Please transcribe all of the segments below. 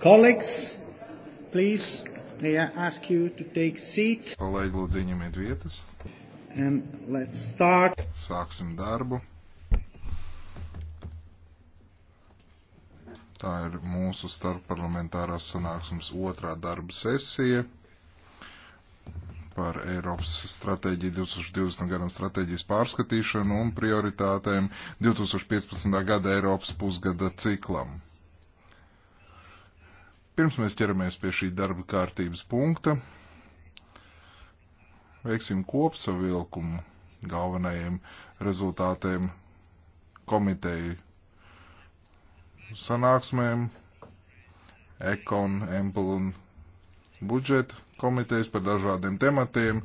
Colleagues, please, may I ask you to take seat? Kolēģi, lūdzu, ieņemiet vietas. And let's start. Sāksim darbu. Tā ir mūsu starpparlamentārās sanāksmes otrā darba sesija par Eiropas stratēģiju 2020. gadam stratēģijas pārskatīšanu un prioritātēm 2015. gada Eiropas pusgada ciklam. Pirms mēs ķeramies pie šī darba kārtības punkta, veiksim kopsavilkumu galvenajiem rezultātiem komiteju sanāksmēm, ekon, empel un budžeta komitejas par dažādiem tematiem.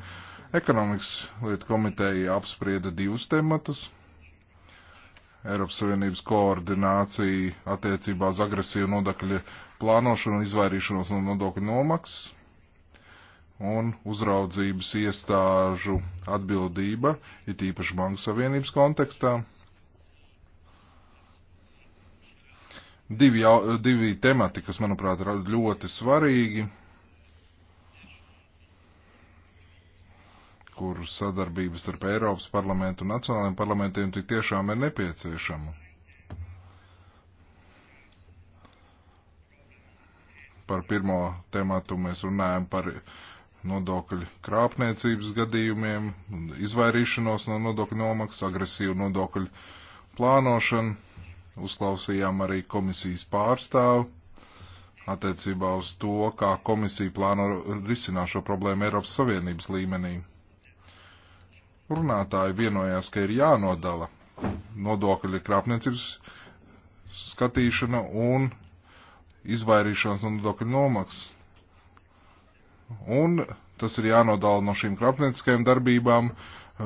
Ekonomikas lietu komiteja apsprieda divus tematus Eiropas Savienības koordināciju attiecībā uz agresīvu nodokļu plānošanu un izvairīšanos no nodokļu nomaksas un uzraudzības iestāžu atbildība, it īpaši Banku Savienības kontekstā. Divi, jau, divi temati, kas, manuprāt, ir ļoti svarīgi. kur sadarbības starp Eiropas parlamentu un nacionālajiem parlamentiem tik tiešām ir nepieciešama. Par pirmo tematu mēs runājam par nodokļu krāpniecības gadījumiem, izvairīšanos no nodokļu nomaksas, agresīvu nodokļu plānošanu. Uzklausījām arī komisijas pārstāvu attiecībā uz to, kā komisija plāno risināt šo problēmu Eiropas Savienības līmenī runātāji vienojās, ka ir jānodala nodokļu krāpniecības skatīšana un izvairīšanās no nodokļu nomaks. Un tas ir jānodala no šīm krāpnieciskajām darbībām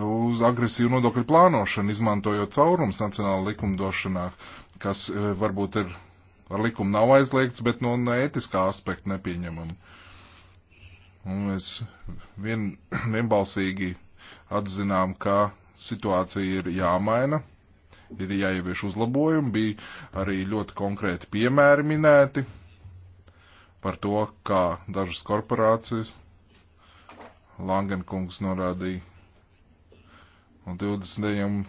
uz agresīvu nodokļu plānošanu, izmantojot caurums nacionāla likumdošanā, kas e, varbūt ir ar likumu nav aizliegts, bet no ētiskā aspekta nepieņemam. Un mēs vien, vienbalsīgi atzinām, ka situācija ir jāmaina, ir jāievieš uzlabojumi, bija arī ļoti konkrēti piemēri minēti par to, kā dažas korporācijas, Langenkungs norādīja, un 29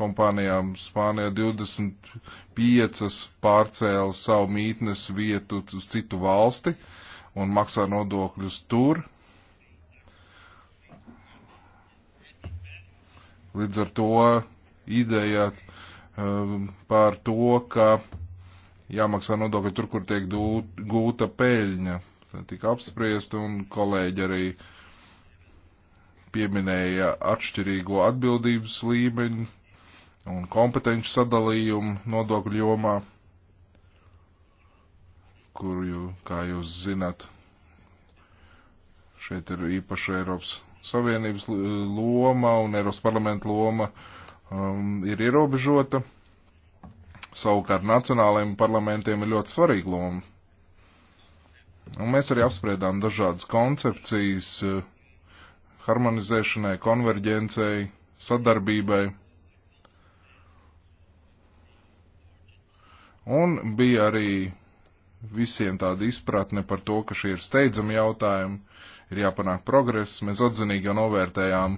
kompānijām Spānijā 25 pārcēla savu mītnes vietu uz citu valsti un maksā nodokļus tur, Līdz ar to ideja um, par to, ka jāmaksā nodokļi tur, kur tiek dūt, gūta peļņa, tika apspriest un kolēģi arī pieminēja atšķirīgo atbildības līmeņu un kompetenci sadalījumu nodokļu jomā, kuru, kā jūs zināt, šeit ir īpaši Eiropas Savienības loma un Eiropas parlamenta loma um, ir ierobežota. Savukārt nacionālajiem parlamentiem ir ļoti svarīga loma. Un mēs arī apspriedām dažādas koncepcijas uh, harmonizēšanai, konverģencei, sadarbībai. Un bija arī visiem tāda izpratne par to, ka šie ir steidzami jautājumi, ir jāpanāk progress. Mēs atzinīgi jau novērtējām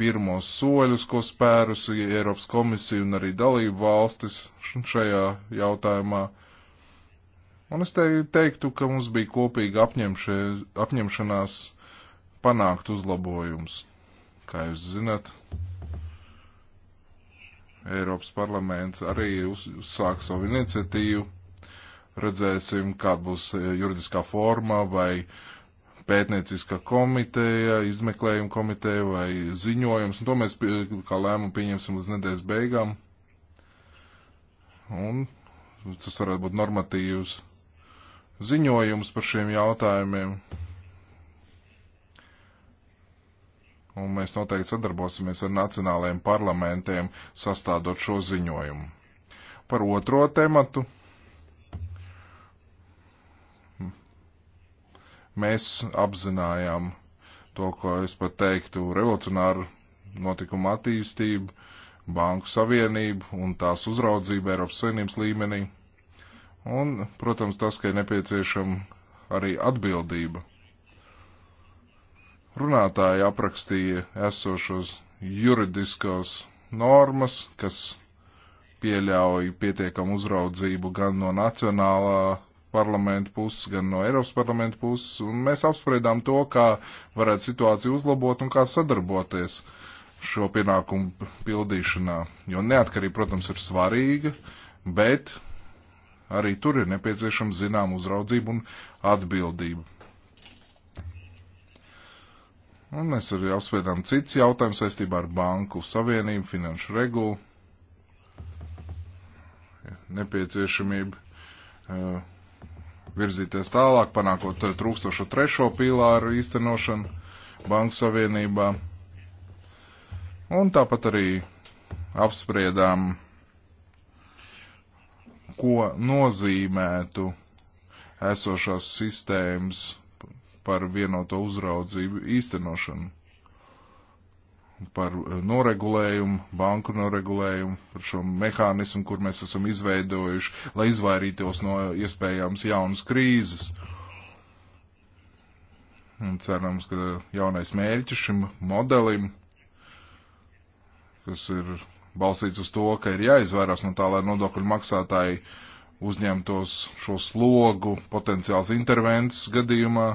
pirmos soļus, ko spērus Eiropas komisija un arī dalību valstis šajā jautājumā. Un es te teiktu, ka mums bija kopīga apņemšē, apņemšanās panākt uzlabojumus. Kā jūs zinat, Eiropas parlaments arī uzsāk savu iniciatīvu. Redzēsim, kāda būs eh, juridiskā forma vai uh, pētnieciska komiteja, izmeklējuma komiteja vai ziņojums, un to mēs kā lēmumu pieņemsim līdz nedēļas beigām. Un tas varētu būt normatīvs ziņojums par šiem jautājumiem. Un mēs noteikti sadarbosimies ar nacionālajiem parlamentiem, sastādot šo ziņojumu. Par otro tematu Mēs apzinājām to, ko es pat teiktu, revolucionāru notikumu attīstību, banku savienību un tās uzraudzību Eiropas savienības līmenī. Un, protams, tas, ka ir nepieciešama arī atbildība. Runātāji aprakstīja esošos juridiskos normas, kas pieļauj pietiekamu uzraudzību gan no nacionālā parlamenta puses, gan no Eiropas parlamenta puses, un mēs apspriedām to, kā varētu situāciju uzlabot un kā sadarboties šo pienākumu pildīšanā. Jo neatkarība, protams, ir svarīga, bet arī tur ir nepieciešama zinām uzraudzība un atbildība. Un mēs arī apspriedām cits jautājums saistībā ar banku savienību, finanšu regulu, nepieciešamību uh, virzīties tālāk, panākot eh, trūkstošo trešo pīlāru īstenošanu Banku Savienībā. Un tāpat arī apspriedām, ko nozīmētu esošās sistēmas par vienoto uzraudzību īstenošanu par eh, noregulējumu, banku noregulējumu, par šo mehānismu, kur mēs esam izveidojuši, lai izvairītos no iespējams jaunas krīzes. Un cerams, ka jaunais mērķis šim modelim, kas ir balstīts uz to, ka ir jāizvairās no tā, lai nodokļu maksātāji uzņemtos šo slogu potenciāls intervences gadījumā,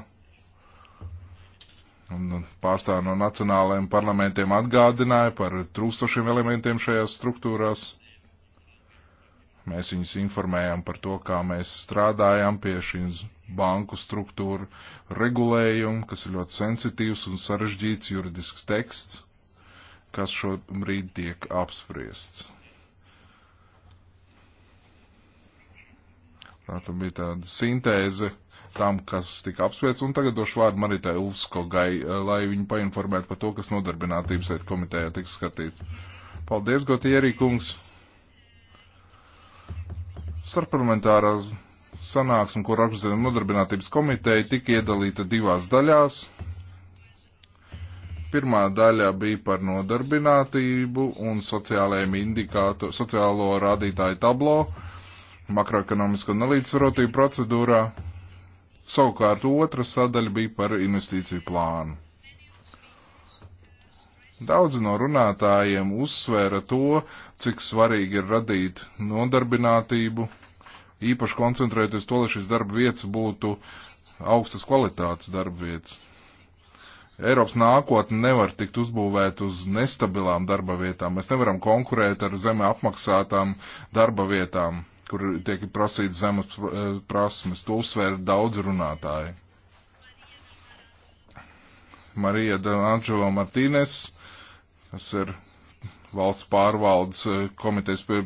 un pārstāvi no nacionālajiem parlamentiem atgādināja par trūkstošiem elementiem šajās struktūrās. Mēs viņus informējām par to, kā mēs strādājam pie šīs banku struktūra regulējuma, kas ir ļoti sensitīvs un sarežģīts juridisks teksts, kas šobrīd tiek apspriests. Tā bija tāda sintēze tam, kas tika apsvērts, un tagad došu vārdu Maritai Ulfskogai, eh, lai viņu painformētu par to, kas nodarbinātības veidu komitejā tiks skatīts. Paldies, Gotierī kungs! Starparlamentārā sanāksme, kur apzina nodarbinātības komiteja, tika iedalīta divās daļās. Pirmā daļa bija par nodarbinātību un sociālajiem indikātu, sociālo rādītāju tablo, makroekonomisko nelīdzsvarotību procedūrā. Savukārt otra sadaļa bija par investīciju plānu. Daudzi no runātājiem uzsvēra to, cik svarīgi ir radīt nodarbinātību, īpaši koncentrēties to, lai šis darba vietas būtu augstas kvalitātes darba vietas. Eiropas nākotne nevar tikt uzbūvēta uz nestabilām darba vietām. Mēs nevaram konkurēt ar zeme apmaksātām darba vietām kur tiek prasīts zemes eh, prasmes. To uzsvēra daudz runātāji. Marija Danāģo Martīnes, kas ir valsts pārvaldes eh, komitejas pie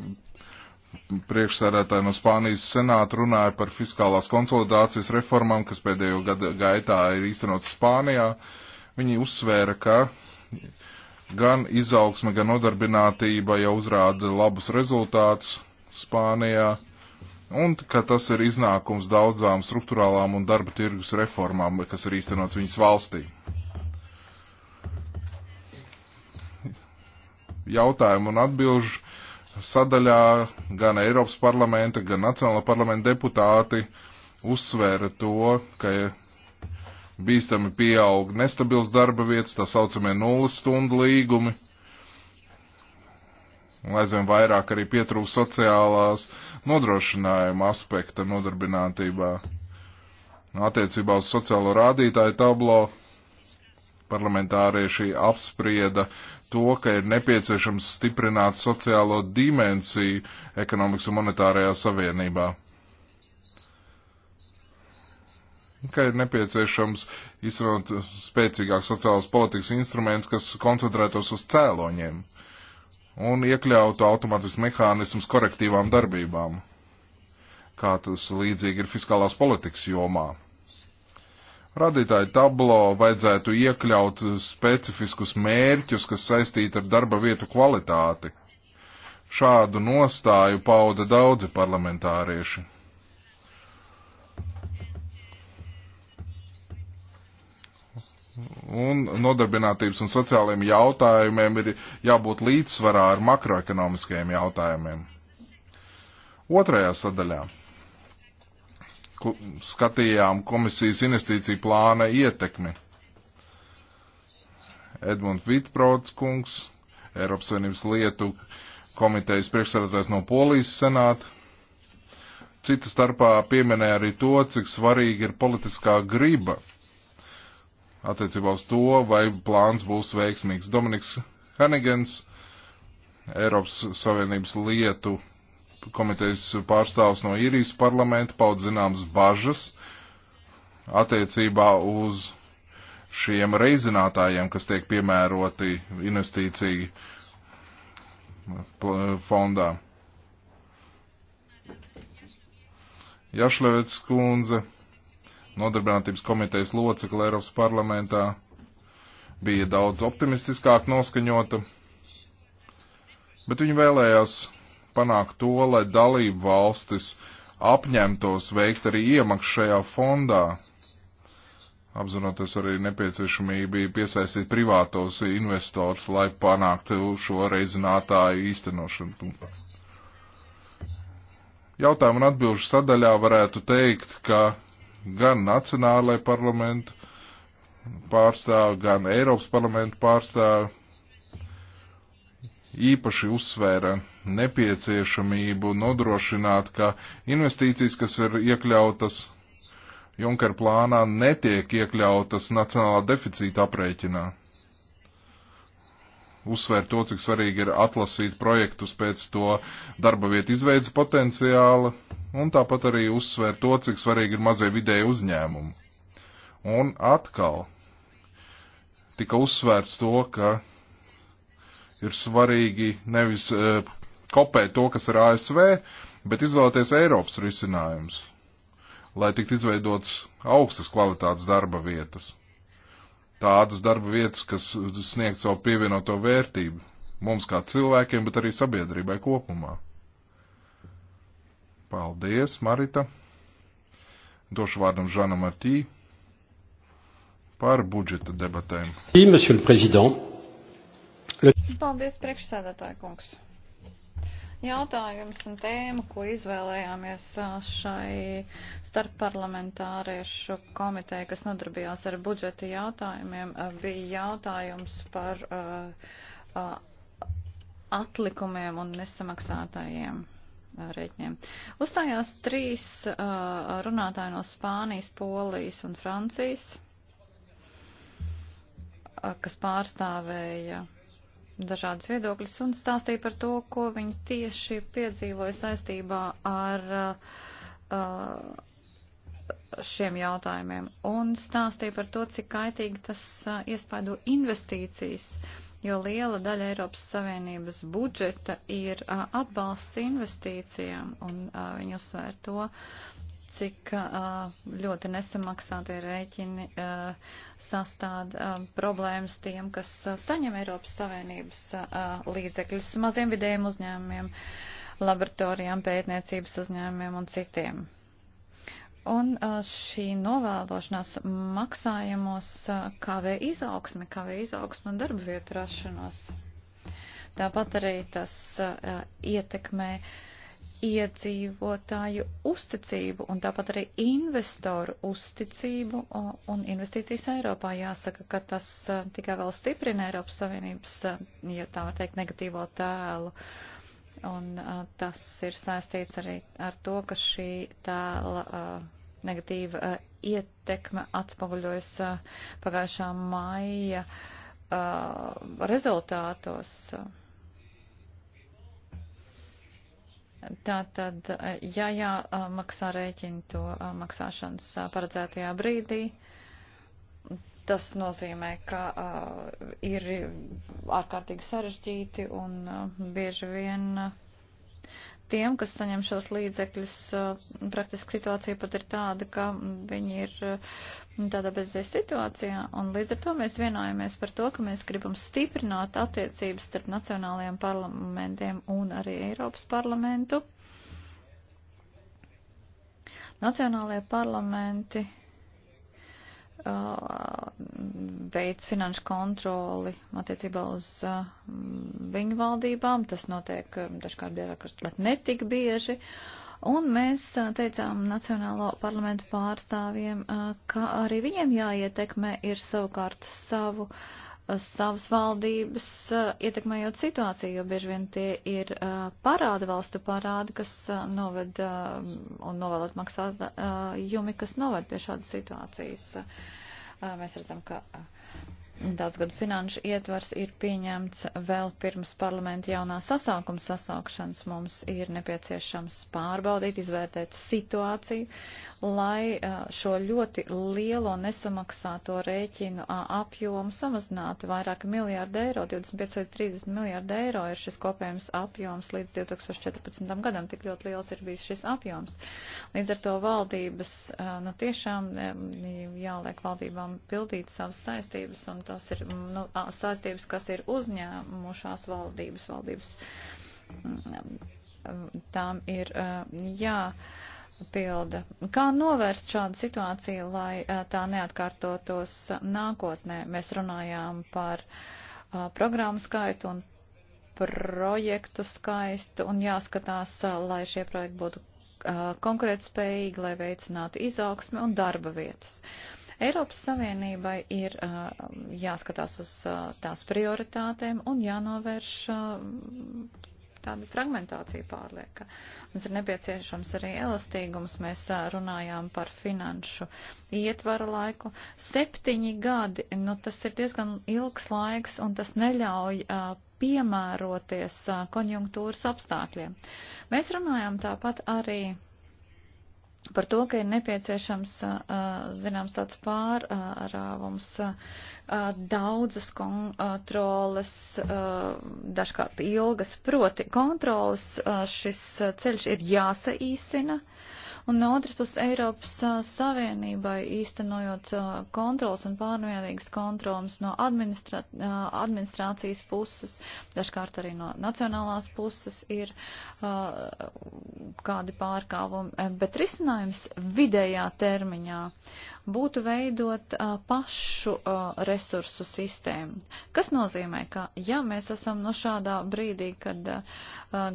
priekšsēdētāji no Spānijas senāta runāja par fiskālās konsolidācijas reformām, kas pēdējo gadu gaitā ir īstenots Spānijā. Viņi uzsvēra, ka gan izaugsme, gan nodarbinātība jau uzrāda labus rezultātus, Spānijā, un ka tas ir iznākums daudzām struktūrālām un darba tirgus reformām, kas ir īstenots viņas valstī. Jautājumu un atbilžu sadaļā gan Eiropas parlamenta, gan Nacionāla parlamenta deputāti uzsvēra to, ka bīstami pieaug nestabils darba vietas, tā saucamie nulles stundu līgumi Un aizvien vairāk arī pietrūkst sociālās nodrošinājuma aspekta nodarbinātībā. Nu, attiecībā uz sociālo rādītāju tablo parlamentārieši apsprieda to, ka ir nepieciešams stiprināt sociālo dimensiju ekonomikas un monetārajā savienībā. Ka ir nepieciešams izrunāt spēcīgāk sociālas politikas instruments, kas koncentrētos uz cēloņiem. Uh, un iekļautu automātisks mehānisms korektīvām darbībām, kā tas līdzīgi ir fiskālās politikas jomā. Radītāju tablo vajadzētu iekļaut specifiskus mērķus, kas saistīti ar darba vietu kvalitāti. Šādu nostāju pauda daudzi parlamentārieši. un nodarbinātības un sociālajiem jautājumiem ir jābūt līdzsvarā ar makroekonomiskajiem jautājumiem. Otrajā sadaļā Ko, skatījām komisijas investīciju plāna ietekmi. Edmund Vitprots kungs, Eiropas Savienības lietu komitejas priekšsēdētājs no Polijas senāta. Cita starpā pieminēja arī to, cik svarīgi ir politiskā griba attiecībā uz to, vai plāns būs veiksmīgs. Dominiks Hanigans, Eiropas Savienības lietu komitejas pārstāvs no īrijas parlamenta, paud zināmas bažas attiecībā uz šiem reizinātājiem, kas tiek piemēroti investīciju fondā. Jašlevets kundze nodarbinātības komitejas locekli Eiropas parlamentā bija daudz optimistiskāk noskaņota, bet viņi vēlējās panākt to, lai dalību valstis apņemtos veikt arī iemaksu šajā fondā, apzinoties arī nepieciešamību piesaistīt privātos investors, lai panāktu šo reizinātāju īstenošanu. Jautājumu un atbilžu sadaļā varētu teikt, ka gan nacionālai parlamentu pārstāvi, gan Eiropas parlamentu pārstāvi īpaši uzsvēra nepieciešamību nodrošināt, ka investīcijas, kas ir iekļautas Junker plānā, netiek iekļautas nacionālā deficīta aprēķinā uzsvērt to, cik svarīgi ir atlasīt projektus pēc to darba vietu izveidas potenciāla, un tāpat arī uzsvērt to, cik svarīgi ir mazie vidēji uzņēmumi. Un atkal tika uzsvērts to, ka ir svarīgi nevis e, kopēt to, kas ir ASV, bet izvēlēties Eiropas risinājums, lai tiktu izveidots augstas kvalitātes darba vietas tādas darba vietas, kas sniegt savu pievienoto vērtību mums kā cilvēkiem, bet arī sabiedrībai kopumā. Paldies, Marita. Došu vārdam Žanam Artī par budžeta debatēm. Paldies, priekšsēdētāja kungs jautājums un tēma, ko izvēlējāmies šai starpparlamentāriešu komiteja, kas nodarbījās ar budžeta jautājumiem, bija jautājums par atlikumiem un nesamaksātājiem rēķiniem. Uzstājās trīs runātāji no Spānijas, Polijas un Francijas, kas pārstāvēja dažādas viedokļas un stāstīja par to, ko viņi tieši piedzīvoja saistībā ar uh, šiem jautājumiem. Un stāstīja par to, cik kaitīgi tas uh, iespaido investīcijas, jo liela daļa Eiropas Savienības budžeta ir uh, atbalsts investīcijām, un uh, viņi uzsvēra to, cik ļoti nesamaksātie rēķini sastād problēmas tiem, kas saņem Eiropas Savienības līdzekļus maziem vidējiem uzņēmumiem, laboratorijām, pētniecības uzņēmumiem un citiem. Un šī novēlošanās maksājumos kavē izaugsmi, kavē izaugsmi un darba vietu rašanos. Tāpat arī tas ietekmē uh, iedzīvotāju uzticību un tāpat arī investoru uzticību un investīcijas Eiropā. Jāsaka, ka tas tikai vēl stiprina Eiropas Savienības, ja tā var teikt, negatīvo tēlu. Un tas ir saistīts arī ar to, ka šī tēla negatīva ietekme atspoguļojas pagājušā maija rezultātos. Uh, Tā tad, e, ja jāmaksā rēķini to e, maksāšanas e, paredzētajā brīdī, tas nozīmē, ka uh, ir ārkārtīgi sarežģīti un uh, bieži vien. Uh, tiem, kas saņem šos līdzekļus, uh, praktiski situācija pat ir tāda, ka viņi ir uh, tādā bezdēļas situācijā, un līdz ar to mēs vienojamies par to, ka mēs gribam stiprināt attiecības starp nacionālajiem parlamentiem un arī Eiropas parlamentu. Nacionālajie parlamenti Uh, veids finanšu kontroli attiecībā uz uh, viņu valdībām. Tas notiek uh, dažkārt biežāk, bet netik bieži. Un mēs teicām Nacionālo parlamentu pārstāvjiem, ka arī viņiem jāietekmē ir savukārt savu uh, savas valdības eh, ietekmējot situāciju, jo bieži vien tie ir eh, parāda valstu parādi, kas eh, noved un novēl atmaksāt jumi, kas noved pie šādas situācijas. Mēs redzam, ka Daudzgadu finanšu ietvars ir pieņemts vēl pirms parlamenta jaunā sasaukuma sasaukšanas. Mums ir nepieciešams pārbaudīt, izvērtēt situāciju, lai šo ļoti lielo nesamaksāto rēķinu apjomu samazinātu. Vairāk miljārdu eiro, 25 līdz 30 miljārdu eiro ir šis kopējums apjoms līdz 2014. gadam. Tik ļoti liels ir bijis šis apjoms. Līdz ar to valdības, nu tiešām jāliek valdībām pildīt savas saistības un tās ir nu, saistības, kas ir uzņēmušās valdības, valdības mm, mm, tām ir eh, jāpilda. Kā novērst šādu situāciju, lai eh, tā neatkārtotos nākotnē? Mēs runājām par eh, programmu skaitu un projektu skaistu un jāskatās, lai šie projekti būtu konkurētspējīgi, lai veicinātu izaugsmi un darba vietas. Uh, Eiropas Savienībai ir jāskatās uz tās prioritātēm un jānovērš tāda fragmentācija pārlieka. Mums ir nepieciešams arī elastīgums. Mēs runājām par finanšu ietvaru laiku. Septiņi gadi, nu tas ir diezgan ilgs laiks un tas neļauj uh, piemēroties uh, konjunktūras apstākļiem. Mēs runājām tāpat arī par to, ka ir nepieciešams, zināms, tāds pārrāvums, daudzas kontroles, dažkārt ilgas, proti kontroles šis ceļš ir jāsaīsina Un no otras puses Eiropas Savienībai īstenojot kontrols un pārmērīgas kontrols no administra administrācijas puses, dažkārt arī no nacionālās puses ir kādi pārkāvumi, bet risinājums vidējā termiņā būtu veidot uh, pašu uh, resursu sistēmu. Kas nozīmē, ka ja mēs esam no šādā brīdī, kad uh,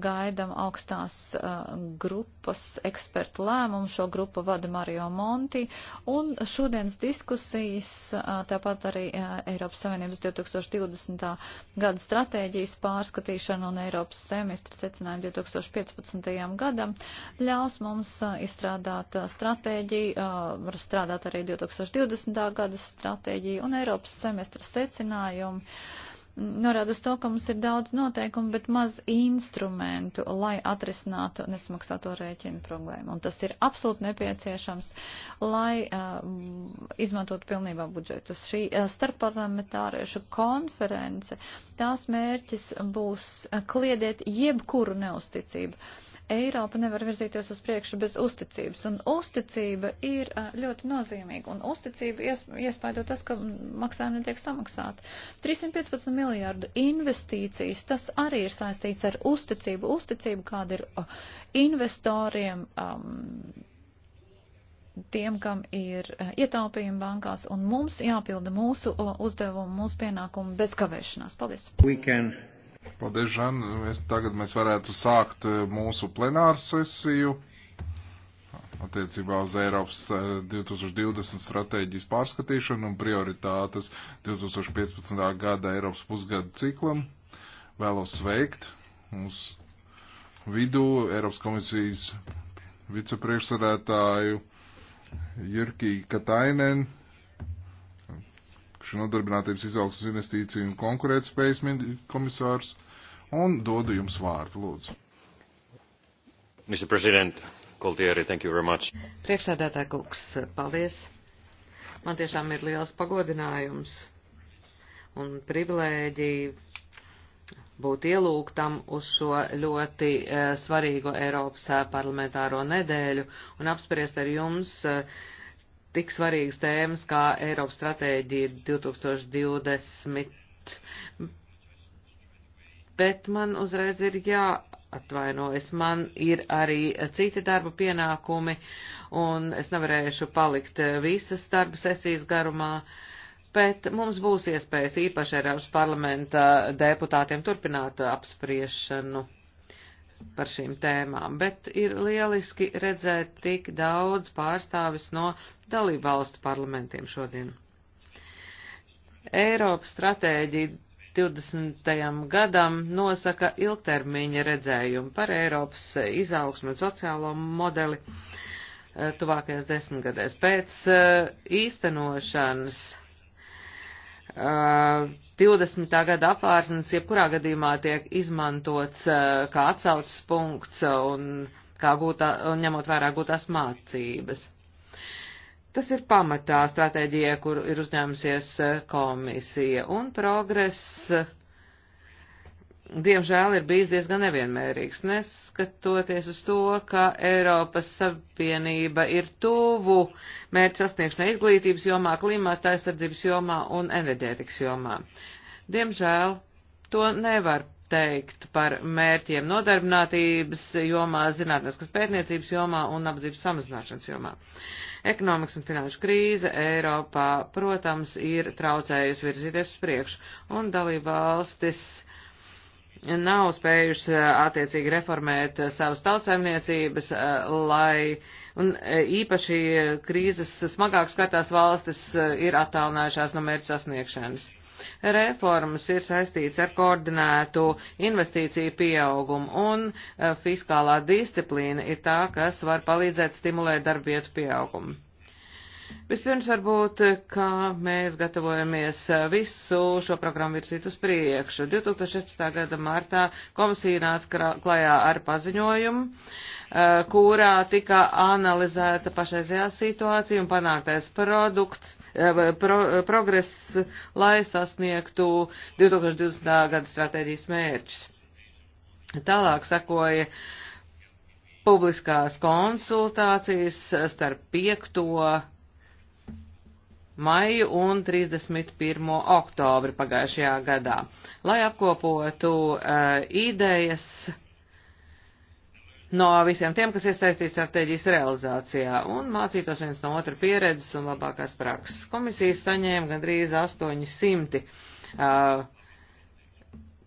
gaidam augstās uh, grupas ekspertu lēmumu, šo grupu vada Mario Monti, un šodienas diskusijas, uh, tāpat arī uh, Eiropas Savienības 2020. gada stratēģijas pārskatīšana un Eiropas semestra secinājumi 2015. gadam, ļaus mums uh, izstrādāt uh, stratēģiju, uh, strādāt arī stratēģiju, 2020. gada stratēģiju un Eiropas semestra secinājumu. Norāda uz to, ka mums ir daudz noteikumu, bet maz instrumentu, lai atrisinātu nesmaksāto rēķinu problēmu. Un tas ir absolūti nepieciešams, lai uh, izmantotu pilnībā budžetus. Šī uh, starpparlamentāriešu konference, tās mērķis būs uh, kliedēt jebkuru neusticību. Uh, Eiropa nevar virzīties uz priekšu bez uzticības, un uzticība ir ļoti nozīmīga, un uzticība iespaido tas, ka maksājumi netiek samaksāti. 315 miljārdu investīcijas, tas arī ir saistīts ar uzticību, uzticību, kāda ir investoriem, um, tiem, kam ir ietaupījumi bankās, un mums jāpilda mūsu uzdevumu, mūsu pienākumu bez kavēšanās. Paldies! Weekend. Paldies, Žan. Mēs tagad mēs varētu sākt eh, mūsu plenāru sesiju attiecībā uz Eiropas 2020 eh, stratēģijas pārskatīšanu un prioritātes 2015. gada Eiropas pusgada ciklam. Vēlos sveikt mūsu vidū Eiropas komisijas vicepriekšsarētāju Jurkī Katainen nodarbinātības izaugsmas investīciju un konkurētspējas komisārs, un dodu jums vārdu, lūdzu. Mr. President, Koltieri, thank you very much. Priekšsēdētā kungs, paldies. Man tiešām ir liels pagodinājums un privilēģija būt ielūgtam uz šo ļoti uh, svarīgo Eiropas eh, parlamentāro nedēļu un apspriest ar jums uh, tik svarīgas tēmas kā Eiropas stratēģija 2020. Bet man uzreiz ir jāatvainojas, man ir arī citi darba pienākumi, un es nevarēšu palikt visas darba sesijas garumā. Bet mums būs iespējas īpaši Eiropas parlamenta deputātiem turpināt apspriešanu par šīm tēmām, bet ir lieliski redzēt tik daudz pārstāvis no dalību valstu parlamentiem šodien. Eiropas stratēģija 20. gadam nosaka ilgtermiņa redzējumu par Eiropas izaugsmu un sociālo modeli eh, tuvākajās desmitgadēs. Pēc eh, īstenošanas 20. Eh, gada apvārsnes jebkurā gadījumā tiek izmantots eh, kā atsaucas punkts un, kā gūtā, un ņemot vērā gūtās mācības. Tas ir pamatā stratēģija, kur ir uzņēmusies eh, komisija, un progress diemžēl ir bijis diezgan nevienmērīgs, neskatoties uz to, ka Eiropas Savienība ir tuvu mērķu sasniegšanai izglītības jomā, klimata aizsardzības jomā un enerģētikas jomā. Diemžēl to nevar teikt par mērķiem nodarbinātības jomā, zinātniskas pētniecības jomā un apdzības samazināšanas jomā. Ekonomikas un finanšu krīze Eiropā, protams, ir traucējusi virzīties uz priekšu, un dalība valstis uh, nav spējušas eh, attiecīgi reformēt eh, savas tautsaimniecības, eh, lai un īpaši krīzes smagāk skatās valstis ir attālinājušās no mērķa sasniegšanas. Reformas ir saistīts ar koordinētu investīciju pieaugumu un fiskālā disciplīna ir tā, kas var palīdzēt stimulēt darbvietu pieaugumu. Vispirms varbūt, ka mēs gatavojamies visu šo programmu virzīt uz priekšu. 2016. gada martā komisija nāca klajā ar paziņojumu, eh, kurā tika analizēta pašreizējā situācija un panāktais produkts, eh, pro, progress, lai sasniegtu 2020. gada stratēģijas mērķus. Tālāk sakoja publiskās konsultācijas starp piekto maiju un 31. oktobri pagājušajā gadā, lai apkopotu uh, idejas no visiem tiem, kas iesaistīts strateģijas realizācijā un mācītos viens no otra pieredzes un labākās prakses. Komisijas saņēma gandrīz 800 uh, eh,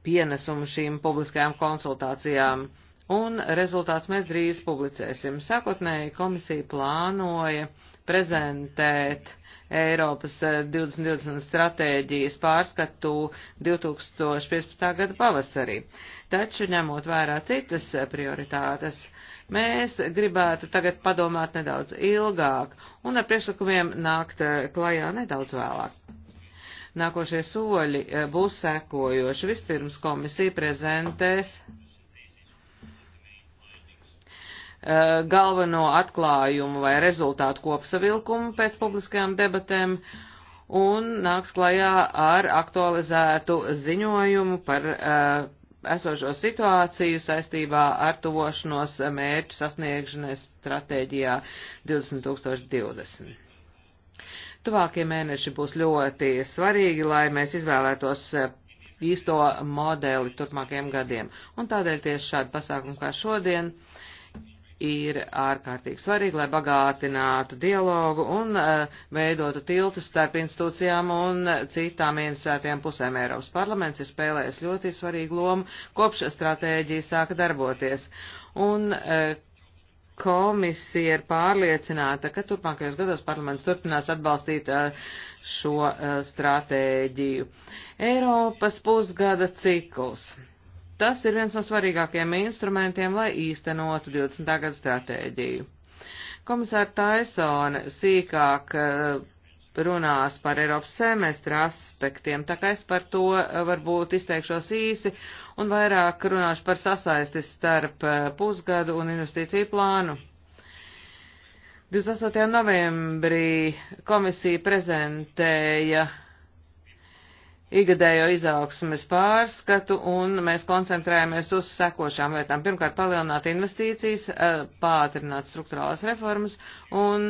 pienesumu šīm publiskajām konsultācijām. Un rezultāts mēs drīz publicēsim. Sākotnēji komisija plānoja prezentēt uh, Eiropas 2020 eh, stratēģijas pārskatu 2015. gada pavasarī. Taču, ņemot vērā citas eh, prioritātes, mēs gribētu tagad padomāt nedaudz ilgāk un ar priekšlikumiem nākt eh, klajā nedaudz vēlāk. Nākošie soļi būs sekojoši. Vispirms komisija prezentēs Eh, galveno atklājumu vai rezultātu kopsavilkumu pēc publiskajām debatēm un nāks klajā ar aktualizētu ziņojumu par uh, esošo situāciju saistībā ar tuvošanos mērķu sasniegšanai stratēģijā 2020. Tuvākie mēneši būs ļoti svarīgi, lai mēs izvēlētos eh, īsto modeli turpmākajiem gadiem, un tādēļ tieši šādi pasākumi kā šodien uh, ir ārkārtīgi svarīgi, lai bagātinātu dialogu un uh, veidotu tiltu starp institūcijām un eh, citām interesētajām pusēm. Eiropas parlaments ir spēlējis ļoti svarīgu lomu kopš stratēģija sāka darboties. Un, uh, Komisija ir pārliecināta, ka turpmākajos gados parlaments turpinās atbalstīt uh, šo stratēģiju. Eiropas pusgada cikls Tas ir viens no svarīgākajiem instrumentiem, lai īstenotu 20. gadu stratēģiju. Komisāra Taisone sīkāk eh, runās par Eiropas semestra aspektiem, tā kā es par to eh, varbūt izteikšos īsi un vairāk runāšu par sasaistis starp eh, pusgadu un investīciju plānu. 28. novembrī komisija prezentēja uh, igadējo izaugsmes pārskatu, un mēs koncentrējamies uz sekošām lietām. Pirmkārt, palielināt investīcijas, eh, pātrināt struktūrālās reformas un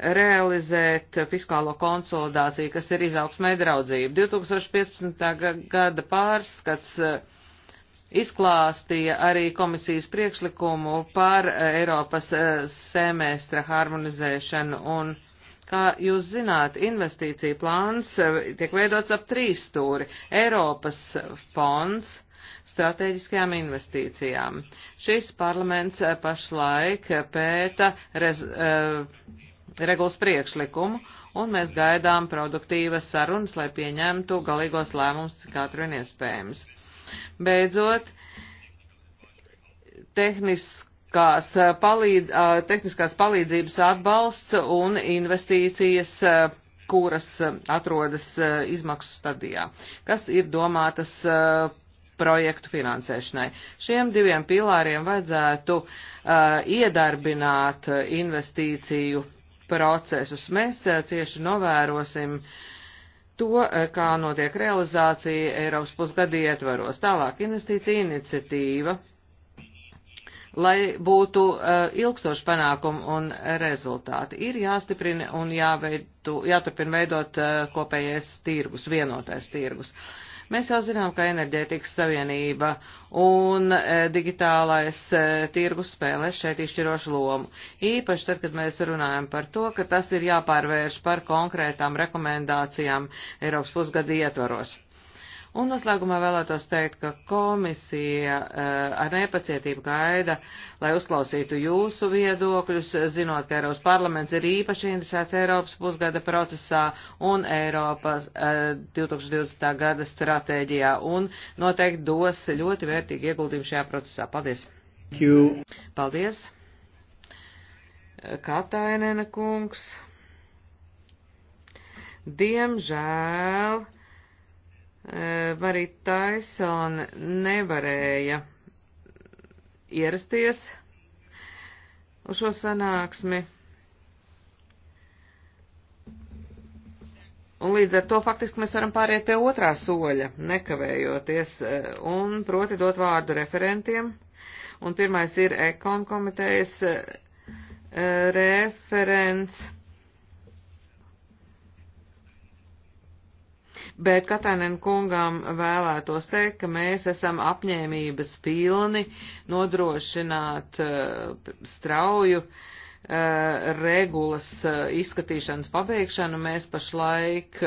realizēt fiskālo konsolidāciju, kas ir izaugsmē draudzība. 2015. gada pārskats eh, izklāstīja arī komisijas priekšlikumu par eh, Eiropas semestra harmonizēšanu un harmonizēšanu Kā jūs zināt, investīcija plāns eh, tiek veidots ap trīs stūri - Eiropas fonds strateģiskajām investīcijām. Šis parlaments eh, pašlaik pēta rez, uh, regulas priekšlikumu, un mēs gaidām produktīvas sarunas, lai pieņemtu galīgos lēmumus, cik ātri un iespējams. Beidzot, tehniski tehniskās, eh, palīd, eh, tehniskās palīdzības atbalsts un investīcijas, eh, kuras atrodas izmaksu stadijā, kas ir domātas projektu finansēšanai. Šiem diviem pilāriem vajadzētu uh, iedarbināt investīciju procesus. Mēs uh, cieši novērosim to, uh, kā notiek realizācija Eiropas pusgadu ietvaros. Tālāk investīcija iniciatīva lai būtu uh, ilgstoši panākumi un rezultāti. Ir jāstiprina un jāveidu, jāturpina veidot uh, kopējais tirgus, vienotais tirgus. Mēs jau zinām, ka enerģētikas savienība un uh, digitālais uh, tirgus spēlē šeit izšķirošu lomu. Īpaši tad, kad mēs runājam par to, ka tas ir jāpārvērš par konkrētām rekomendācijām Eiropas pusgada ietvaros. Un noslēgumā vēlētos teikt, ka komisija eh, ar nepacietību gaida, lai uzklausītu jūsu viedokļus, zinot, ka Eiropas parlaments ir īpaši interesēts Eiropas pusgada procesā un Eiropas 2020. Eh, gada stratēģijā un noteikti dos ļoti vērtīgi ieguldījumu šajā procesā. Paldies! Paldies! Eh, Katainēna kungs. Diemžēl Varī Taisona nevarēja ierasties uz šo sanāksmi. Un līdz ar to faktiski mēs varam pāriet pie otrā soļa, nekavējoties, un proti dot vārdu referentiem. Un pirmais ir ekon komitejas referents bet Katainen kungam vēlētos teikt, ka mēs esam apņēmības pilni nodrošināt uh, strauju uh, regulas uh, izskatīšanas pabeigšanu. Mēs pašlaik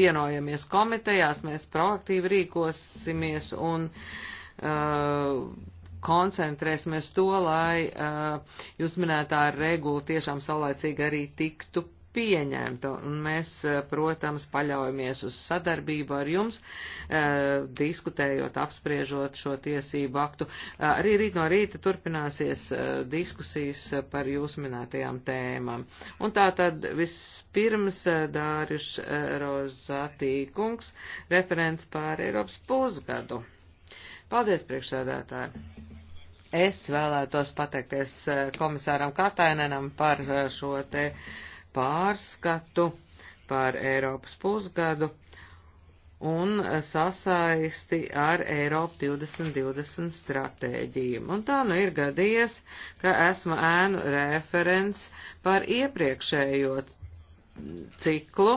vienojamies komitejās, mēs proaktīvi rīkosimies un koncentrēsimies to, lai jūs minētā regula tiešām saulēcīgi arī tiktu pieņemta, un mēs, eh, protams, paļaujamies uz sadarbību ar jums, eh, diskutējot, apspriežot šo tiesību aktu. Eh, arī rīt no rīta turpināsies diskusijas par jūsu minētajām tēmām. Un tā tad vispirms Dāriš Rozatīkungs, referents pār Eiropas pusgadu. Paldies, priekšsēdētāji! Es vēlētos pateikties komisāram Katainenam par šo te uh, pārskatu par Eiropas pusgadu un sasaisti ar Eiropu 2020 stratēģiju. Un tā nu ir gadījies, ka esmu ēnu referents par iepriekšējo ciklu,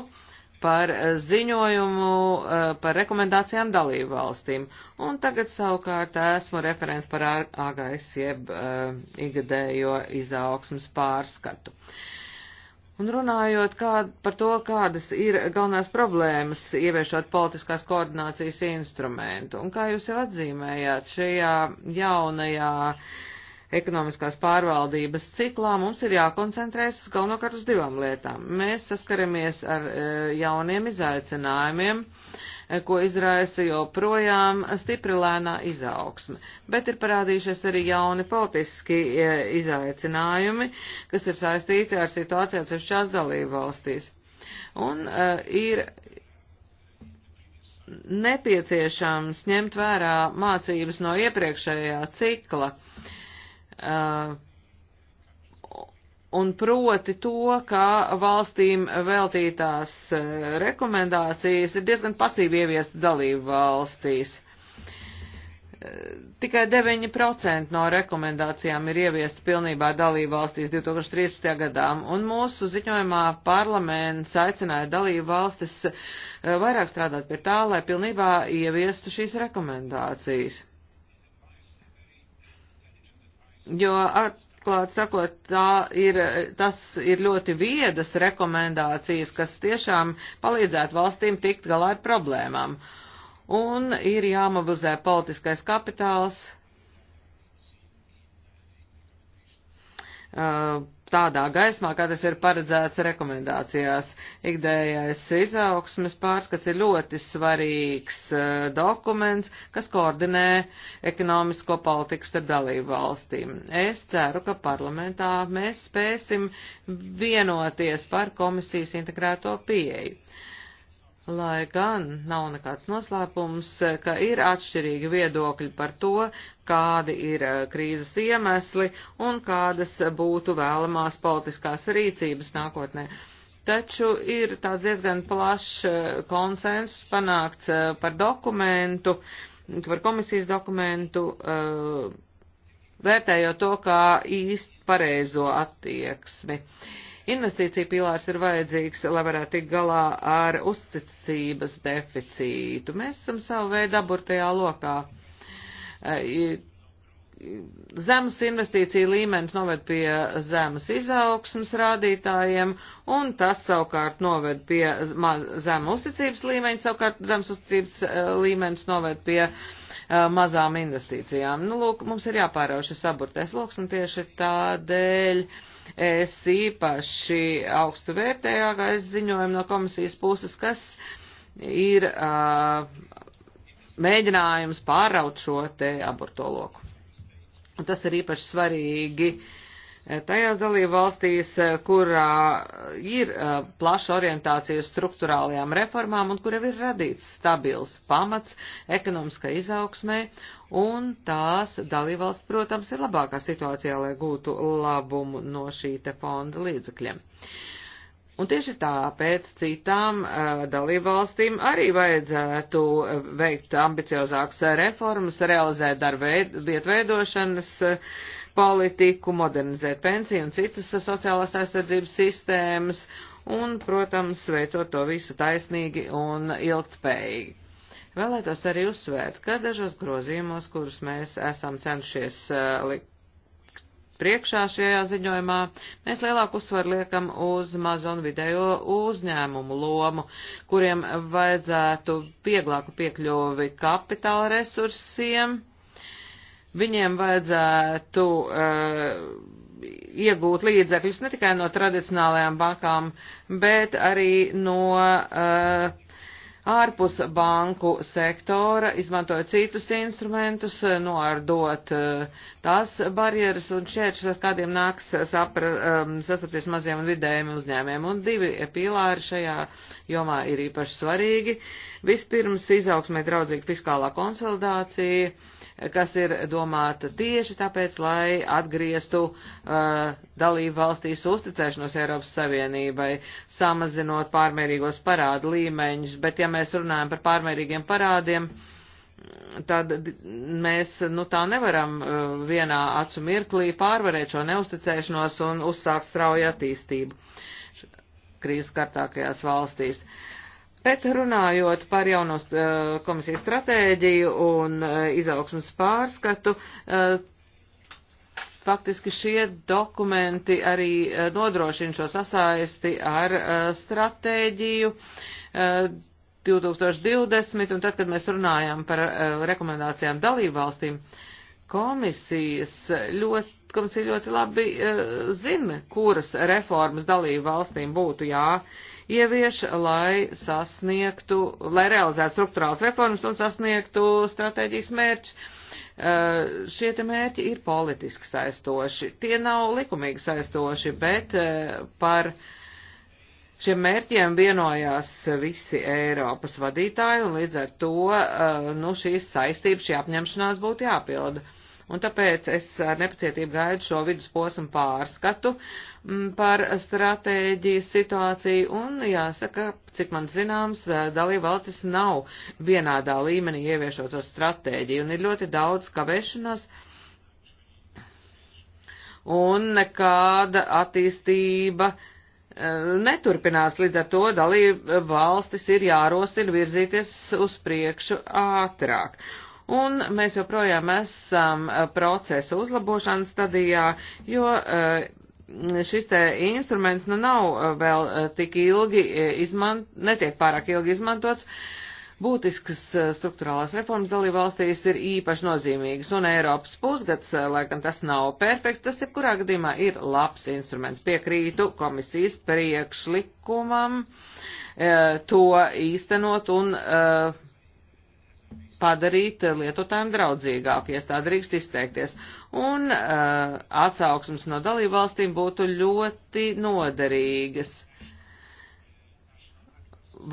par ziņojumu, eh, par rekomendācijām dalību valstīm. Un tagad savukārt esmu referents par AGS jeb uh, eh, igadējo izaugsmas pārskatu. Uh, Un runājot kā, par to, kādas ir galvenās problēmas ieviešot politiskās koordinācijas instrumentu, un kā jūs jau atzīmējāt šajā jaunajā uh, ekonomiskās pārvaldības ciklā mums ir jākoncentrēs galvenokārt uz divām lietām. Mēs saskaramies ar e, jauniem izaicinājumiem, e, ko izraisa joprojām stipri lēnā izaugsme, bet ir parādījušies arī jauni politiski e, izaicinājumi, kas ir saistīti ar situāciju atsevišķās dalību valstīs. Un uh, ir nepieciešams ņemt vērā mācības no iepriekšējā cikla, Uh, un proti to, ka valstīm veltītās uh, rekomendācijas ir diezgan pasīvi ieviest dalību valstīs. Uh, tikai 9% no rekomendācijām ir ieviestas pilnībā dalību valstīs 2013. gadā, un mūsu ziņojumā parlaments aicināja dalību valstis uh, vairāk strādāt pie tā, lai pilnībā ieviestu šīs rekomendācijas jo atklāt sakot, tā ir, tas ir ļoti viedas rekomendācijas, kas tiešām palīdzētu valstīm tikt galā ar problēmām. Un ir jāmobilizē politiskais kapitāls, Uh, tādā gaismā, kā tas ir paredzēts rekomendācijās. Ikdējais izaugsmes pārskats ir ļoti svarīgs uh, dokuments, kas koordinē ekonomisko politiku starp dalību valstīm. Es ceru, ka parlamentā mēs spēsim vienoties par komisijas integrēto pieeju. Lai gan nav nekāds noslēpums, ka ir atšķirīgi viedokļi par to, kādi ir eh, krīzes iemesli un kādas būtu vēlamās politiskās rīcības nākotnē. Taču ir tāds diezgan plašs eh, konsensus panākts eh, par dokumentu, par komisijas dokumentu, vērtējot to kā īsti pareizo attieksmi. Uh, Investīcija pilārs ir vajadzīgs, lai varētu tikt galā ar uzticības deficītu. Mēs esam savu veidu aburtajā lokā. Zemes investīcija līmenis noved pie zemes izaugsmas rādītājiem, un tas savukārt noved pie zema uzticības līmeņa, savukārt zemes uzticības līmenis noved pie uh, mazām investīcijām. Nu, lūk, mums ir jāpārauž šis aburtais loks, un tieši tādēļ uh, Es īpaši augstu vērtēju agais ziņojumu no komisijas puses, kas ir uh, mēģinājums pāraut šo te aborto loku. Un tas ir īpaši svarīgi tajās dalību valstīs, kurā ir plaša orientācija uz struktūrālajām reformām un kura ir radīts stabils pamats ekonomiskai izaugsmai un tās dalībvalsts, protams, ir labākā situācijā, lai gūtu labumu no šī te fonda līdzekļiem. Un tieši tāpēc citām uh, dalībvalstīm arī vajadzētu eh, veikt ambiciozākas reformas, realizēt darba vietveidošanas uh, politiku, modernizēt pensiju un citas uh, sociālās aizsardzības sistēmas un, protams, veicot to visu taisnīgi un ilgtspējīgi. Vēlētos arī uzsvērt, ka dažos grozījumos, kurus mēs esam cenšies uh, likt priekšā šajā ziņojumā, mēs lielāku uzsvaru liekam uz mazo un vidējo uzņēmumu lomu, kuriem vajadzētu vieglāku piekļuvi kapitāla resursiem. Viņiem vajadzētu uh, iegūt līdzekļus ne tikai no tradicionālajām bankām, bet arī no uh, ārpus banku sektora, izmantojot citus instrumentus, eh, noardot eh, tās barjeras, un šeit ar kādiem nāks sapra, ehm, sastapties maziem un vidējiem uzņēmiem. Un divi pīlāri šajā jomā ir īpaši svarīgi. Vispirms izaugsmē draudzīga fiskālā konsolidācija kas ir domāta tieši tāpēc, lai atgrieztu uh, dalību valstīs uzticēšanos Eiropas Savienībai, samazinot pārmērīgos parādu līmeņus, bet ja mēs runājam par pārmērīgiem parādiem, tad mēs nu tā nevaram uh, vienā acu mirklī pārvarēt šo neusticēšanos un uzsākt strauju attīstību krīzes kartākajās valstīs. Uh, Bet runājot par jaunos eh, komisijas stratēģiju un eh, izaugsmas pārskatu, eh, faktiski šie dokumenti arī nodrošina šo sasaisti ar stratēģiju. 2020, un tad, kad mēs runājam par uh, rekomendācijām dalību valstīm, komisijas ļoti, komisija ļoti labi uh, zina, kuras reformas dalību valstīm būtu jā, uh, ievieš, lai sasniegtu, lai realizētu struktūrāls reformas un sasniegtu stratēģijas mērķus. Uh, šie te mērķi ir politiski saistoši. Tie nav likumīgi saistoši, bet uh, par šiem mērķiem vienojās visi Eiropas vadītāji, un līdz ar to uh, nu, šīs saistības, šī apņemšanās būtu jāpilda. Uh, un tāpēc es ar nepacietību gaidu šo vidusposmu pārskatu mm, par stratēģijas situāciju, un jāsaka, cik man zināms, dalībvalstis nav vienādā līmenī ieviešot šo stratēģiju, un ir ļoti daudz kavēšanas un nekāda attīstība e, neturpinās. Līdz ar to dalību valstis ir jārosina virzīties uz priekšu ātrāk un mēs joprojām esam eh, procesa uzlabošanas stadijā, jo eh, šis te instruments nu nav eh, vēl tik ilgi izmant, netiek pārāk ilgi izmantots. Būtiskas struktūrālās reformas dalībvalstīs ir īpaši nozīmīgas, un Eiropas pusgads, lai gan tas nav perfekts, tas jebkurā gadījumā ir labs instruments. Piekrītu komisijas priekšlikumam to īstenot un uh, padarīt lietotājiem draudzīgāku, ja tā drīkst izteikties. Un uh, atsauksmes no dalību valstīm būtu ļoti noderīgas.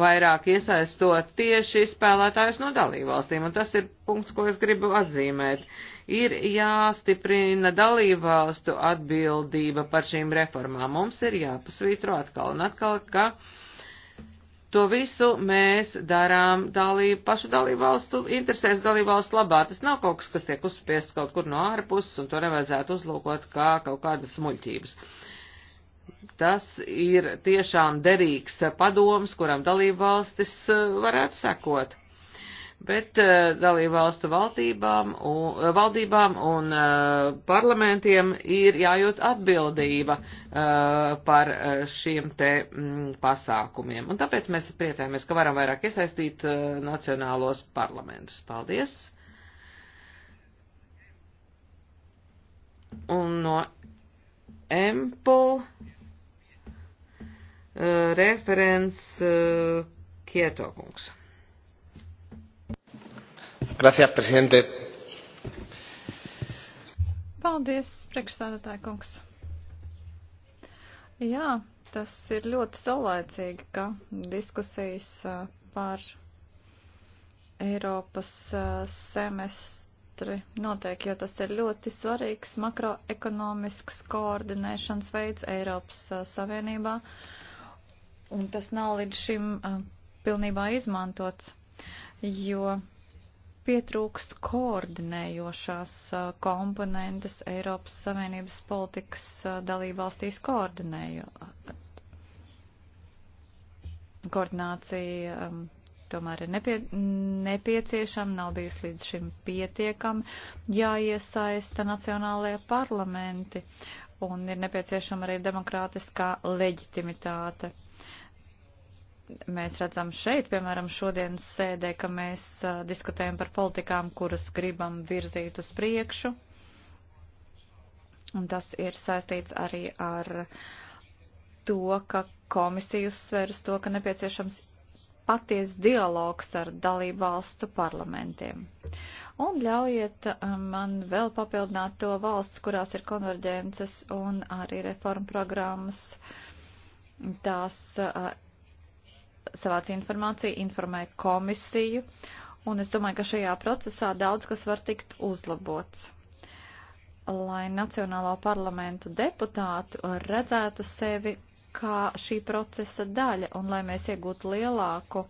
Vairāk iesaistot tieši spēlētājus no dalību valstīm, un tas ir punkts, ko es gribu atzīmēt. Ir jāstiprina dalību valstu atbildība par šīm reformām. Mums ir jāpasvītro atkal un atkal, ka uh, To visu mēs darām dalību, pašu dalību valstu interesēs, dalību valstu labā. Tas nav kaut kas, kas tiek uzspiests kaut kur no ārpuses, un to nevajadzētu uzlūkot kā kaut kādas muļķības. Tas ir tiešām derīgs padoms, kuram dalību valstis eh, varētu sekot bet uh, eh, dalību valstu eh, valdībām un, valdībām un uh, eh, parlamentiem ir jājūt atbildība uh, par šiem te mm, pasākumiem. Un tāpēc mēs priecājamies, ka varam vairāk iesaistīt nacionālos parlamentus. Paldies! Un no Empul referents Kietokungs. Gracias, presidente. Paldies, priekšsādātāja kungs. Jā, tas ir ļoti saulēcīgi, ka diskusijas par Eiropas semestri notiek, jo tas ir ļoti svarīgs makroekonomisks koordinēšanas veids Eiropas Savienībā, un tas nav līdz šim pilnībā izmantots, jo pietrūkst koordinējošās uh, komponentes Eiropas Savienības politikas uh, dalībvalstīs koordinējot. Uh, koordinācija um, tomēr ir nepie, nepieciešama, nav bijusi līdz šim pietiekama, jāiesaista nacionālajie parlamenti un ir nepieciešama arī demokrātiskā leģitimitāte mēs redzam šeit, piemēram, šodienas sēdē, ka mēs uh, diskutējam par politikām, kuras gribam virzīt uz priekšu. Un tas ir saistīts arī ar to, ka komisija uzsver uz to, ka nepieciešams paties dialogs ar dalību valstu parlamentiem. Un ļaujiet man vēl papildināt to valsts, kurās ir konverģences un arī reforma programmas. Tās uh, savāc informāciju, informē komisiju, un es domāju, ka šajā procesā daudz kas var tikt uzlabots. Lai Nacionālo parlamentu deputātu redzētu sevi kā šī procesa daļa un lai mēs iegūtu lielāku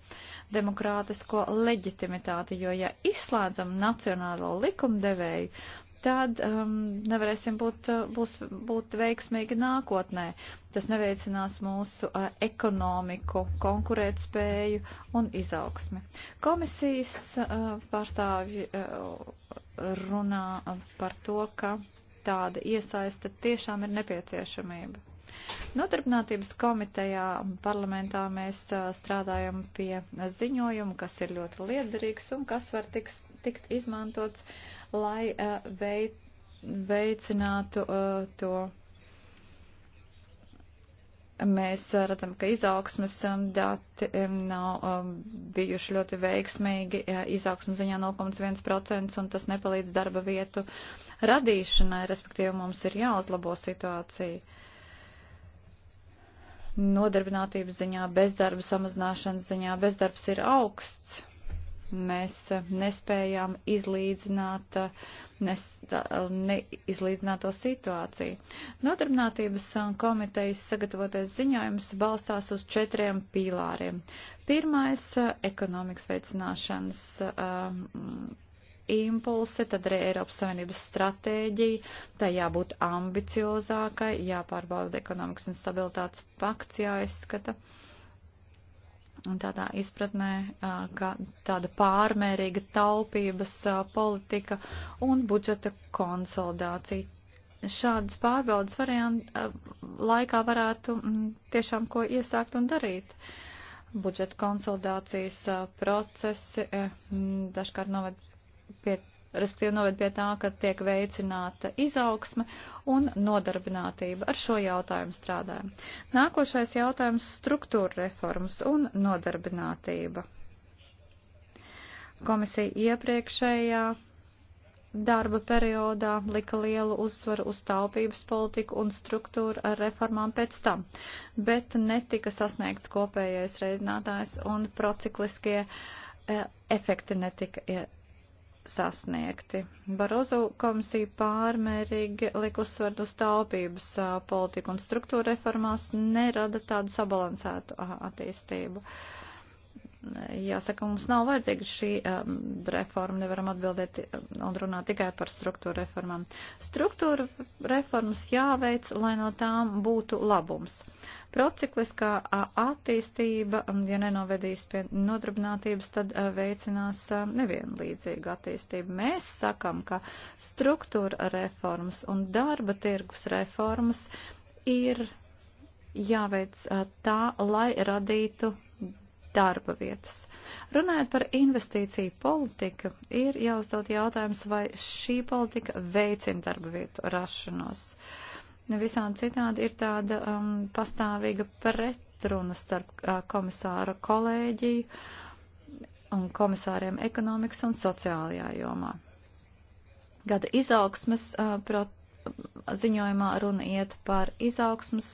demokrātisko leģitimitāti, jo ja izslēdzam nacionālo likumdevēju, tad um, nevarēsim būt, uh, būs, būt veiksmīgi nākotnē. Tas neveicinās mūsu uh, ekonomiku, konkurētspēju un izaugsmi. Komisijas uh, pārstāvji uh, runā par to, ka tāda iesaista tiešām ir nepieciešamība. Nodarbinātības komitejā parlamentā mēs uh, strādājam pie ziņojuma, kas ir ļoti liederīgs un kas var tiks, tikt izmantots uh, lai veicinātu to. Mēs redzam, ka izaugsmas dati nav bijuši ļoti veiksmīgi. Izaugsmas ziņā 0,1% un tas nepalīdz darba vietu radīšanai, respektīvi mums ir jāuzlabo situācija nodarbinātības ziņā, bezdarba samazināšanas ziņā. Bezdarbs ir augsts mēs eh, nespējām izlīdzināt eh, nes, eh, neizlīdzināto situāciju. Nodarbinātības komitejas sagatavotais ziņojums balstās uz četriem pīlāriem. Pirmais - ekonomikas veicināšanas um, impulsi, tad arī Eiropas Savienības stratēģija, tā jābūt ambiciozākai, jāpārbauda ekonomikas un stabilitātes pakts, jāizskata. Uh, tādā izpratnē, ka tāda pārmērīga taupības politika un budžeta konsolidācija. Šādas pārbaudas variantu laikā varētu tiešām ko iesākt un darīt. Budžeta konsolidācijas procesi dažkārt noved pie respektīvi noved pie tā, ka tiek veicināta izaugsme un nodarbinātība. Ar šo jautājumu strādājam. Nākošais jautājums - struktūra reformas un nodarbinātība. Komisija iepriekšējā darba periodā lika lielu uzsvaru uz taupības politiku un struktūru ar reformām pēc tam, bet netika sasniegts kopējais reizinātājs un procikliskie eh, efekti netika sasniegti. Barozo komisija pārmērīgi liek uzsvert uz taupības politiku un struktūra reformās nerada tādu sabalansētu attīstību. Uh, Jāsaka, mums nav vajadzīga šī um, reforma, nevaram atbildēt um, un runāt tikai par struktūra reformām. Struktūra reformas jāveic, lai no tām būtu labums. Procikliskā attīstība, um, ja nenovedīs pie nodarbinātības, tad veicinās nevienlīdzīgu attīstību. Mēs sakam, ka struktūra reformas un darba tirgus reformas ir jāveic tā, lai radītu darba vietas. Runājot par investīciju politiku, ir jāuzdod jautājums, vai šī politika veicina darba vietu rašanos. Visādi citādi ir tāda um, pastāvīga pretruna starp uh, komisāra kolēģiju un komisāriem ekonomikas un sociālajā jomā. Gada izaugsmes uh, prot ziņojumā runa iet par izaugsmas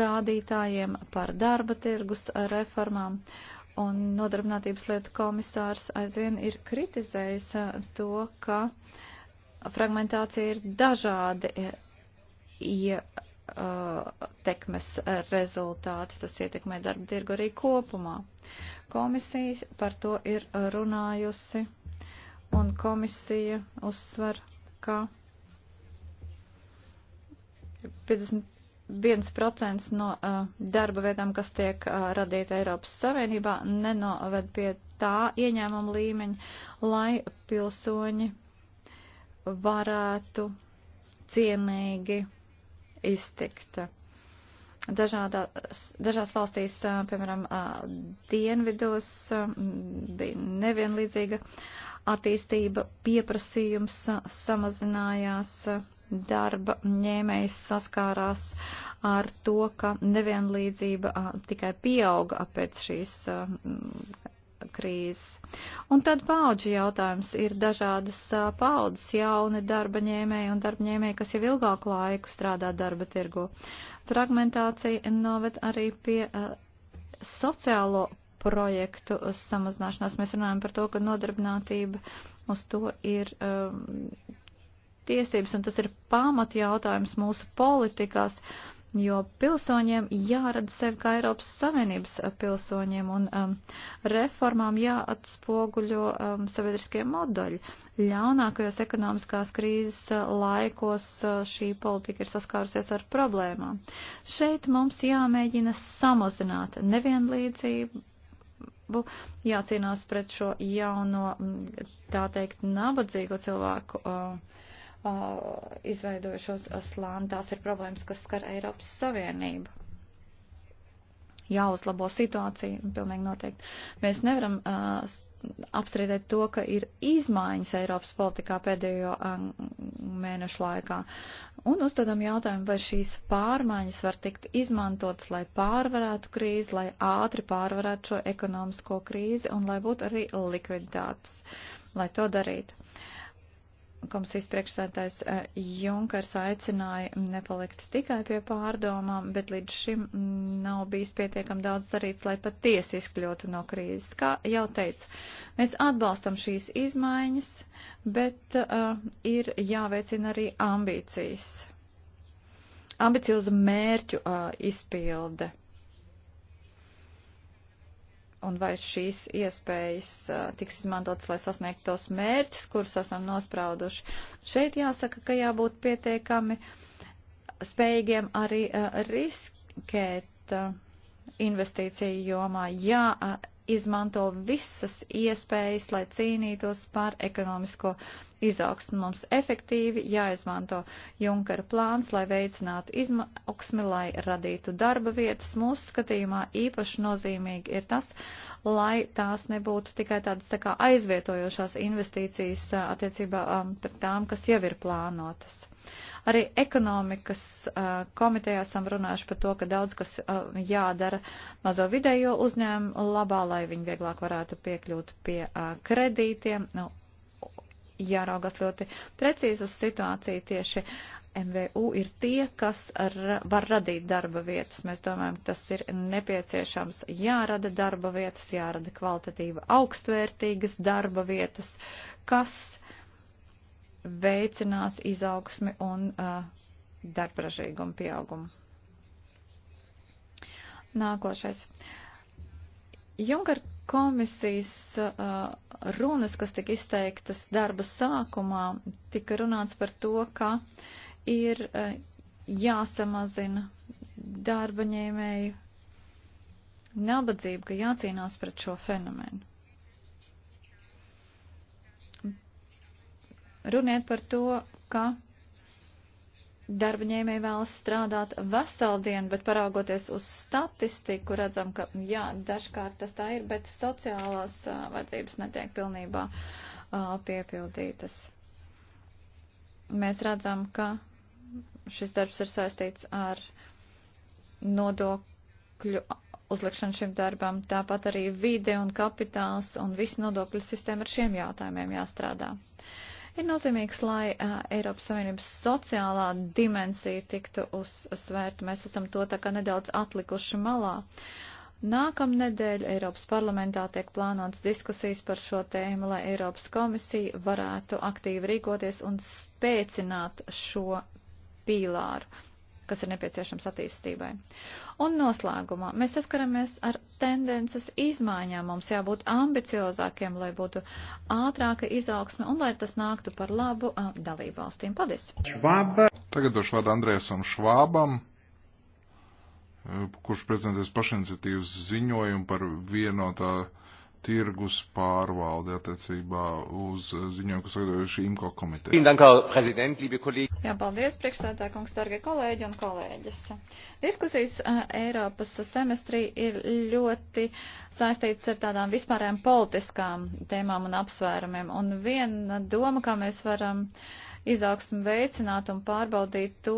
rādītājiem, par darba tirgus reformām. Un nodarbinātības lietu komisārs aizvien ir kritizējis to, ka fragmentācija ir dažādi ietekmes rezultāti. Tas ietekmē darba tirgu arī kopumā. Komisija par to ir runājusi, un komisija uzsver, ka 51% no uh, darba vietām, kas tiek uh, radīta Eiropas Savienībā, nenoved pie tā ieņēmuma līmeņa, lai pilsoņi varētu cienīgi iztikt. Dažādā, dažās valstīs, eh, piemēram, dienvidos bija nevienlīdzīga attīstība, pieprasījums samazinājās, darba ņēmējs saskārās ar to, ka nevienlīdzība tikai pieauga pēc šīs krīzes. Un tad paudžu jautājums ir dažādas paudzes jauni darba ņēmēji un darba ņēmēji, kas jau ilgāku laiku strādā darba tirgu. Fragmentācija noved arī pie sociālo projektu samazināšanās. Mēs runājam par to, ka nodarbinātība uz to ir um, tiesības, un tas ir pamatjautājums mūsu politikās, jo pilsoņiem jārada sevi kā Eiropas Savienības eh, pilsoņiem, un um, reformām jāatspoguļo um, sabiedriskie modeļi. Ļaunākajos ekonomiskās krīzes eh, laikos eh, šī politika ir saskārusies ar problēmām. Šeit mums jāmēģina samazināt nevienlīdzību darbu, jācīnās pret šo jauno, mm, tā teikt, nabadzīgo cilvēku uh, Uh, izveidojušos uh, slāni. Tās ir problēmas, kas skar Eiropas Savienību. Jāuzlabo situācija, pilnīgi noteikti. Mēs nevaram uh, apstrīdēt to, ka ir izmaiņas Eiropas politikā pēdējo um, mēnešu laikā. Un uzdodam jautājumu, vai šīs pārmaiņas var tikt izmantotas, lai pārvarētu krīzi, lai ātri pārvarētu šo ekonomisko krīzi un lai būtu arī likviditātes, lai to darītu komisijas priekšsētājs eh, Junkers aicināja nepalikt tikai pie pārdomām, bet līdz šim nav bijis pietiekam daudz darīts, lai patiesi izkļūtu no krīzes. Kā jau teicu, mēs atbalstam šīs izmaiņas, bet uh, ir jāveicina arī ambīcijas. Ambiciozu mērķu uh, izpilde un vai šīs iespējas tiks izmantotas, lai sasniegtu tos mērķus, kurus esam nosprauduši. Šeit jāsaka, ka jābūt pietiekami spējīgiem arī riskēt investīciju jomā, jāizmanto visas iespējas, lai cīnītos par ekonomisko izaugsmi. Mums efektīvi jāizmanto Junkara plāns, lai veicinātu izaugsmi, lai radītu darba vietas. Mūsu skatījumā īpaši nozīmīgi ir tas, lai tās nebūtu tikai tādas tā kā aizvietojošās investīcijas attiecībā par tām, kas jau ir plānotas. Arī ekonomikas komitejā esam runājuši par to, ka daudz kas jādara mazo vidējo uzņēmumu labā, lai viņi vieglāk varētu piekļūt pie kredītiem. Nu, jāraugas ļoti precīzi uz situāciju tieši. MVU ir tie, kas ar, var radīt darba vietas. Mēs domājam, ka tas ir nepieciešams. Jārada darba vietas, jārada kvalitatīva augstvērtīgas darba vietas, kas veicinās izaugsmi un uh, darbražīgumu pieaugumu. Nākošais. Junker komisijas uh, runas, kas tika izteiktas darba sākumā, tika runāts par to, ka ir uh, jāsamazina darba ņēmēju nabadzība, ka jācīnās pret šo fenomenu. Runiet par to, ka darba ņēmēji vēlas strādāt veselu dienu, bet paraugoties uz statistiku, redzam, ka jā, dažkārt tas tā ir, bet sociālās uh, vajadzības netiek pilnībā uh, piepildītas. Mēs redzam, ka šis darbs ir saistīts ar nodokļu uzlikšanu šim darbam, tāpat arī vide un kapitāls un visi nodokļu sistēma ar šiem jautājumiem jāstrādā. Uh, Ir nozīmīgs, lai uh, Eiropas Savienības sociālā dimensija tiktu uzsvērta. Mēs esam to tā kā nedaudz atlikuši malā. Nākamnedēļ Eiropas parlamentā tiek plānotas diskusijas par šo tēmu, lai Eiropas komisija varētu aktīvi rīkoties un spēcināt šo pīlāru, kas ir nepieciešams attīstībai. Un noslēgumā mēs saskaramies ar tendences izmaiņām. Mums jābūt ambiciozākiem, lai būtu ātrāka izaugsme un lai tas nāktu par labu uh, dalībvalstīm. Paldies! Švaba. Tagad došu vārdu Andrēsam Švābam, uh, kurš prezentēs pašiniciatīvas ziņojumu par vienotā. No tirgus pārvalde attiecībā uz ziņojumu, kas sagatavojuši IMCO komiteju. Jā, paldies, priekšsētā kungs, dargie kolēģi un kolēģis. Diskusijas Eiropas semestrī ir ļoti saistītas ar tādām vispārējām politiskām tēmām un apsvērumiem. Un viena doma, kā mēs varam. Uh, izaugsmu veicināt un pārbaudīt to,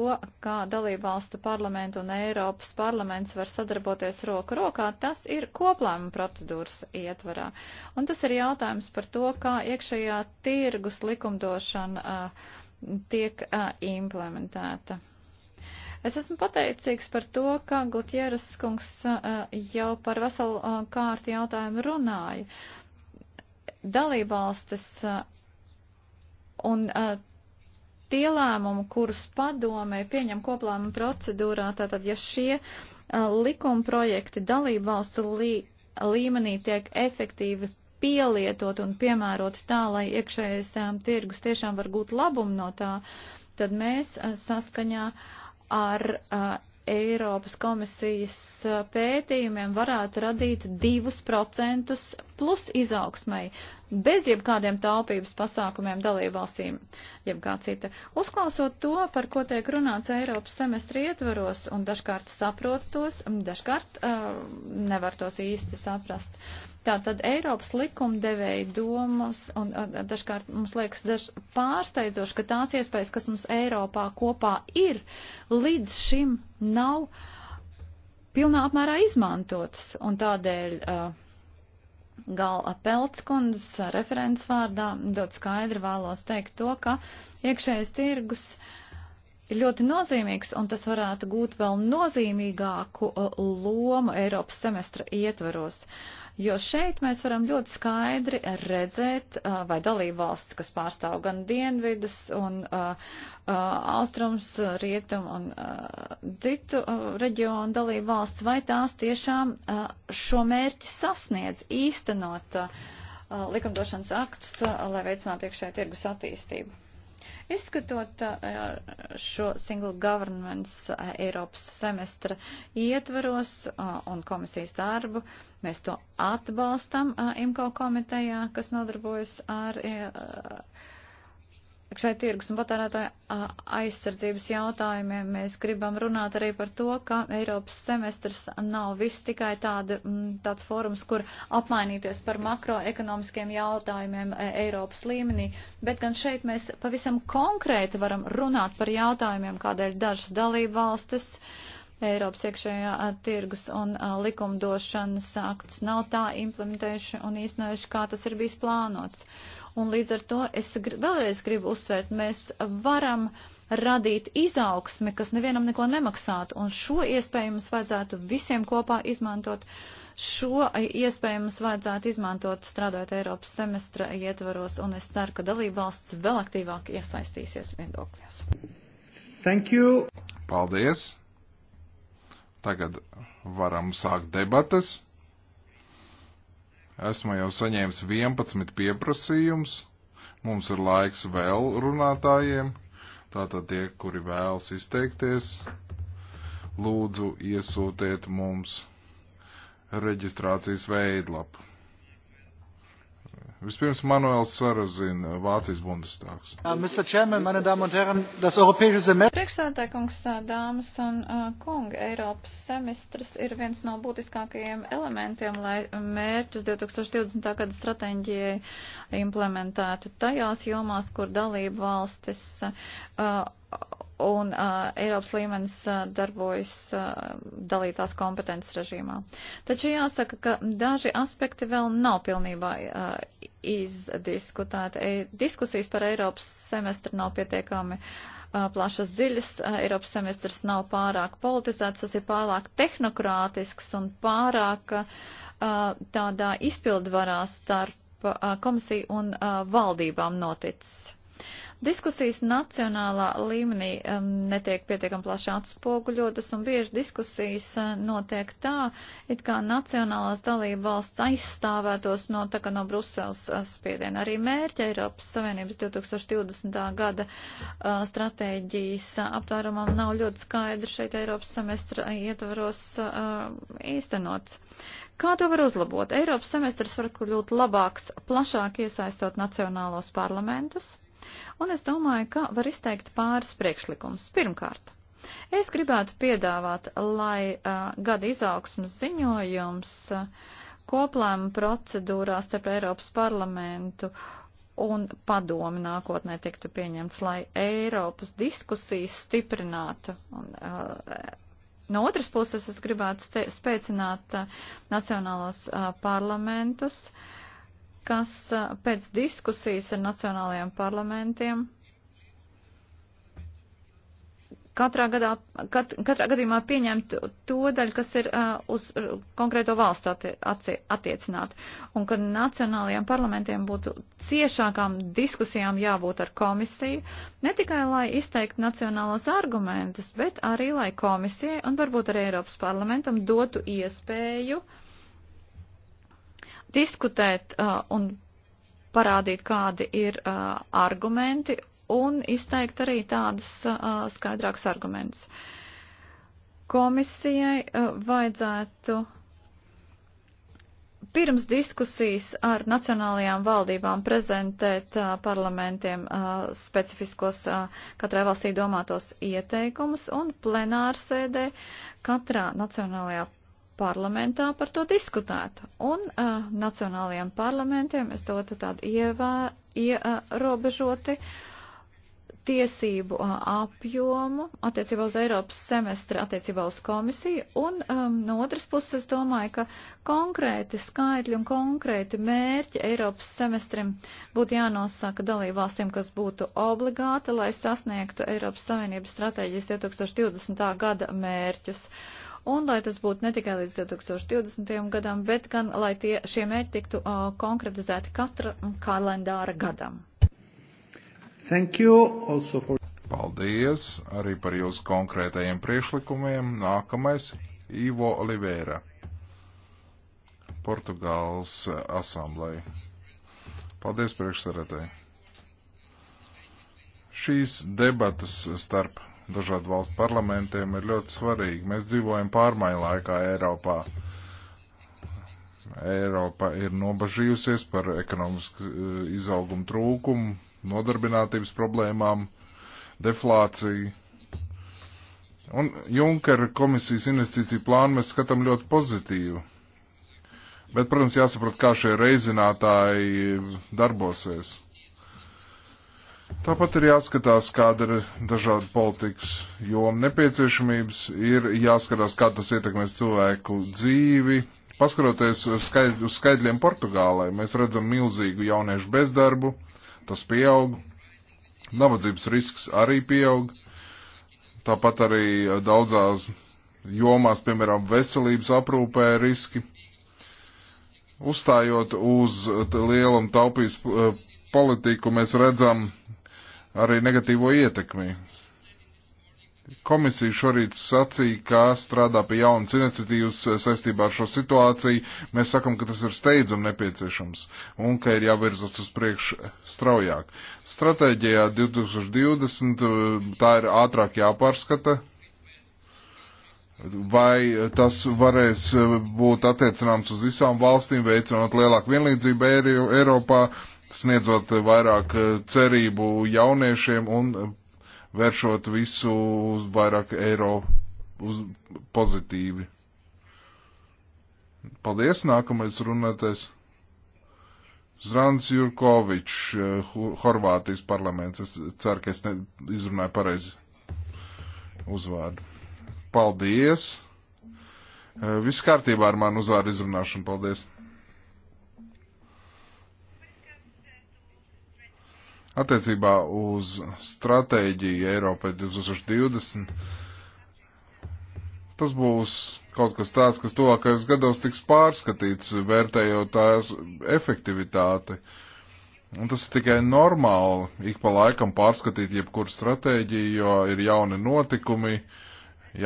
kā dalībvalstu parlamentu un Eiropas parlaments var sadarboties roku rokā, tas ir koplēmuma procedūras ietvarā. Un tas ir jautājums par to, kā iekšējā tirgus likumdošana uh, tiek uh, implementēta. Es esmu pateicīgs par to, ka Gutieras kungs uh, jau par veselu uh, kārtu jautājumu runāja. Dalībvalstis uh, un uh, tie lēmumi, kurus padomē pieņem koplēmuma procedūrā, tātad ja šie likuma projekti dalību valstu lī, līmenī tiek efektīvi pielietot un piemērot tā, lai iekšējais tirgus tiešām var gūt labumu no tā, tad mēs saskaņā ar a, Eiropas komisijas pētījumiem varētu radīt 2% plus izaugsmai bez jebkādiem taupības pasākumiem dalībvalstīm, jebkā cita. Uzklausot to, par ko tiek runāts Eiropas semestri ietvaros, un dažkārt saprot tos, dažkārt uh, nevar tos īsti saprast. Tātad Eiropas likumdevēja domas, un uh, dažkārt mums liekas daž pārsteidzoši, ka tās iespējas, kas mums Eiropā kopā ir, līdz šim nav pilnā apmērā izmantotas, un tādēļ uh, Gala Peltskundas referents vārdā dot skaidri vēlos teikt to, ka iekšējais tirgus uh, ir ļoti nozīmīgs, un tas varētu gūt vēl nozīmīgāku uh, lomu Eiropas semestra ietvaros. Jo šeit mēs varam ļoti skaidri redzēt, uh, vai dalību valsts, kas pārstāv gan dienvidus un uh, austrums, rietum un citu reģionu dalību valsts, vai tās tiešām šo mērķi sasniedz īstenot likumdošanas aktus, lai veicinātu iekšējā tirgus attīstību. Izskatot eh, šo single governance eh, Eiropas semestra ietvaros eh, un komisijas darbu, mēs to atbalstam IMCO komitejā, kas nodarbojas ar šai tirgus un patērētāju aizsardzības jautājumiem mēs gribam runāt arī par to, ka Eiropas semestrs nav viss tikai tāda, tāds fórums, kur apmainīties par makroekonomiskiem jautājumiem e, Eiropas līmenī, bet gan šeit mēs pavisam konkrēti varam runāt par jautājumiem, kādēļ dažas dalība valstis uh, Eiropas iekšējā tirgus un a, likumdošanas aktus nav tā implementējuši un īstenojuši, kā tas ir bijis plānots. Un līdz ar to es gr vēlreiz gribu uzsvērt, mēs varam radīt izaugsmi, kas nevienam neko nemaksātu, un šo iespēju mums vajadzētu visiem kopā izmantot. Šo iespēju mums vajadzētu izmantot strādājot Eiropas semestra ietvaros, un es ceru, ka dalība valsts vēl aktīvāk iesaistīsies viedokļos. Thank you! Paldies! Tagad varam sākt debatas. Esmu jau saņēmis 11 pieprasījums. Mums ir laiks vēl runātājiem. Tātad tie, kuri vēlas izteikties, lūdzu iesūtiet mums reģistrācijas veidlapu. Vispirms Manuels Sarazina, Vācijas Bundestāgs. Priekšsēdētāji, kungs, dāmas un uh, kungi, Eiropas semestrs ir viens no būtiskākajiem elementiem, lai mērķus 2020. gada stratēģijai implementētu tajās jomās, kur dalību valstis uh, un uh, Eiropas līmenis uh, darbojas uh, dalītās kompetences režīmā. Taču jāsaka, ka daži aspekti vēl nav pilnībā uh, izdiskutēti. E, diskusijas par Eiropas semestru nav pietiekami uh, plašas dziļas, uh, Eiropas semestrs nav pārāk politizēts, tas ir pārāk tehnokrātisks un pārāk uh, tādā izpildvarā starp komisiju un valdībām noticis. Diskusijas nacionālā līmenī um, netiek pietiekam plaši atspoguļotas un bieži diskusijas uh, notiek tā, it kā nacionālās dalība valsts aizstāvētos no, tā kā no Brusels uh, spiediena. Arī mērķa Eiropas Savienības 2020. gada uh, stratēģijas uh, aptvērumam nav ļoti skaidri šeit Eiropas semestra ietvaros uh, īstenots. Kā to var uzlabot? Eiropas semestrs var kļūt labāks, plašāk iesaistot nacionālos parlamentus Un es domāju, ka var izteikt pāris priekšlikums. Pirmkārt, es gribētu piedāvāt, lai uh, gada izaugsmas ziņojums uh, koplēma procedūrā starp Eiropas parlamentu un padomi nākotnē tiktu pieņemts, lai Eiropas diskusijas stiprinātu. Un, uh, No otras puses, es gribētu spēcināt uh, nacionālos uh, parlamentus, uh, kas pēc diskusijas ar nacionālajiem parlamentiem katrā, gadā, kat, katrā gadījumā pieņemt to daļu, kas ir uh, uz konkrēto valstu atti, attiecināta. Un ka nacionālajiem parlamentiem būtu ciešākām diskusijām jābūt ar komisiju, ne tikai lai izteikt nacionālos argumentus, bet arī lai komisijai un varbūt arī Eiropas parlamentam dotu iespēju uh, diskutēt uh, un parādīt, kādi ir uh, argumenti un izteikt arī tādas uh, skaidrākas argumentus. Komisijai uh, vajadzētu pirms diskusijas ar nacionālajām valdībām prezentēt uh, parlamentiem uh, specifiskos uh, katrai valstī domātos ieteikumus un plenārsēdē katrā nacionālajā parlamentā par to diskutētu. Un uh, nacionālajiem parlamentiem es dotu tādu ievā, ierobežoti tiesību uh, apjomu attiecībā uz Eiropas semestri, attiecībā uz komisiju. Un um, no otras puses es domāju, ka konkrēti skaitļi un konkrēti mērķi Eiropas semestrim būtu jānosaka dalībvalstīm, kas būtu obligāti, lai sasniegtu Eiropas Savienības stratēģijas 2020. gada mērķus un lai tas būtu ne tikai līdz 2020. gadam, bet gan lai tie, šie mērķi tiktu uh, konkretizēti katra kalendāra gadam. Thank you also for. Paldies arī par jūsu konkrētajiem priešlikumiem. Nākamais Ivo Oliveira, Portugāles asamblēja. Paldies priekšsarētāji. Šīs debatas starp dažādu valstu parlamentiem ir ļoti svarīgi. Mēs dzīvojam pārmaiņu laikā Eiropā. Eiropa ir nobažījusies par ekonomisku eh, izaugumu trūkumu, nodarbinātības problēmām, deflāciju. Un Junkera komisijas investīciju plānu mēs skatām ļoti pozitīvu. Bet, protams, jāsaprot, kā šie reizinātāji darbosies. Tāpat ir jāskatās, kāda ir dažāda politikas joma nepieciešamības, ir jāskatās, kā tas ietekmēs cilvēku dzīvi. Paskaroties uz skaidriem Portugālē, mēs redzam milzīgu jauniešu bezdarbu, tas pieaug, nabadzības risks arī pieaug, tāpat arī daudzās jomās, piemēram, veselības aprūpē riski. Uzstājot uz lielumu taupības eh, politiku, mēs redzam, arī negatīvo ietekmi. Komisija šorīt sacīja, ka strādā pie jaunas iniciatīvas saistībā ar šo situāciju. Mēs sakam, ka tas ir steidzam nepieciešams un ka ir jāvirzas uz priekšu straujāk. Stratēģijā 2020 tā ir ātrāk jāpārskata. Vai tas varēs būt attiecināms uz visām valstīm, veicinot lielāku vienlīdzību Eiropā? Eiro sniedzot vairāk eh, cerību jauniešiem un eh, vēršot visu uz vairāk eiro uz pozitīvi. Paldies, nākamais runātais. Zrans Jurkovičs, eh, Horvātijas parlaments. Es ceru, ka es ne, izrunāju pareizi uzvārdu. Paldies! Viss kārtībā ar manu uzvārdu izrunāšanu. Paldies! Attiecībā uz stratēģiju Eiropai 2020 tas būs kaut kas tāds, kas tuvākajos gados tiks pārskatīts, vērtējot tās efektivitāti. Un tas ir tikai normāli ik pa laikam pārskatīt jebkuru stratēģiju, jo ir jauni notikumi,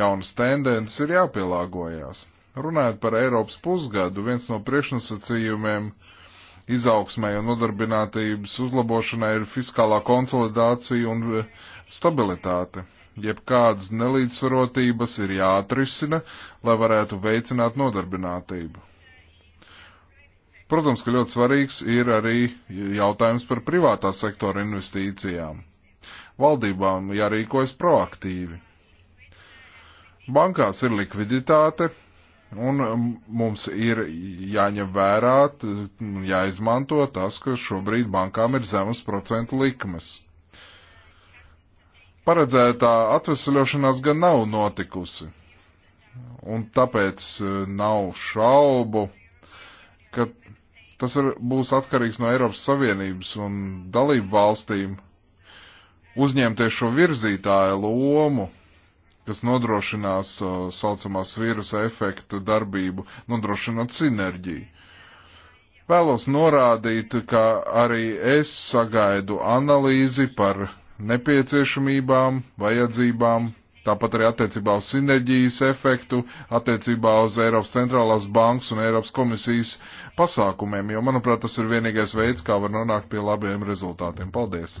jaunas tendences, ir jāpielāgojās. Runājot par Eiropas pusgadu, viens no priekšnosacījumiem uh, izaugsmai un nodarbinātības uzlabošanai ir fiskālā konsolidācija un e, stabilitāte. Jebkādas nelīdzsvarotības ir jāatrisina, lai varētu veicināt nodarbinātību. Protams, ka ļoti svarīgs ir arī jautājums par privātā sektora investīcijām. Valdībām jārīkojas proaktīvi. Bankās ir likviditāte, Un um, mums ir jāņem vērā, jāizmanto tas, ka šobrīd bankām ir zemas procentu likmes. Paredzētā atvesaļošanās gan nav notikusi. Un tāpēc uh, nav šaubu, ka tas ir, būs atkarīgs no Eiropas Savienības un dalību valstīm uzņemties šo virzītāju lomu kas nodrošinās uh, saucamās vīrusa efektu darbību, nodrošinot sinerģiju. Vēlos norādīt, ka arī es sagaidu analīzi par nepieciešamībām, vajadzībām, tāpat arī attiecībā uz sinerģijas efektu, attiecībā uz Eiropas centrālās bankas un Eiropas komisijas pasākumiem, jo, manuprāt, tas ir vienīgais veids, kā var nonākt pie labiem rezultātiem. Paldies!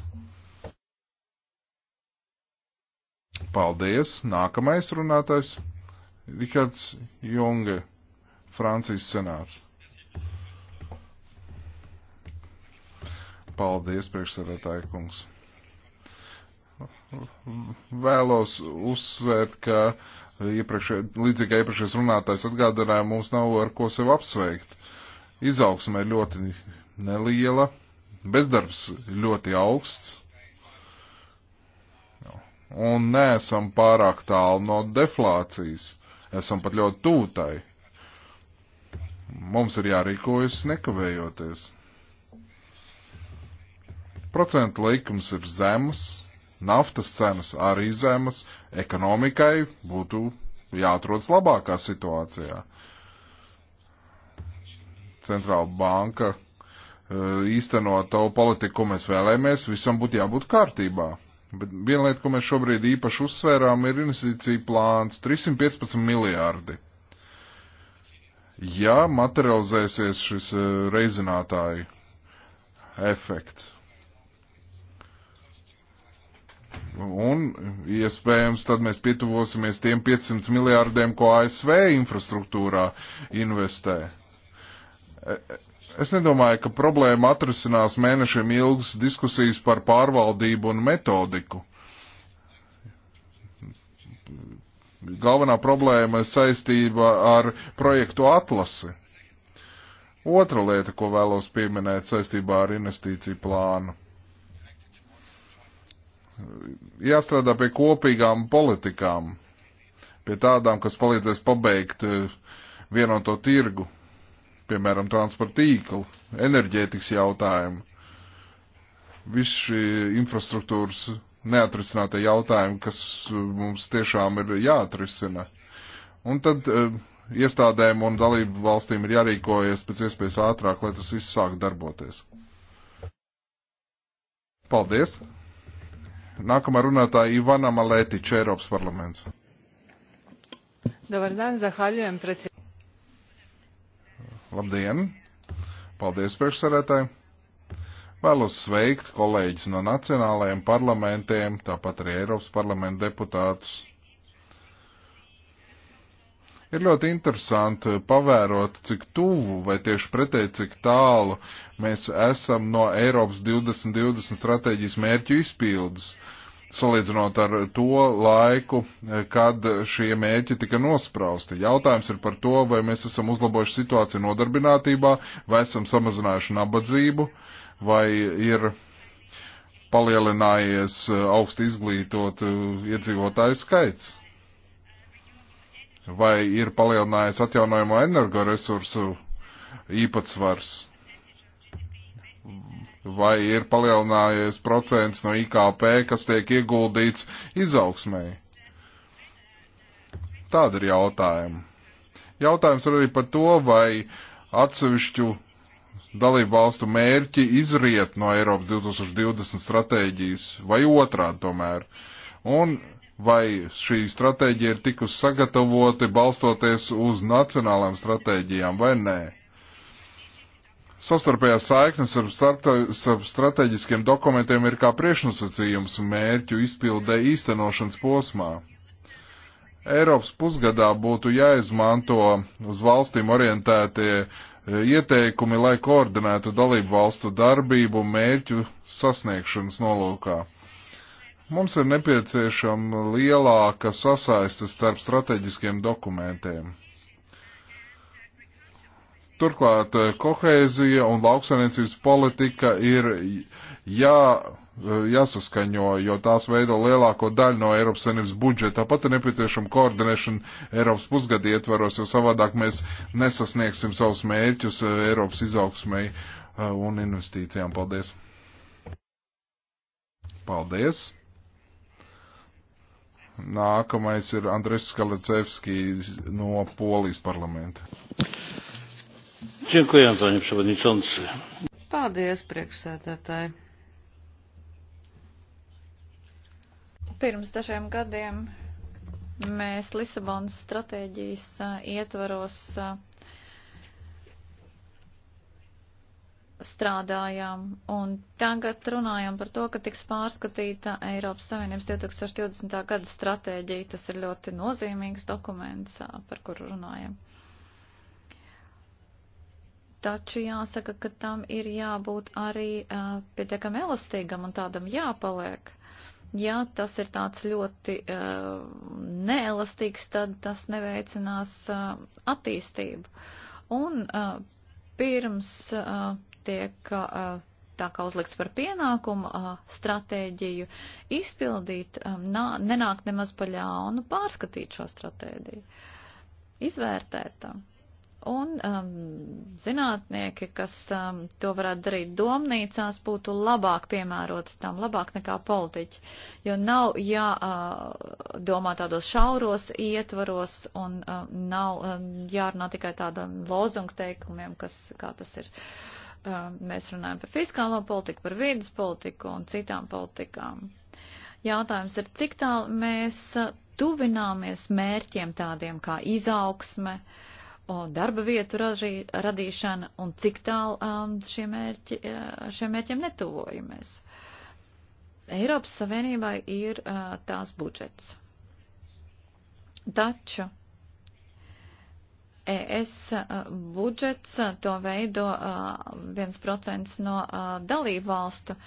Paldies. Nākamais runātais - Rikards Junge, Francijas senāts. Paldies, priekšsēdētāji kungs. Vēlos uzsvērt, ka iepriekšē, līdzīgi kā iepriekšējais runātājs atgādināja, mums nav ar ko sevi apsveikt. Izaugsme ir ļoti neliela, bezdarbs ļoti augsts un neesam pārāk tālu no deflācijas. Esam pat ļoti tūtai. Mums ir jārīkojas nekavējoties. Procentu likums ir zemas, naftas cenas arī zemas, ekonomikai būtu jāatrodas labākā situācijā. Centrāla banka e, īstenot to politiku, ko mēs vēlēmies, visam būtu jābūt kārtībā. Bet viena lieta, ko mēs šobrīd īpaši uzsvērām, ir investīcija plāns 315 miljārdi. Ja materializēsies šis eh, reizinātāju efekts. Un iespējams tad mēs pietuvosimies tiem 500 miljārdiem, ko ASV infrastruktūrā investē. Es nedomāju, ka problēma atrisinās mēnešiem ilgas diskusijas par pārvaldību un metodiku. Galvenā problēma ir saistība ar projektu atlasi. Otra lieta, ko vēlos pieminēt saistībā ar investīciju plānu. Jāstrādā pie kopīgām politikām, pie tādām, kas palīdzēs pabeigt eh, vienoto tirgu piemēram, transporta tīklu, enerģētikas jautājumu. Visi šī infrastruktūras neatrisinātie jautājumi, kas uh, mums tiešām ir jāatrisina. Un tad uh, iestādēm un dalību valstīm ir jārīkojas pēc iespējas ātrāk, lai tas viss sāk darboties. Paldies! Nākamā runātāja Ivana Maletič, Eiropas parlaments. Dobar dan, zahvaljujem predsjedniku. Labdien! Paldies priekšsarētāji! Vēlos sveikt kolēģis no nacionālajiem parlamentiem, tāpat arī Eiropas parlamenta deputātus. Ir ļoti interesanti pavērot, cik tuvu vai tieši pretēji, cik tālu mēs esam no Eiropas 2020 stratēģijas mērķu izpildes. Uh, salīdzinot ar to laiku, eh, kad šie mēķi tika nosprausti. Jautājums ir par to, vai mēs esam uzlabojuši situāciju nodarbinātībā, vai esam samazinājuši nabadzību, vai ir palielinājies eh, augstu izglītot eh, iedzīvotāju skaits, vai ir palielinājies atjaunojamo energoresursu īpatsvars vai ir palielinājies procents no IKP, kas tiek ieguldīts izaugsmēji? Tāda ir jautājuma. Jautājums ir arī par to, vai atsevišķu dalību valstu mērķi izriet no Eiropas 2020 stratēģijas, vai otrādi tomēr. Un vai šī stratēģija ir tikusi sagatavoti balstoties uz nacionālām stratēģijām vai nē. Savstarpējās saiknes ar, ar strateģiskiem dokumentiem ir kā priekšnosacījums mērķu izpildē īstenošanas posmā. Eiropas pusgadā būtu jāizmanto uz valstīm orientētie e, ieteikumi, lai koordinētu dalību valstu darbību mērķu sasniegšanas nolūkā. Mums ir nepieciešama lielāka sasaiste starp strateģiskiem dokumentiem. Turklāt eh, kohēzija un lauksainiecības politika ir jā, eh, jāsaskaņo, jo tās veido lielāko daļu no Eiropas Savienības budžeta. Tāpat ir nepieciešama koordinēšana Eiropas pusgada ietvaros, jo savādāk mēs nesasniegsim savus mērķus eh, Eiropas izaugsmai un investīcijām. Paldies! Paldies! Nākamais ir Andres Skalecevski no Polijas parlamenta. Dziękuję, panie przewodniczący. Paldies, priekšsēdētāji. Pirms dažiem gadiem mēs Lisabonas stratēģijas ietvaros strādājām, un tagad runājam par to, ka tiks pārskatīta Eiropas Savienības 2020. gada stratēģija. Tas ir ļoti nozīmīgs dokuments, par kuru runājam. Taču jāsaka, ka tam ir jābūt arī uh, pietiekami elastīgam un tādam jāpaliek. Ja tas ir tāds ļoti uh, neelastīgs, tad tas neveicinās uh, attīstību. Un uh, pirms uh, tiek uh, tā kā uzlikts par pienākumu uh, stratēģiju izpildīt, um, nā, nenākt nemaz paļā un pārskatīt šo stratēģiju, izvērtēt tam. Uh, Un um, zinātnieki, kas um, to varētu darīt domnīcās, būtu labāk piemēroti tam, labāk nekā politiķi, jo nav jādomā uh, tādos šauros ietvaros un uh, nav um, jārunā tikai tādam lozungu teikumiem, kas, kā tas ir. Uh, mēs runājam par fiskālo politiku, par vīdas politiku un citām politikām. Jautājums ir, cik tālu mēs uh, tuvināmies mērķiem tādiem kā izaugsme, uh, darba vietu ražī, radīšana un cik tālu um, šie mērķi, eh, šiem mērķiem netuvojamies. Eiropas Savienībai ir uh, tās budžets. Taču ES eh, budžets to veido uh, 1% no uh, dalību valstu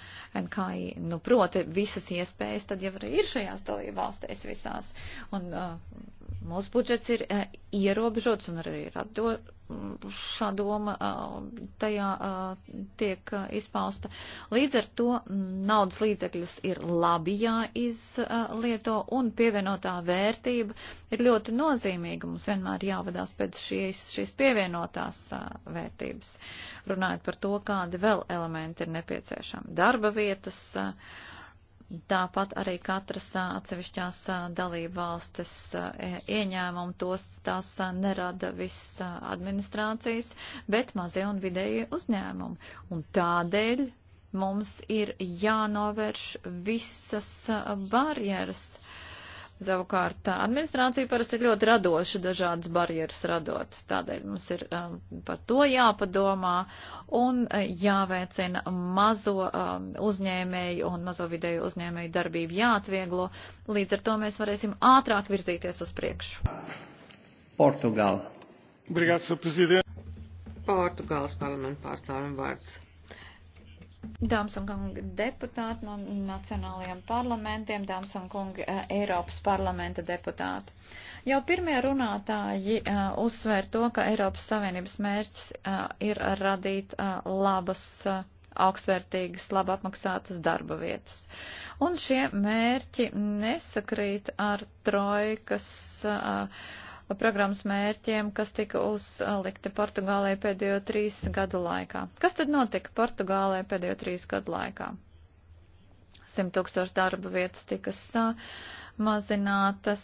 NKI. Nu, proti, visas iespējas tad jau arī ir šajās dalību valstēs visās. Un, uh, mūsu budžets ir eh, ierobežots un arī rado, šā doma eh, tajā eh, tiek izpausta. Līdz ar to naudas līdzekļus ir labi jāizlieto un pievienotā vērtība ir ļoti nozīmīga. Mums vienmēr jāvadās pēc šīs, šīs pievienotās vērtības, runājot par to, kādi vēl elementi ir nepieciešami. Darba vietas. Uh, Tāpat arī katras atsevišķās dalība valstis e, ieņēmumu tos tās nerada viss administrācijas, bet mazie un vidēji uzņēmumi. Un tādēļ mums ir jānovērš visas barjeras Savukārt administrācija parasti ir ļoti radoša dažādas barjeras radot. Tādēļ mums ir um, par to jāpadomā un jāveicina mazo um, uzņēmēju un mazo vidēju uzņēmēju darbību jāatvieglo. Līdz ar to mēs varēsim ātrāk virzīties uz priekšu. Portugāla. Brigāts prezidents. Portugāles parlamentu pārstāvim vārds. Dāmas un kungi deputāti no nacionālajiem parlamentiem, dāmas un kungi eh, Eiropas parlamenta deputāti. Jau pirmie runātāji eh, uzsver to, ka Eiropas Savienības mērķis eh, ir radīt labas, augstvērtīgas, labi apmaksātas darba vietas. Un šie mērķi nesakrīt ar trojkas. Uh, programmas mērķiem, kas tika uzlikti Portugālē pēdējo trīs gadu laikā. Kas tad notika Portugālē pēdējo trīs gadu laikā? 100 tūkstoši darba vietas tika samazinātas,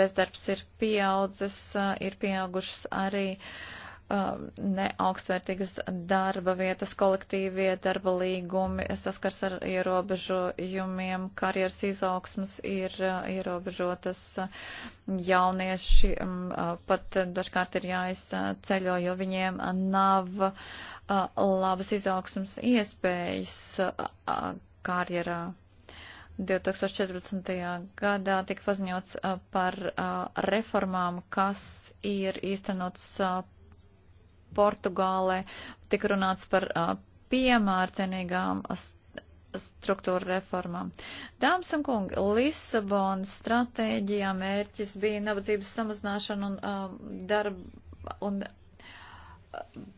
bezdarbs ir pieaudzis, ir pieaugušas arī uh, Um, neaugstvērtīgas darba vietas, kolektīvie darba līgumi saskars ar ierobežojumiem, karjeras izaugsmas ir uh, ierobežotas, jaunieši um, uh, pat dažkārt ir jāizceļo, jo viņiem nav uh, labas izaugsmas iespējas karjerā. 2014. gadā tika paziņots par reformām, kas ir īstenots Portugālē. Tik runāts par uh, piemērcenīgām struktūra reformām. Dāmas un kungi, Lisabonas stratēģijā mērķis bija nabadzības samazināšana un uh, darba un uh,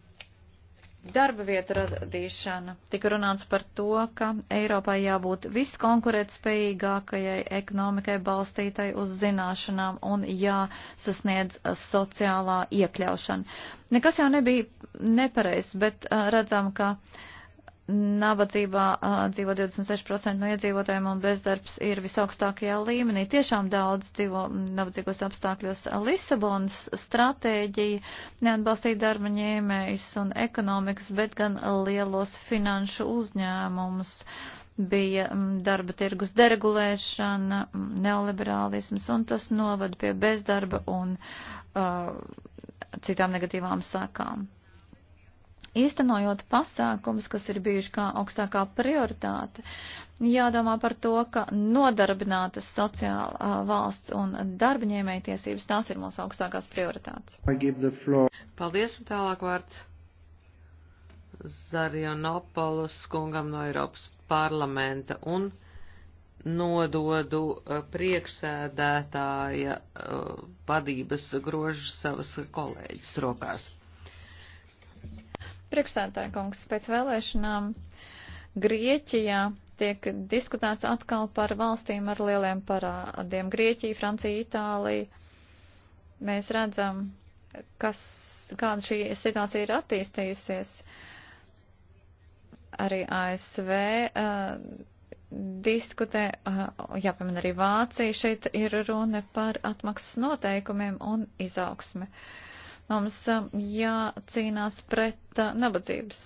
Darba vietu radīšana. Tik runāts par to, ka Eiropai jābūt viskonkurētspējīgākajai ekonomikai balstītai uz zināšanām un jāsasniedz uh, sociālā iekļaušana. Nekas jau nebija nepareizs, bet uh, redzam, ka uh, Nabadzībā uh, dzīvo 26% no iedzīvotājiem un bezdarbs ir visaugstākajā līmenī. Tiešām daudz dzīvo nabadzīgos apstākļos. Lisabonas stratēģija neatbalstīja darba ņēmējus un ekonomikas, bet gan lielos finanšu uzņēmumus. Bija darba tirgus deregulēšana, neoliberālisms, un tas novada pie bezdarba un uh, citām negatīvām sakām īstenojot pasākums, kas ir bijuši kā augstākā prioritāte, jādomā par to, ka nodarbinātas sociāla valsts un darbaņēmēja tiesības tās ir mūsu augstākās prioritātes. Paldies un tālāk vārds Zarianopolus kungam no Eiropas parlamenta un nododu priekšsēdētāja vadības grožu savas kolēģis rokās. Priekšsēdētāja kungs, pēc vēlēšanām Grieķijā tiek diskutēts atkal par valstīm ar lieliem parādiem. Grieķija, Francija, Itālija. Mēs redzam, kas, kāda šī situācija ir attīstījusies. Arī ASV uh, diskutē, uh, jāpamina arī Vācija, šeit ir runa par atmaksas noteikumiem un izaugsmi. Uh, Mums jācīnās pret nabadzības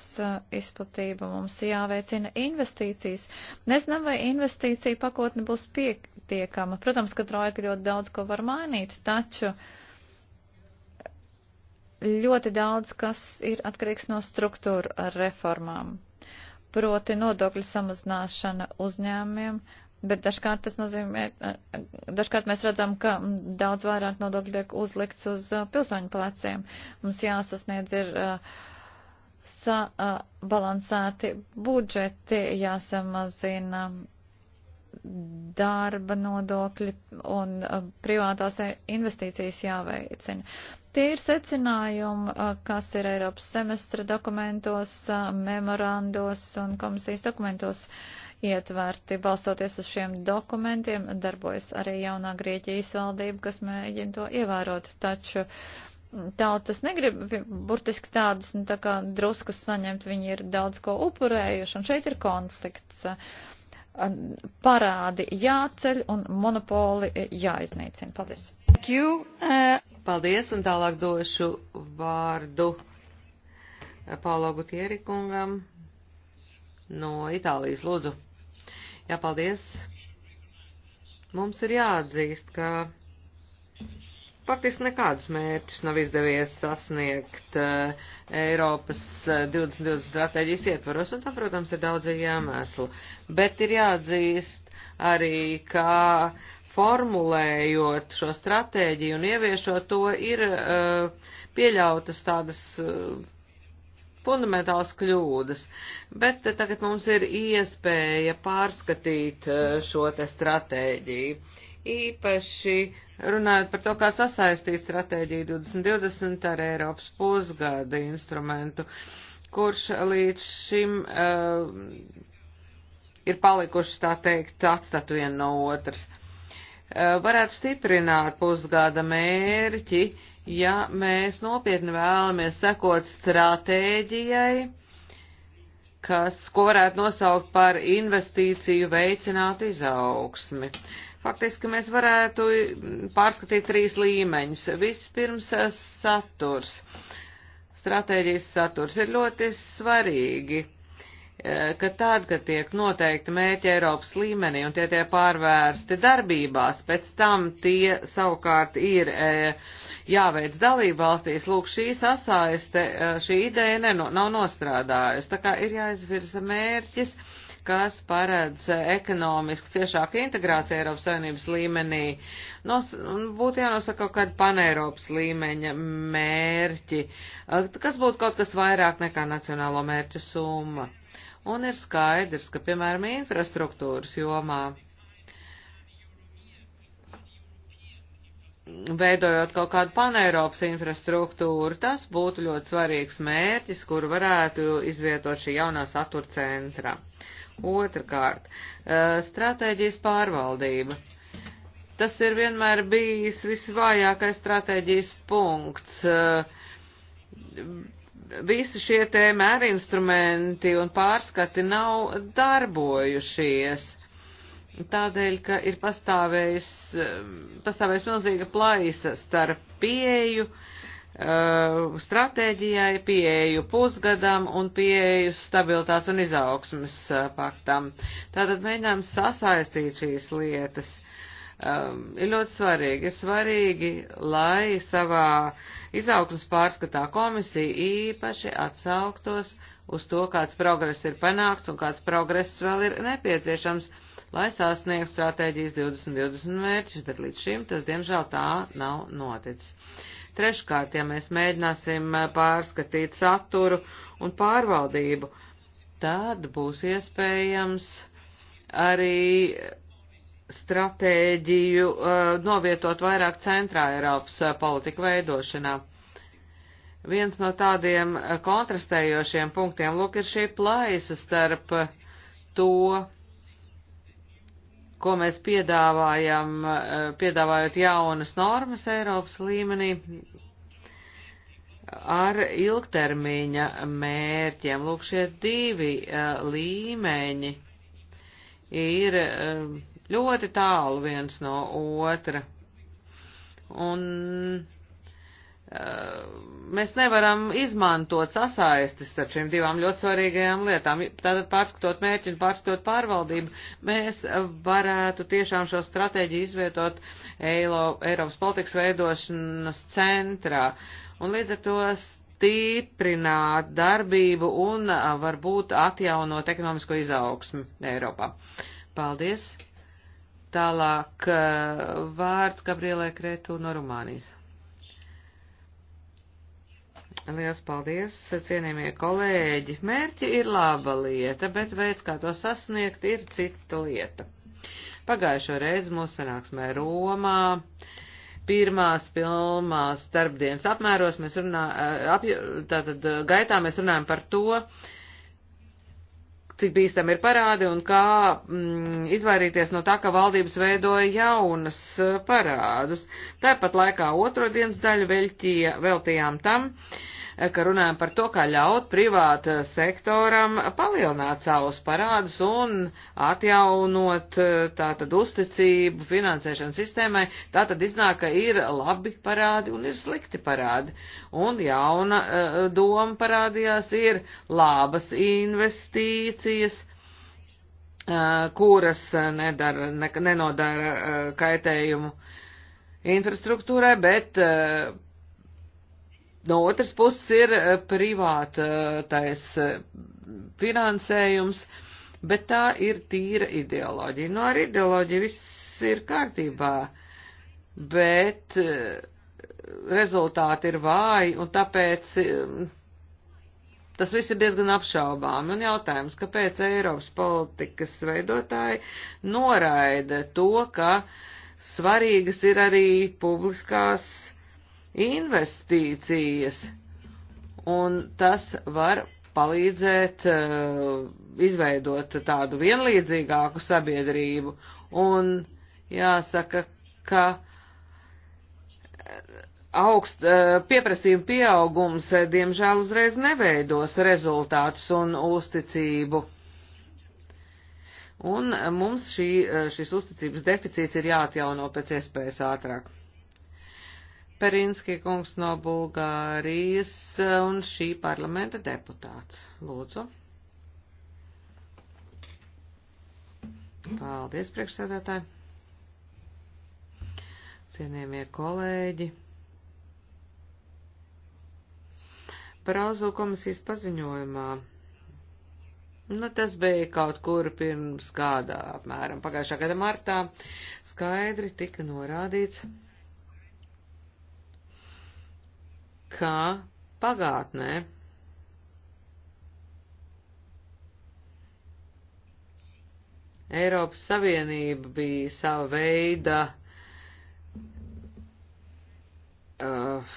izplatību, mums jāveicina investīcijas. Nezinām, vai investīcija pakotne būs pietiekama. Protams, ka trojka ļoti daudz ko var mainīt, taču ļoti daudz kas ir atkarīgs no struktūra reformām. Proti nodokļu samazināšana uzņēmumiem Bet dažkārt tas nozīmē, eh, eh, dažkārt mēs redzam, ka mm, daudz vairāk nodokļu tiek uzlikts uz eh, pilsoņu pleciem. Mums jāsasniedz ir sabalansēti budžeti, jāsamazina darba nodokļi un privātās e, investīcijas jāveicina. Tie ir secinājumi, kas ir Eiropas semestra dokumentos, memorandos un komisijas dokumentos. Uh, ietverti. Balstoties uz šiem dokumentiem, darbojas arī jaunā Grieķijas valdība, kas mēģina to ievērot. Taču mm, tautas negrib burtiski tādas, nu, tā kā druskas saņemt, viņi ir daudz ko upurējuši, un šeit ir konflikts. Parādi jāceļ un monopoli jāiznīcina. Paldies! Uh, Paldies, un tālāk došu vārdu Paulo Gutieri kungam no Itālijas. Lūdzu! Jā, paldies. Mums ir jāatzīst, ka faktiski nekādus mērķus nav izdevies sasniegt uh, Eiropas 2020 eh, stratēģijas ietvaros, un tam, protams, ir daudz iemeslu. Bet ir jāatzīst arī, ka formulējot šo stratēģiju un ieviešot to, ir uh, pieļautas tādas uh, fundamentāls kļūdas, bet tagad mums ir iespēja pārskatīt e, šo te stratēģiju. Īpaši runājot par to, kā sasaistīt stratēģiju 2020 ar Eiropas pusgada instrumentu, kurš līdz šim uh, ir palikuši, tā teikt, atstatu vienu no otras. Uh, varētu stiprināt pusgada mērķi, uh, ja mēs nopietni vēlamies sekot stratēģijai, kas, ko varētu nosaukt par investīciju veicināt izaugsmi. Faktiski mēs varētu pārskatīt trīs līmeņus. Vispirms eh, saturs. Stratēģijas saturs ir ļoti svarīgi, eh, ka tad, kad tiek noteikti mērķi Eiropas līmenī un tie tie pārvērsti darbībās, pēc tam tie savukārt ir. E, jāveic dalību valstīs. Lūk, šī sasaiste, eh, šī ideja neno, nav nostrādājusi. Tā kā ir jāizvirza mērķis, kas paredz eh, ekonomisku ciešāku integrāciju Eiropas Savienības līmenī. Nos, būtu jānosaka kaut kāda paneiropas līmeņa mērķi, eh, kas būtu kaut kas vairāk nekā nacionālo mērķu summa. Un ir skaidrs, ka, piemēram, infrastruktūras jomā veidojot kaut kādu paneiropas infrastruktūru, tas būtu ļoti svarīgs mērķis, kur varētu izvietot šī jaunā satura centra. Otrakārt, stratēģijas pārvaldība. Tas ir vienmēr bijis visvājākais stratēģijas punkts. Visi šie tēmēri instrumenti un pārskati nav darbojušies tādēļ, ka ir pastāvējis, um, pastāvējis milzīga plaisa starp pieeju, uh, stratēģijai, pieeju pusgadam un pieeju stabilitātes un izaugsmas uh, paktam. Tātad mēģinām sasaistīt šīs lietas. Um, ir ļoti svarīgi. Ir svarīgi, lai savā izaugsmas pārskatā komisija īpaši atsauktos uz to, kāds progress ir panākts un kāds progress vēl ir nepieciešams. Uh, lai sasniegtu stratēģijas 2020 mērķus, bet līdz šim tas diemžēl tā nav noticis. Treškārt, ja mēs mēģināsim eh, pārskatīt saturu un pārvaldību, tad būs iespējams arī stratēģiju eh, novietot vairāk centrā Eiropas eh, politika veidošanā. Viens no tādiem kontrastējošiem punktiem, lūk, ir šī plaisa starp to, ko mēs piedāvājam, eh, piedāvājot jaunas normas Eiropas līmenī ar ilgtermiņa mērķiem. Lūk, šie divi eh, līmeņi ir eh, ļoti tālu viens no otra. Un mēs nevaram izmantot sasaistis starp šīm divām ļoti svarīgajām lietām. Tātad pārskatot mērķus, pārskatot pārvaldību, mēs varētu tiešām šo stratēģiju izvietot Eilo, Eiropas politikas veidošanas centrā. Un līdz ar to stiprināt darbību un varbūt atjaunot ekonomisko izaugsmu Eiropā. Paldies! Tālāk vārds Gabrielai Kretu no Rumānijas. Liels paldies, cienījamie kolēģi. Mērķi ir laba lieta, bet veids, kā to sasniegt, ir cita lieta. Pagājušo reizi mūsu sanāksmē Romā pirmās filmās starpdienas apmēros mēs runājam, eh, tātad eh, gaitā mēs runājam par to, cik bīstam ir parādi un kā mm, izvairīties no tā, ka valdības veidoja jaunas eh, parādus. Tāpat laikā otro dienas daļu veltījām tam, uh, ka runājam par to, kā ļaut privāta eh, sektoram palielināt savus parādus un atjaunot eh, tātad uzticību finansēšanas sistēmai, tātad iznāk, ka ir labi parādi un ir slikti parādi. Un jauna eh, doma parādījās ir labas investīcijas, kuras nedara, ne, nenodara kaitējumu infrastruktūrai, bet no otras puses ir eh, privātais eh, eh, finansējums, bet tā ir tīra ideoloģija. Nu, ar ideoloģiju viss ir kārtībā, bet rezultāti ir vāji, un tāpēc tas viss ir diezgan apšaubām. Un jautājums, kāpēc Eiropas politikas veidotāji noraida to, ka svarīgas ir arī publiskās investīcijas, un tas var palīdzēt uh, izveidot tādu vienlīdzīgāku sabiedrību. Un jāsaka, ka eh, augst uh, pieprasījuma pieaugums, diemžēl, uzreiz neveidos rezultātus un uzticību. Un mums šī, šis uzticības deficīts ir jāatjauno pēc iespējas ātrāk. Perinski kungs no Bulgārijas un šī parlamenta deputāts. Lūdzu. Paldies, priekšsēdētāji. Cienījamie kolēģi. Par auzu komisijas paziņojumā. Nu, tas bija kaut kur pirms kādā, apmēram pagājušā gada martā, skaidri tika norādīts. Mm ka pagātnē Eiropas Savienība bija sava veida uh,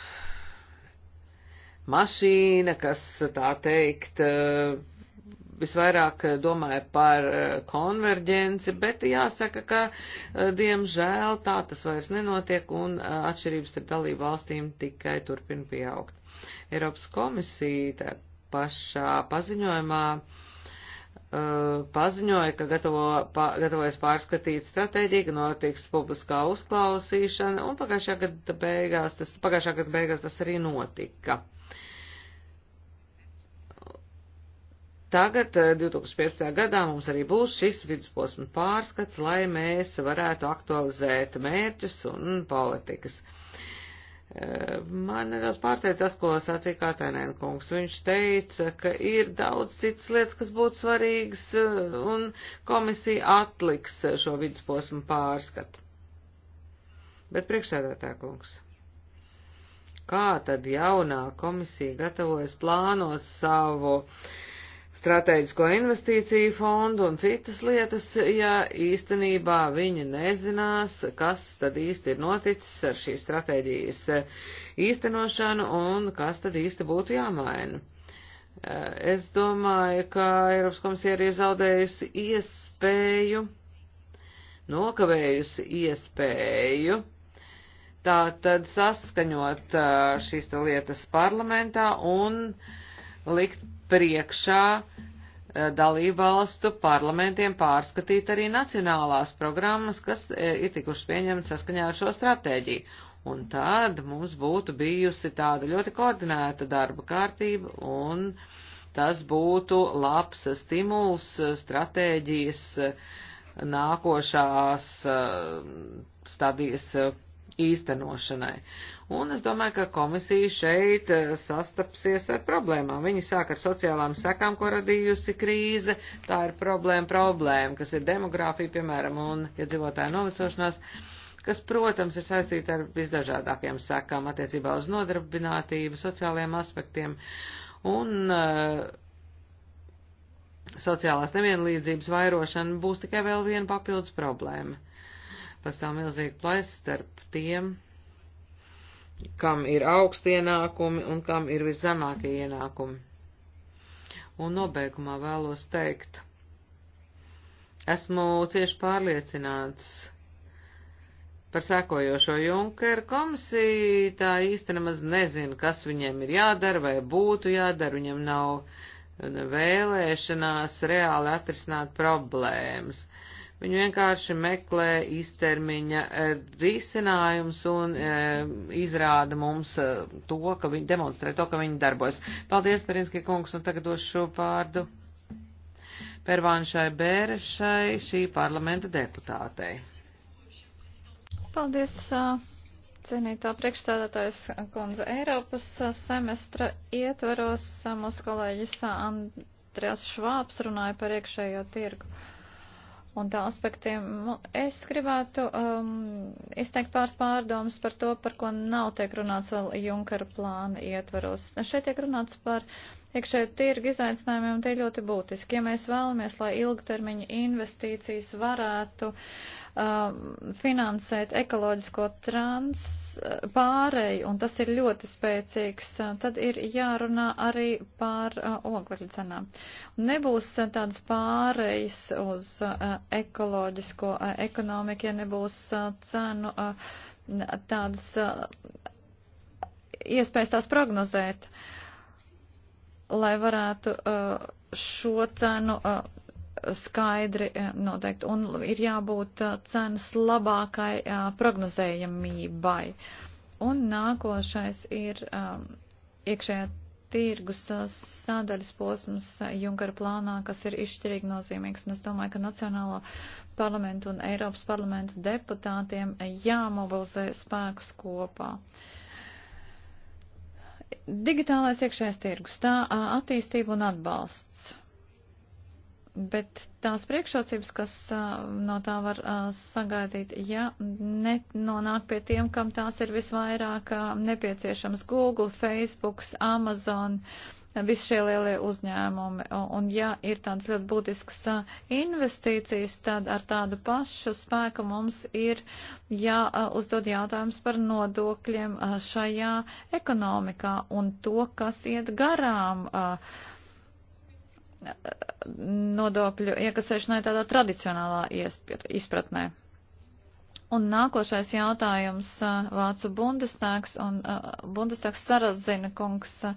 mašīna, kas tā teikt uh, visvairāk eh, domāja par eh, konverģenci, bet jāsaka, ka eh, diemžēl tā tas vairs nenotiek un atšķirības starp dalību valstīm tikai turpina pieaugt. Eiropas komisija tā pašā paziņojumā paziņoja, ka gatavo, pa, gatavojas pārskatīt stratēģiju, ka notiks publiskā uzklausīšana, un pagājušā gada beigās tas, pagājušā gada beigās tas arī notika. Tagad, 2015. Eh, gadā, mums arī būs šis vidusposma pārskats, lai mēs varētu aktualizēt mērķus un politikas. Eh, man nedaudz pārsteidz tas, ko sacīja Kātainēna kungs. Viņš teica, ka ir daudz citas lietas, kas būtu svarīgas, eh, un komisija atliks šo vidusposmu pārskatu. Bet priekšsēdētā kungs. Kā tad jaunā komisija gatavojas plānot savu uh, strateģisko investīciju fondu un citas lietas, ja īstenībā viņi nezinās, kas tad īsti ir noticis ar šīs stratēģijas eh, īstenošanu un kas tad īsti būtu jāmaina. Eh, es domāju, ka Eiropas komisija ir zaudējusi iespēju, nokavējusi iespēju tā tad saskaņot eh, šīs lietas parlamentā un likt priekšā eh, dalībvalstu parlamentiem pārskatīt arī nacionālās programmas, kas eh, ir tikušas pieņemtas saskaņā ar šo stratēģiju. Un tad mums būtu bijusi tāda ļoti koordinēta darba kārtība, un tas būtu labs stimuls eh, stratēģijas nākošās stadijas īstenošanai. Un es domāju, ka komisija šeit eh, sastapsies ar problēmām. Viņi sāk ar sociālām sekām, ko radījusi krīze. Tā ir problēma, problēma, kas ir demogrāfija, piemēram, un iedzīvotāju ja novecošanās, kas, protams, ir saistīta ar visdažādākajām sekām attiecībā uz nodarbinātību, sociālajiem aspektiem. Un, uh, Sociālās nevienlīdzības vairošana būs tikai vēl viena papildus problēma. Pastāv milzīga plaisa starp tiem, kam ir augsti ienākumi un kam ir viszemākie ienākumi. Un nobeigumā vēlos teikt, esmu cieši pārliecināts par sekojošo Junkeru komisiju, tā īsti nemaz nezina, kas viņiem ir jādara vai būtu jādara, viņam nav vēlēšanās reāli atrisināt problēmas. Uh, Viņi vienkārši meklē iztermiņa e, risinājums un e, izrāda mums e, to, ka viņi demonstrē to, ka viņi darbojas. Paldies, Perinski kungs, un tagad došu vārdu Pervānšai Bērešai, šī parlamenta deputātei. Paldies, cienītā priekšstādātājs kundze Eiropas semestra ietveros. Mūsu kolēģis Andrēs Švāps runāja par iekšējo tirgu un tā aspektiem. Nu, es gribētu um, izteikt pāris pārdomas par to, par ko nav tiek runāts vēl Junkara plāna ietvaros. Šeit tiek runāts par uh, Iekšēji tirgi izaicinājumiem tie ļoti būtiski. Ja mēs vēlamies, lai ilgtermiņa investīcijas varētu uh, finansēt ekoloģisko trans pārēju, un tas ir ļoti spēcīgs, tad ir jārunā arī par uh, oglekļa cenām. Nebūs uh, tāds pārējs uz uh, ekoloģisko uh, ekonomiku, ja nebūs uh, cenu uh, tādas uh, iespējas tās prognozēt. Uh, lai varētu uh, šo cenu uh, skaidri uh, noteikt. Un ir jābūt cenas labākai prognozējamībai. Un nākošais ir um, iekšējā tirgus sadaļas posms Junkara plānā, kas ir izšķirīgi nozīmīgs. Un es domāju, ka Nacionālo parlamentu un Eiropas parlamentu deputātiem jāmobilizē spēkus kopā. Uh, Digitālais iekšējais tirgus, tā attīstība un atbalsts. Bet tās priekšrocības, kas no tā var sagaidīt, ja nenonāk pie tiem, kam tās ir visvairāk nepieciešams - Google, Facebook, Amazon. Uh, visi šie lielie uzņēmumi. Un ja ir tādas ļoti būtiskas investīcijas, tad ar tādu pašu spēku mums ir jāuzdod ja jautājums par nodokļiem šajā ekonomikā un to, kas iet garām nodokļu iekasēšanai tādā tradicionālā izpratnē. Un nākošais jautājums Vācu Bundestags un Bundestags Sarazina kungs. Uh,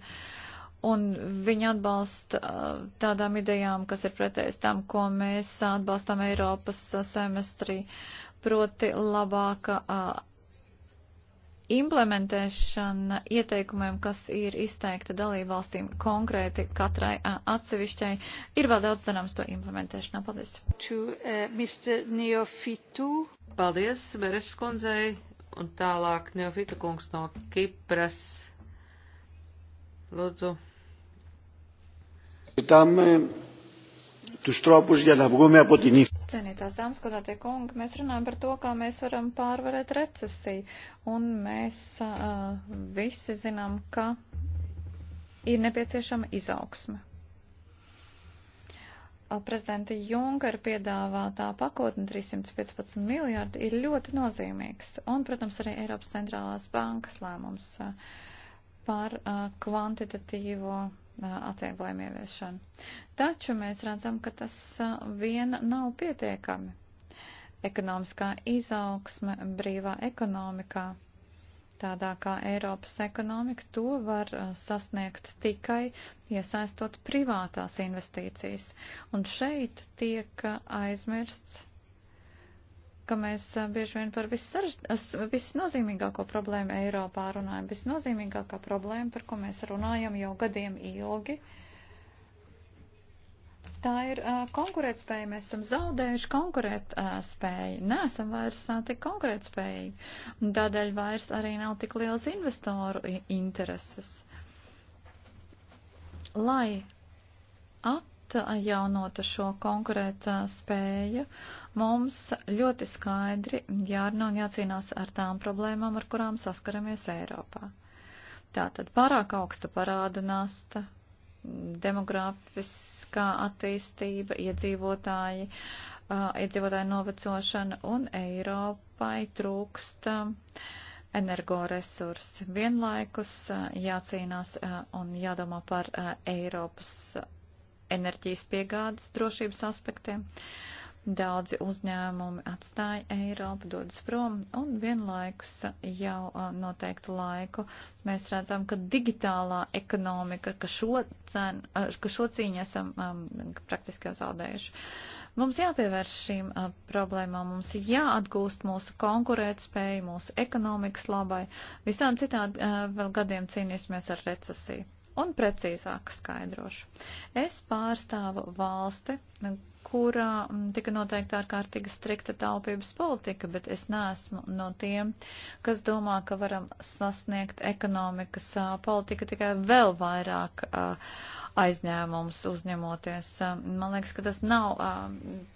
un viņi atbalsta uh, tādām idejām, kas ir pretējas tam, ko mēs atbalstam Eiropas uh, semestrī, proti labāka uh, implementēšana ieteikumiem, kas ir izteikta dalībvalstīm konkrēti katrai atsevišķai, ir vēl daudz darāms to implementēšanā. Paldies. To, uh, Paldies, Beres kundzei, un tālāk Neofita kungs no Kipras. Lūdzu. Cienītās dāmas, godātie kungi, mēs runājam par to, kā mēs varam pārvarēt recesiju, un mēs uh, visi zinām, ka ir nepieciešama izaugsme. Prezidenta Junkera piedāvātā pakotne 315 miljārdi ir ļoti nozīmīgs, un, protams, arī Eiropas centrālās bankas lēmums. Uh, par uh, kvantitatīvo uh, atvieglojumu ieviešanu. Taču mēs redzam, ka tas uh, viena nav pietiekami. Ekonomiskā izaugsme brīvā ekonomikā, tādā kā Eiropas ekonomika, to var uh, sasniegt tikai iesaistot privātās investīcijas. Un šeit tiek uh, aizmirsts ka mēs bieži vien par visnozīmīgāko problēmu Eiropā runājam. Visnozīmīgākā problēma, par ko mēs runājam jau gadiem ilgi, tā ir uh, konkurētspēja. Mēs esam zaudējuši konkurētspēju. Uh, Nesam vairs uh, tik konkurētspējīgi. Tādēļ vairs arī nav tik liels investoru intereses. Lai at atjaunota šo konkurētā spēju, mums ļoti skaidri jārunā un jācīnās ar tām problēmām, ar kurām saskaramies Eiropā. Tātad pārāk augsta parāda nasta, demografiskā attīstība, iedzīvotāji, iedzīvotāju novecošana un Eiropai trūksta energoresursi. Vienlaikus jācīnās un jādomā par Eiropas enerģijas piegādes drošības aspektiem. Daudzi uzņēmumi atstāja Eiropu, dodas prom, un vienlaikus jau noteiktu laiku mēs redzam, ka digitālā ekonomika, ka šo, cen, ka šo cīņu esam um, praktiski zaudējuši. Mums jāpievērš šīm uh, problēmām, mums jāatgūst mūsu konkurētspēju, mūsu ekonomikas labai. Visādi citādi uh, vēl gadiem cīnīsimies ar recesiju un precīzāk skaidrošu. Es pārstāvu valsti, kurā mm, tika noteikta ārkārtīgi strikta taupības politika, bet es neesmu no tiem, kas domā, ka varam sasniegt ekonomikas politika tikai vēl vairāk aizņēmums uzņemoties. Man liekas, ka tas nav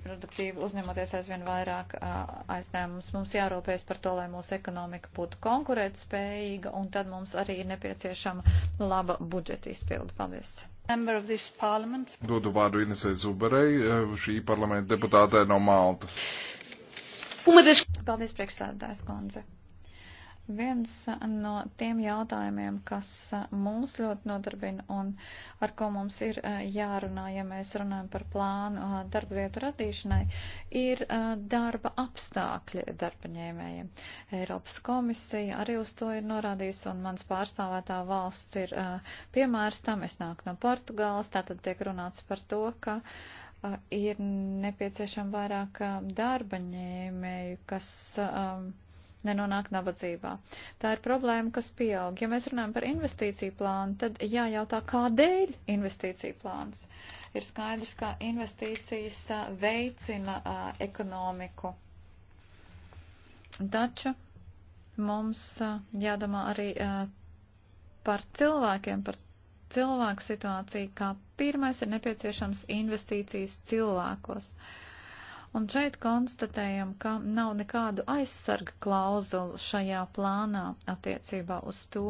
produktīvi uzņemoties aizvien vairāk aizņēmums. Mums jārūpējas par to, lai mūsu ekonomika būtu konkurētspējīga, un tad mums arī ir nepieciešama laba budžeta izpildu. Paldies! Dodu vārdu Inesai Zuberei, eh, šī parlamenta deputātē no Maltas. Paldies, priekšsēdētājs Gonze. Viens no tiem jautājumiem, kas mūs ļoti nodarbina un ar ko mums ir eh, jārunā, ja mēs runājam par plānu eh, darba vietu radīšanai, ir eh, darba apstākļi darbaņēmējiem. Eiropas komisija arī uz to ir norādījusi un mans pārstāvētā valsts ir piemērs tam. Es nāku no Portugāles, tātad tiek runāts par to, ka ir nepieciešama vairāk darbaņēmēju, kas. Um, nenonāk nabadzībā. Tā ir problēma, kas pieaug. Ja mēs runājam par investīciju plānu, tad jājautā, kādēļ investīciju plāns. Ir skaidrs, ka investīcijas veicina ekonomiku. Taču mums jādomā arī par cilvēkiem, par cilvēku situāciju, kā pirmais ir nepieciešams investīcijas cilvēkos. Uh, Un šeit konstatējam, ka nav nekādu aizsarga klauzulu šajā plānā attiecībā uz to,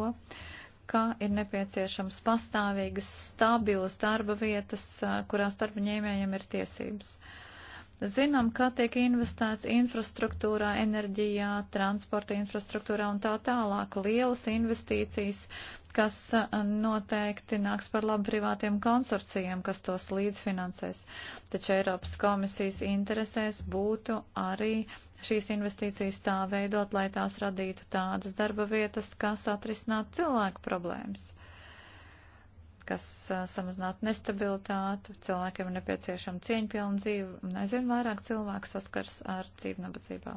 ka ir nepieciešams pastāvīgas, stabilas darba vietas, kurās darba ņēmējiem ir tiesības. Uh, Zinām, kā tiek investēts infrastruktūrā, enerģijā, transporta infrastruktūrā un tā tālāk. Lielas investīcijas, kas noteikti nāks par labu privātiem konsorcijiem, kas tos līdzfinansēs. Taču Eiropas komisijas interesēs būtu arī šīs investīcijas tā veidot, lai tās radītu tādas darba vietas, kas atrisināt cilvēku problēmas kas samazinātu nestabilitāti, cilvēkiem ir nepieciešama cieņpilna dzīve, un aizvien vairāk cilvēku saskars ar dzīvi nabadzībā.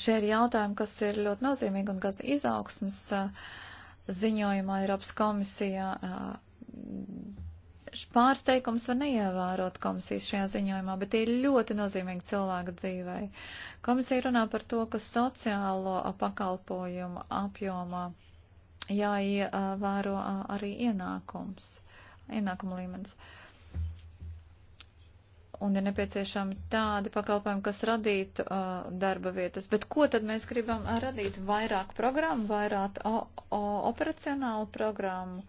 Šie ir jautājumi, kas ir ļoti nozīmīgi un kas izaugsmas ziņojumā Eiropas komisijā pārsteigums var neievērot komisijas šajā ziņojumā, bet ir ļoti nozīmīgi cilvēka dzīvei. Komisija runā par to, ka sociālo pakalpojumu apjomā jāievēro arī ienākums, ienākuma līmenis. Un ir nepieciešami tādi pakalpojumi, kas radītu uh, darba vietas. Bet ko tad mēs gribam radīt? Vairāk programmu, vairāk o, o, operacionālu programmu?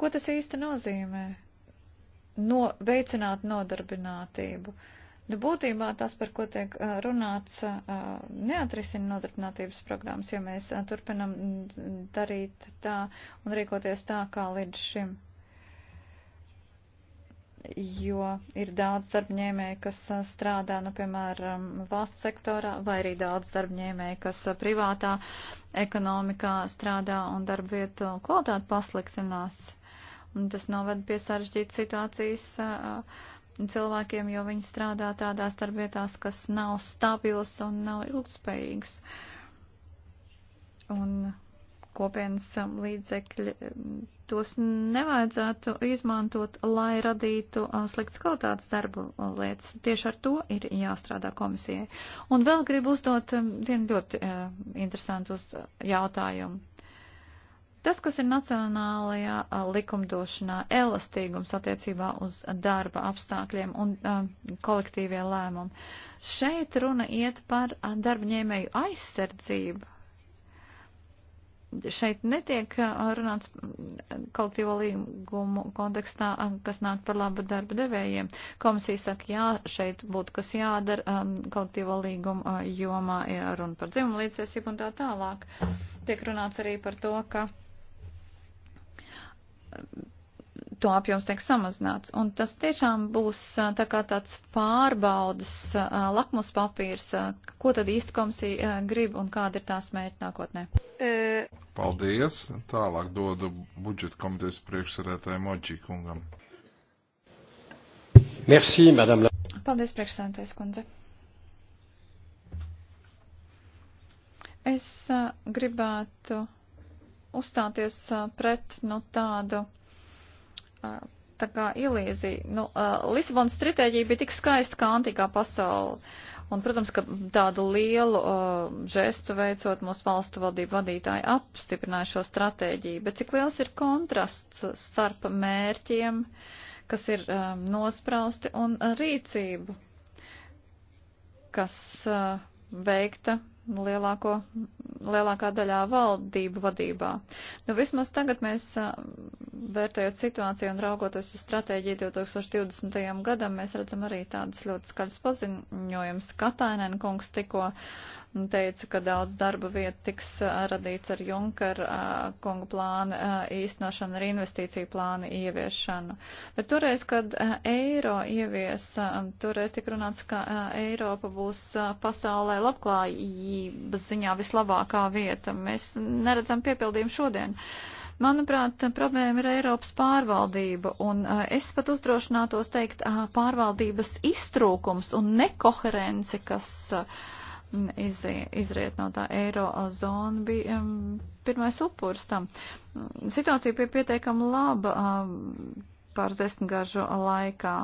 Ko tas īsti nozīmē? No, veicināt nodarbinātību. Uh, Nu, būtībā tas, par ko tiek runāts, neatrisina nodarbinātības programmas, ja mēs turpinam darīt tā un rīkoties tā, kā līdz šim. Jo ir daudz darbņēmēju, kas strādā, nu, piemēram, valsts sektorā, vai arī daudz darbņēmēju, kas privātā ekonomikā strādā un darba vietu kvalitāte pasliktinās. Un tas noved pie sarežģītas situācijas. Uh, cilvēkiem, jo viņi strādā tādās darbietās, kas nav stabils un nav ilgspējīgs. Un kopienas līdzekļi mm, tos nevajadzētu izmantot, lai radītu sliktas kvalitātes darbu lietas. Tieši ar to ir jāstrādā komisijai. Un vēl gribu uzdot vienu ļoti interesantu jautājumu Tas, kas ir nacionālajā likumdošanā, elastīgums attiecībā uz darba apstākļiem un um, kolektīvie lēmumi. Šeit runa iet par darba ņēmēju aizsardzību. Šeit netiek runāts kolektīvo līgumu kontekstā, kas nāk par labu darba devējiem. Komisija saka, jā, šeit būtu kas jādara um, kolektīvo līgumu jomā, ir runa par dzimumu līdzēsību un tā tālāk. Tiek runāts arī par to, ka to apjoms tiek samazināts. Un tas tiešām būs tā kā tāds pārbaudas lakmus papīrs, ko tad īsti komisija grib un kāda ir tās mērķa nākotnē. Paldies. Tālāk dodu budžeta komitejas priekšsarētāju Moģī kungam. Merci, madame. Paldies, priekšsarētājs kundze. Es gribētu uzstāties pret nu, tādu tā kā ilīziju. Nu, Lisabonas stratēģija bija tik skaista kā antīkā pasaule. Un, protams, ka tādu lielu uh, žestu veicot mūsu valstu valdību vadītāji apstiprināja šo stratēģiju, bet cik liels ir kontrasts starp mērķiem, kas ir uh, nosprausti, un rīcību, kas uh, veikta lielāko, lielākā daļā valdību vadībā. Nu, vismaz tagad mēs, vērtējot situāciju un raugoties uz stratēģiju 2020. gadam, mēs redzam arī tādas ļoti skaļas paziņojumas. Katainen kungs tikko un teica, ka daudz darba vietu tiks radīts ar Junker kunga plānu īstenošanu, ar investīciju plānu ieviešanu. Bet toreiz, kad eiro ievies, toreiz tik runāts, ka Eiropa būs pasaulē labklājības ziņā vislabākā vieta. Mēs neredzam piepildījumu šodien. Manuprāt, problēma ir Eiropas pārvaldība, un es pat uzdrošinātos teikt pārvaldības iztrūkums un nekoherence, kas uh, iz, izriet no tā eirozona, bija um, pirmais upurs tam. Situācija bija pieteikama laba um, pāris desmitgažu laikā.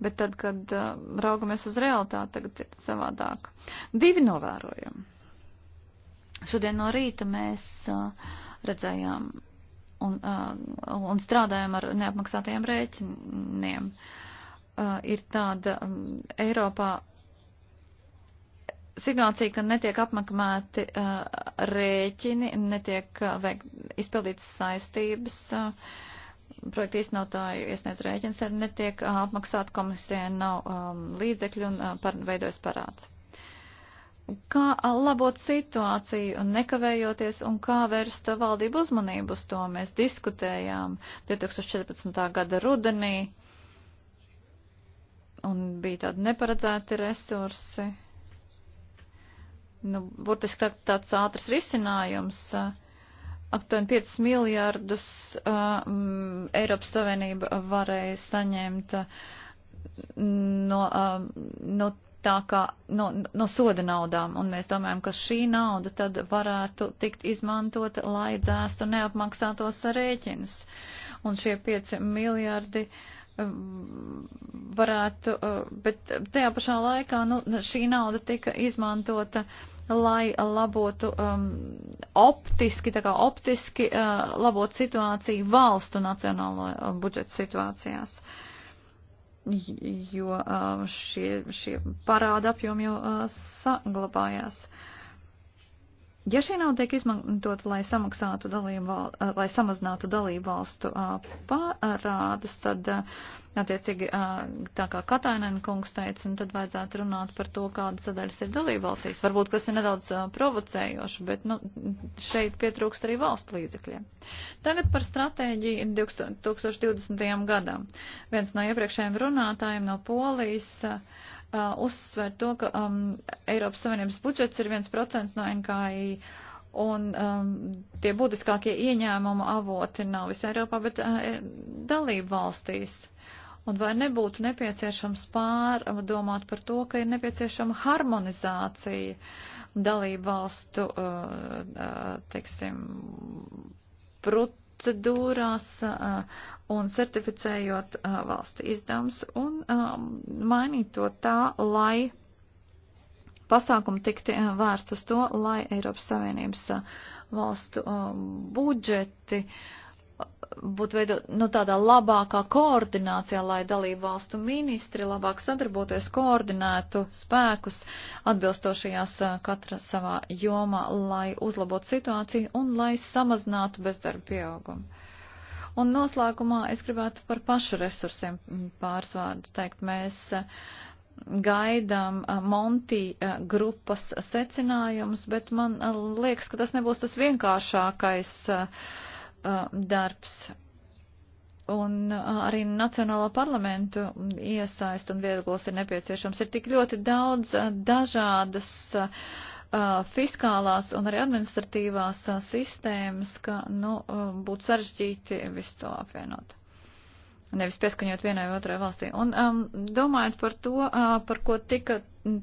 Bet tad, kad uh, raugamies uz realitāti, tagad ir savādāk. Divi novērojumi. Šodien no rīta mēs uh, redzējām un, uh, un strādājām ar neapmaksātajiem rēķiniem. Uh, ir tāda um, Eiropā situācija, ka netiek apmakmēti uh, rēķini, netiek uh, veik, izpildītas saistības. Uh, Projekta īstenotāju iesniedz rēķins, arī netiek uh, apmaksāta komisija, nav um, līdzekļu un uh, par, veidojas parāds. Kā uh, labot situāciju, nekavējoties un kā vērst valdību uzmanību uz to, mēs diskutējām 2014. gada rudenī un bija tādi neparedzēti resursi nu, burtiski tā, tāds ātrs risinājums. Eh, aptuveni 5 miljārdus uh, eh, Eiropas Savienība varēja saņemt eh, no, uh, no tā kā no, no soda naudām, un mēs domājam, ka šī nauda tad varētu tikt izmantota, lai dzēstu neapmaksātos rēķinus. Un šie 5 miljārdi uh, varētu, uh, bet tajā pašā laikā nu, šī nauda tika izmantota, lai labotu um, optiski, tā kā optiski uh, labot situāciju valstu nacionālo uh, budžetu situācijās. Jo uh, šie, šie parāda apjomi jau uh, saglabājās. Uh, Ja šī nauda tiek izmantota, lai, samaksātu dalību, lai samazinātu dalību valstu pārādus, tad, attiecīgi, tā kā Katainen kungs teica, un tad vajadzētu runāt par to, kādas sadaļas ir dalību valstīs. Varbūt, kas ir nedaudz provocējoši, bet nu, šeit pietrūkst arī valstu līdzekļiem. Tagad par stratēģiju 2020. gadam. Viens no iepriekšējiem runātājiem no Polijas uh, uzsver to, ka um, Eiropas Savienības budžets ir 1% no NKI. Un um, tie būtiskākie ieņēmuma avoti nav visā Eiropā, bet uh, e, dalību valstīs. Un vai nebūtu nepieciešams pārdomāt par to, ka ir nepieciešama harmonizācija dalību valstu, uh, uh, teiksim, prut procedūrās un certificējot valsti izdevums un mainīt to tā, lai pasākumi tikti vērst uz to, lai Eiropas Savienības valstu budžeti uh, būtu veido, nu, tādā labākā koordinācijā, lai dalību valstu ministri labāk sadarbotos, koordinētu spēkus atbilstošajās katra savā jomā, lai uzlabotu situāciju un lai samazinātu bezdarba pieaugumu. Un noslēgumā es gribētu par pašu resursiem pāris vārdus teikt. Mēs gaidām Monti grupas secinājumus, bet man liekas, ka tas nebūs tas vienkāršākais. Uh, Uh, darbs un uh, arī Nacionālā parlamentu iesaist un viedoklis ir nepieciešams. Ir tik ļoti daudz uh, dažādas fiskālās un arī administratīvās sistēmas, ka nu, būtu sarežģīti visu to apvienot. Nevis pieskaņot vienai otrai valstī. Un um, domājot par to, uh, par ko tika,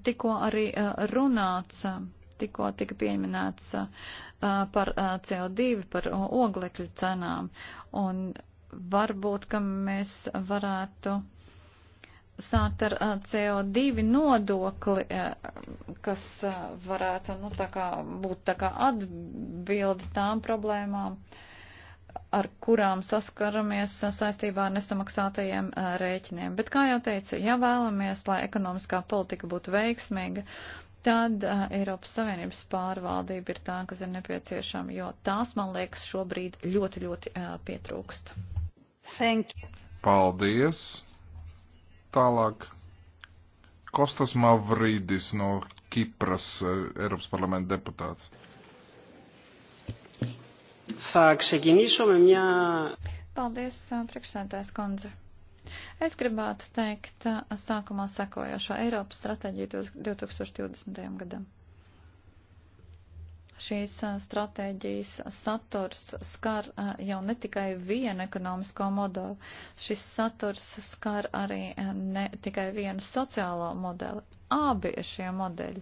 tikko arī uh, runāts, uh, tikko tika pieminēts uh, par uh, CO2, par uh, oglekļu cenām. Un varbūt, ka mēs varētu sākt ar CO2 nodokli, kas varētu nu, tā kā, būt tā kā atbildi tām problēmām, ar kurām saskaramies saistībā ar nesamaksātajiem rēķiniem. Bet, kā jau teicu, ja vēlamies, lai ekonomiskā politika būtu veiksmīga, tad uh, Eiropas Savienības pārvaldība ir tā, kas ir nepieciešama, jo tās, man liekas, šobrīd ļoti, ļoti uh, pietrūkst. Thank you. Paldies. Tālāk. Kostas Mavridis no Kipras, uh, Eiropas parlamenta deputāts. Θα ξεκινήσω με μια... Paldies, priekšsēdētājs Konze. Es gribētu teikt uh, sākumā sekojošo Eiropas stratēģiju 2020. gadam. Šīs uh, stratēģijas saturs skar uh, jau ne tikai vienu ekonomisko modeli, šis saturs skar arī ne tikai vienu sociālo modeli. Abi šie modeļi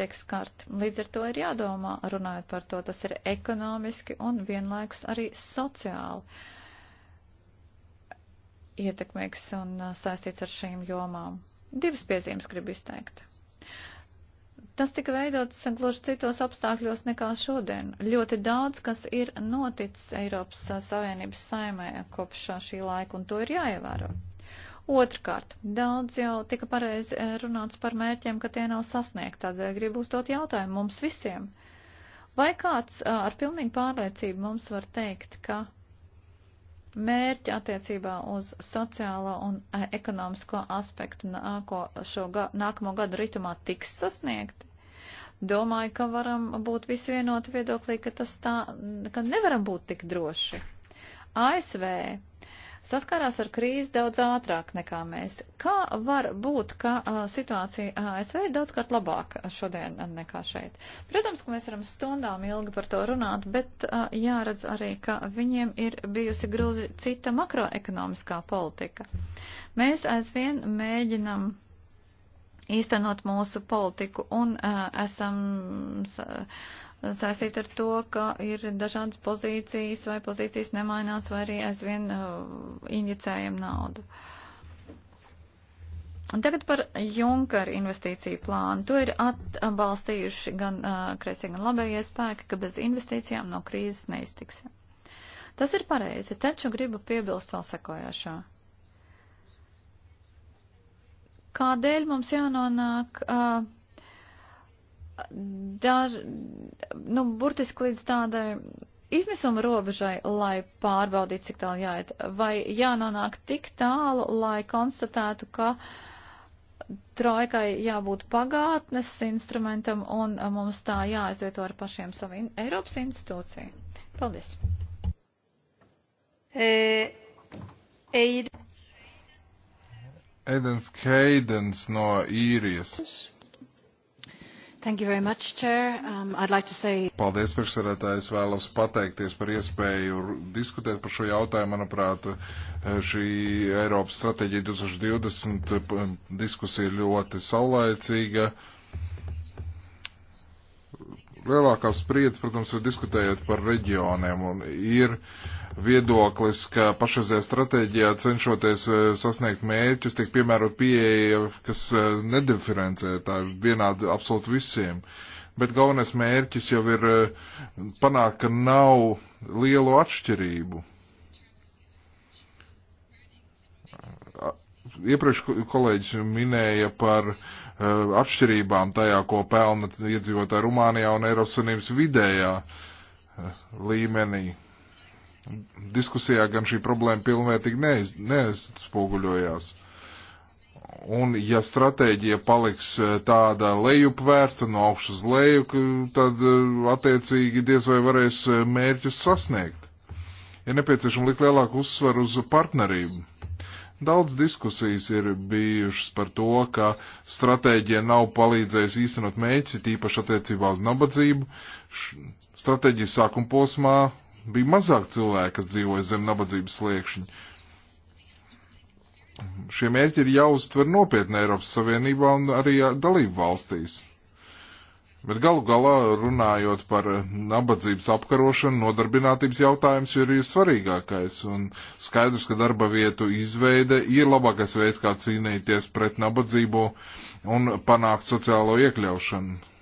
tiek skarti. Līdz ar to ir jādomā, runājot par to, tas ir ekonomiski un vienlaikus arī sociāli. Uh, ietekmīgs un uh, saistīts ar šīm jomām. Divas piezīmes gribu izteikt. Tas tika veidots gluži citos apstākļos nekā šodien. Ļoti daudz, kas ir noticis Eiropas uh, Savienības saimē kopš uh, šī laika, un to ir jāievēro. Otrkārt, daudz jau tika pareizi runāts par mērķiem, ka tie nav sasniegti, tad gribu uzdot jautājumu mums visiem. Vai kāds ar pilnīgu pārliecību mums var teikt, ka mērķi attiecībā uz sociālo un e, ekonomisko aspektu nāko, šo, ga, nākamo gadu ritumā tiks sasniegti? Domāju, ka varam būt visi vienoti viedoklī, ka tas tā, ka nevaram būt tik droši. ASV saskārās ar krīzi daudz ātrāk nekā mēs. Kā var būt, ka a, situācija ASV ir daudzkārt labāka šodien nekā šeit? Protams, ka mēs varam stundām ilgi par to runāt, bet a, jāredz arī, ka viņiem ir bijusi grūzi cita makroekonomiskā politika. Mēs aizvien mēģinam īstenot mūsu politiku un uh, esam. Uh, saistīta ar to, ka ir dažādas pozīcijas vai pozīcijas nemainās vai arī aizvien uh, injicējam naudu. Un tagad par Junkara investīciju plānu. To ir atbalstījuši gan uh, kreisie, gan labējie spēki, ka bez investīcijām no krīzes neiztiksim. Tas ir pareizi, taču gribu piebilst vēl sekojošā. Kādēļ mums jānonāk uh, daž, nu, burtiski līdz tādai izmisuma robežai, lai pārbaudītu, cik tālu jāiet, vai jānonāk tik tālu, lai konstatētu, ka trojkai jābūt pagātnes instrumentam un mums tā jāizvieto ar pašiem savu in Eiropas institūciju. Paldies. E, Eidens Keidens no īrijas. Thank you very much, Chair. Um, I'd like to say... Paldies, priekšsēdētājs. Vēlos pateikties par iespēju diskutēt par šo jautājumu. Manuprāt, šī Eiropas strateģija 2020 eh, diskusija ir ļoti saulaicīga. Lielākā spriedze, protams, ir diskutējot par reģioniem un ir uh, viedoklis, ka pašreizējā stratēģijā cenšoties e, sasniegt mērķus, tiek piemērot pieeja, kas e, nediferencē tā vienādi absolūti visiem. Bet galvenais mērķis jau ir e, panākt, ka nav lielu atšķirību. Iepriekš kolēģis minēja par atšķirībām tajā, ko pelna iedzīvotāji Rumānijā un Eiropas Savienības vidējā līmenī Diskusijā gan šī problēma pilnvērtīgi neiz, neizspoguļojās. Un ja stratēģija paliks eh, tāda lejupvērsta no augšas leju, tad eh, attiecīgi diez vai varēs eh, mērķus sasniegt. Ir ja nepieciešama likt lielāku uzsvaru uz partnerību. Daudz diskusijas ir bijušas par to, ka stratēģija nav palīdzējusi īstenot mērķi, tīpaši attiecībā uz nabadzību. Stratēģija sākuma posmā bija mazāk cilvēki, kas dzīvoja zem nabadzības sliekšņa. Šie mērķi ir jāuztver nopietni Eiropas Savienībā un arī dalību valstīs. Bet galu galā, runājot par nabadzības apkarošanu, nodarbinātības jautājums ir svarīgākais. Un skaidrs, ka darba vietu izveide ir labākais veids, kā cīnīties pret nabadzību un panākt sociālo iekļaušanu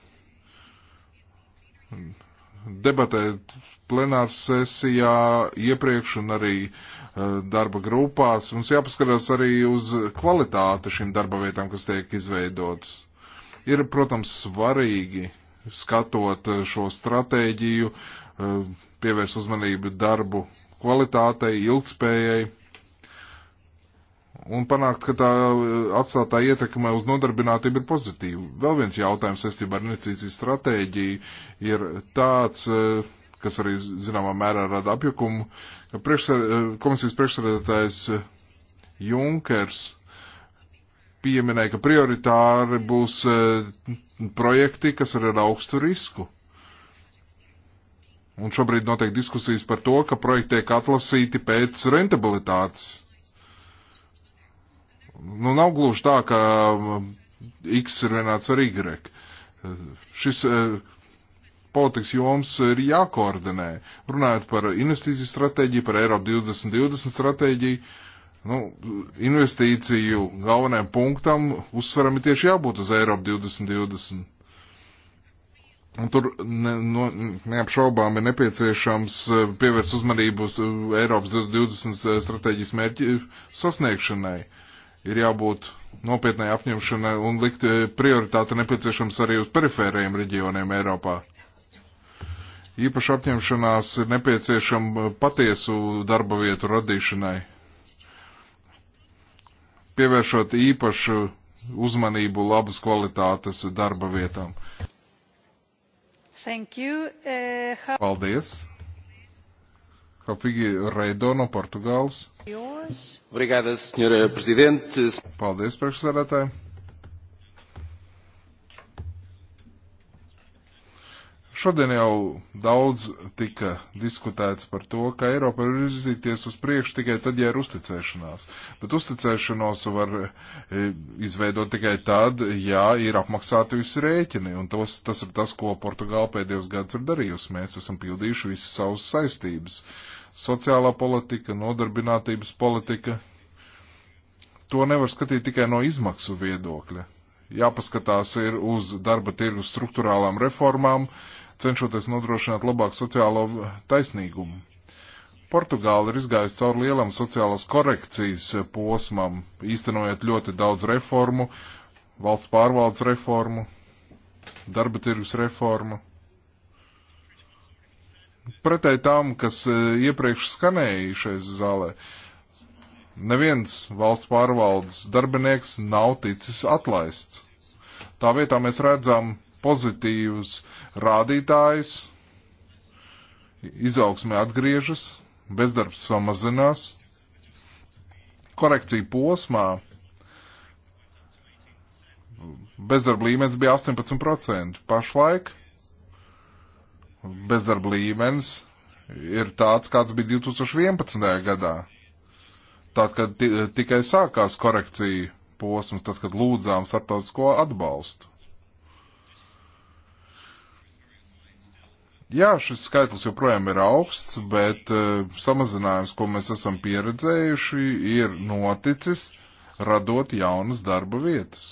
debatēt plenārs sesijā iepriekš un arī eh, darba grupās. Mums jāpaskatās arī uz kvalitāti šīm darba vietām, kas tiek izveidotas. Ir, protams, svarīgi skatot eh, šo stratēģiju, eh, pievērst uzmanību darbu kvalitātei, ilgspējai un panākt, ka tā eh, atceltā ietekme uz nodarbinātību ir pozitīva. Vēl viens jautājums saistībā ar investīciju stratēģiju ir tāds, eh, kas arī zināmā mērā rada apjukumu, ka priekšsar, eh, komisijas priekšsēdētājs Junkers pieminēja, ka prioritāri būs projekti, kas ir ar augstu risku. Un šobrīd notiek diskusijas par to, ka projekti tiek atlasīti pēc rentabilitātes nu, nav gluži tā, ka X ir vienāds ar Y. Šis e, politikas joms ir jākoordinē. Runājot par investīciju stratēģiju, par Eiropu 2020 stratēģiju, nu, investīciju galvenajam punktam uzsveram ir tieši jābūt uz Eiropu 2020. Un tur ne, no, neapšaubām ir nepieciešams e, pievērst uzmanību uz Eiropas 2020 stratēģijas mērķi sasniegšanai. Uh, ir jābūt nopietnai apņemšanai un likt eh, prioritāti nepieciešams arī uz perifēriem reģioniem Eiropā. Īpaši apņemšanās ir nepieciešama patiesu darba vietu radīšanai, pievēršot īpašu uzmanību labas kvalitātes darba vietām. Thank you. Uh, eh, how... Paldies! Rafīgi Reido no Portugāles. Obrigada, senhora presidente. Paldies, priekšsēdētāji. Šodien jau daudz tika diskutēts par to, ka Eiropa var izzīties uz priekšu tikai tad, ja ir uzticēšanās. Bet uzticēšanos var e, izveidot tikai tad, ja ir apmaksāti visi rēķini. Un tos, tas ir tas, ko Portugāla pēdējos gadus ir darījusi. Mēs esam pildījuši visas savas saistības. Sociālā politika, nodarbinātības politika. To nevar skatīt tikai no izmaksu viedokļa. Jāpaskatās ir uz darba tirgus struktūrālām reformām, uh, cenšoties nodrošināt labāku sociālo taisnīgumu. Portugāla ir izgājusi cauri lielam sociālas korekcijas posmam, īstenojot ļoti daudz reformu, valsts pārvaldes reformu, darba tirgus reformu. Pretēji tam, kas e, iepriekš skanēja šajā zālē, neviens valsts pārvaldes darbinieks nav ticis atlaists. Tā vietā mēs redzam pozitīvs rādītājs, izaugsme atgriežas, bezdarbs samazinās, korekcija posmā bezdarba līmenis bija 18%. Pašlaik bezdarba līmenis ir tāds, kāds bija 2011. gadā. Tad, kad tikai sākās korekcija posms, tad, kad lūdzām starptautisko atbalstu. Jā, šis skaitlis joprojām ir augsts, bet uh, samazinājums, ko mēs esam pieredzējuši, ir noticis, radot jaunas darba vietas.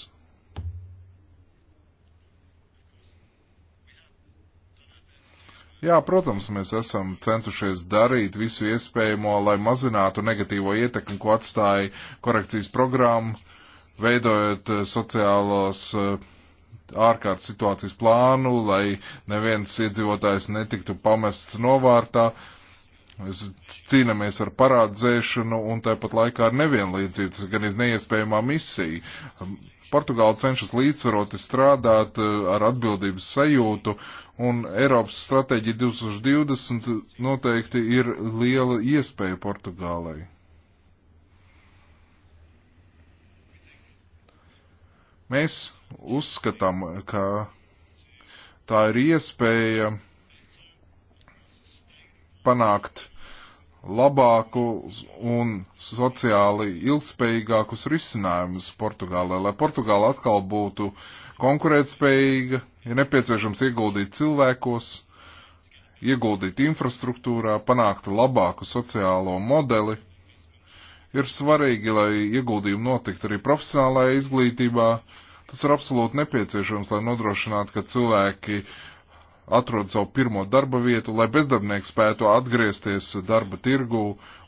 Jā, protams, mēs esam centušies darīt visu iespējamo, lai mazinātu negatīvo ietekmi, ko atstāja korekcijas programma, veidojot e, sociālos uh, ārkārtas situācijas plānu, lai neviens iedzīvotājs netiktu pamests novārtā. Mēs cīnāmies ar parādzēšanu un tāpat laikā ar nevienlīdzību. Tas ir gan iz neiespējamā misija. Portugāla cenšas līdzsvaroti strādāt eh, ar atbildības sajūtu, un Eiropas stratēģija 2020 noteikti ir liela iespēja Portugālai. Mēs uzskatām, ka tā ir iespēja panākt labāku un sociāli ilgspējīgākus risinājumus Portugālē. Lai Portugāla atkal būtu konkurētspējīga, ir nepieciešams ieguldīt cilvēkos, ieguldīt infrastruktūrā, panākt labāku sociālo modeli Ir svarīgi, lai ieguldījumi notiktu arī profesionālajā izglītībā. Tas ir absolūti nepieciešams, lai nodrošinātu, ka cilvēki atrod savu pirmo darba vietu, lai bezdarbnieks spētu atgriezties darba tirgū,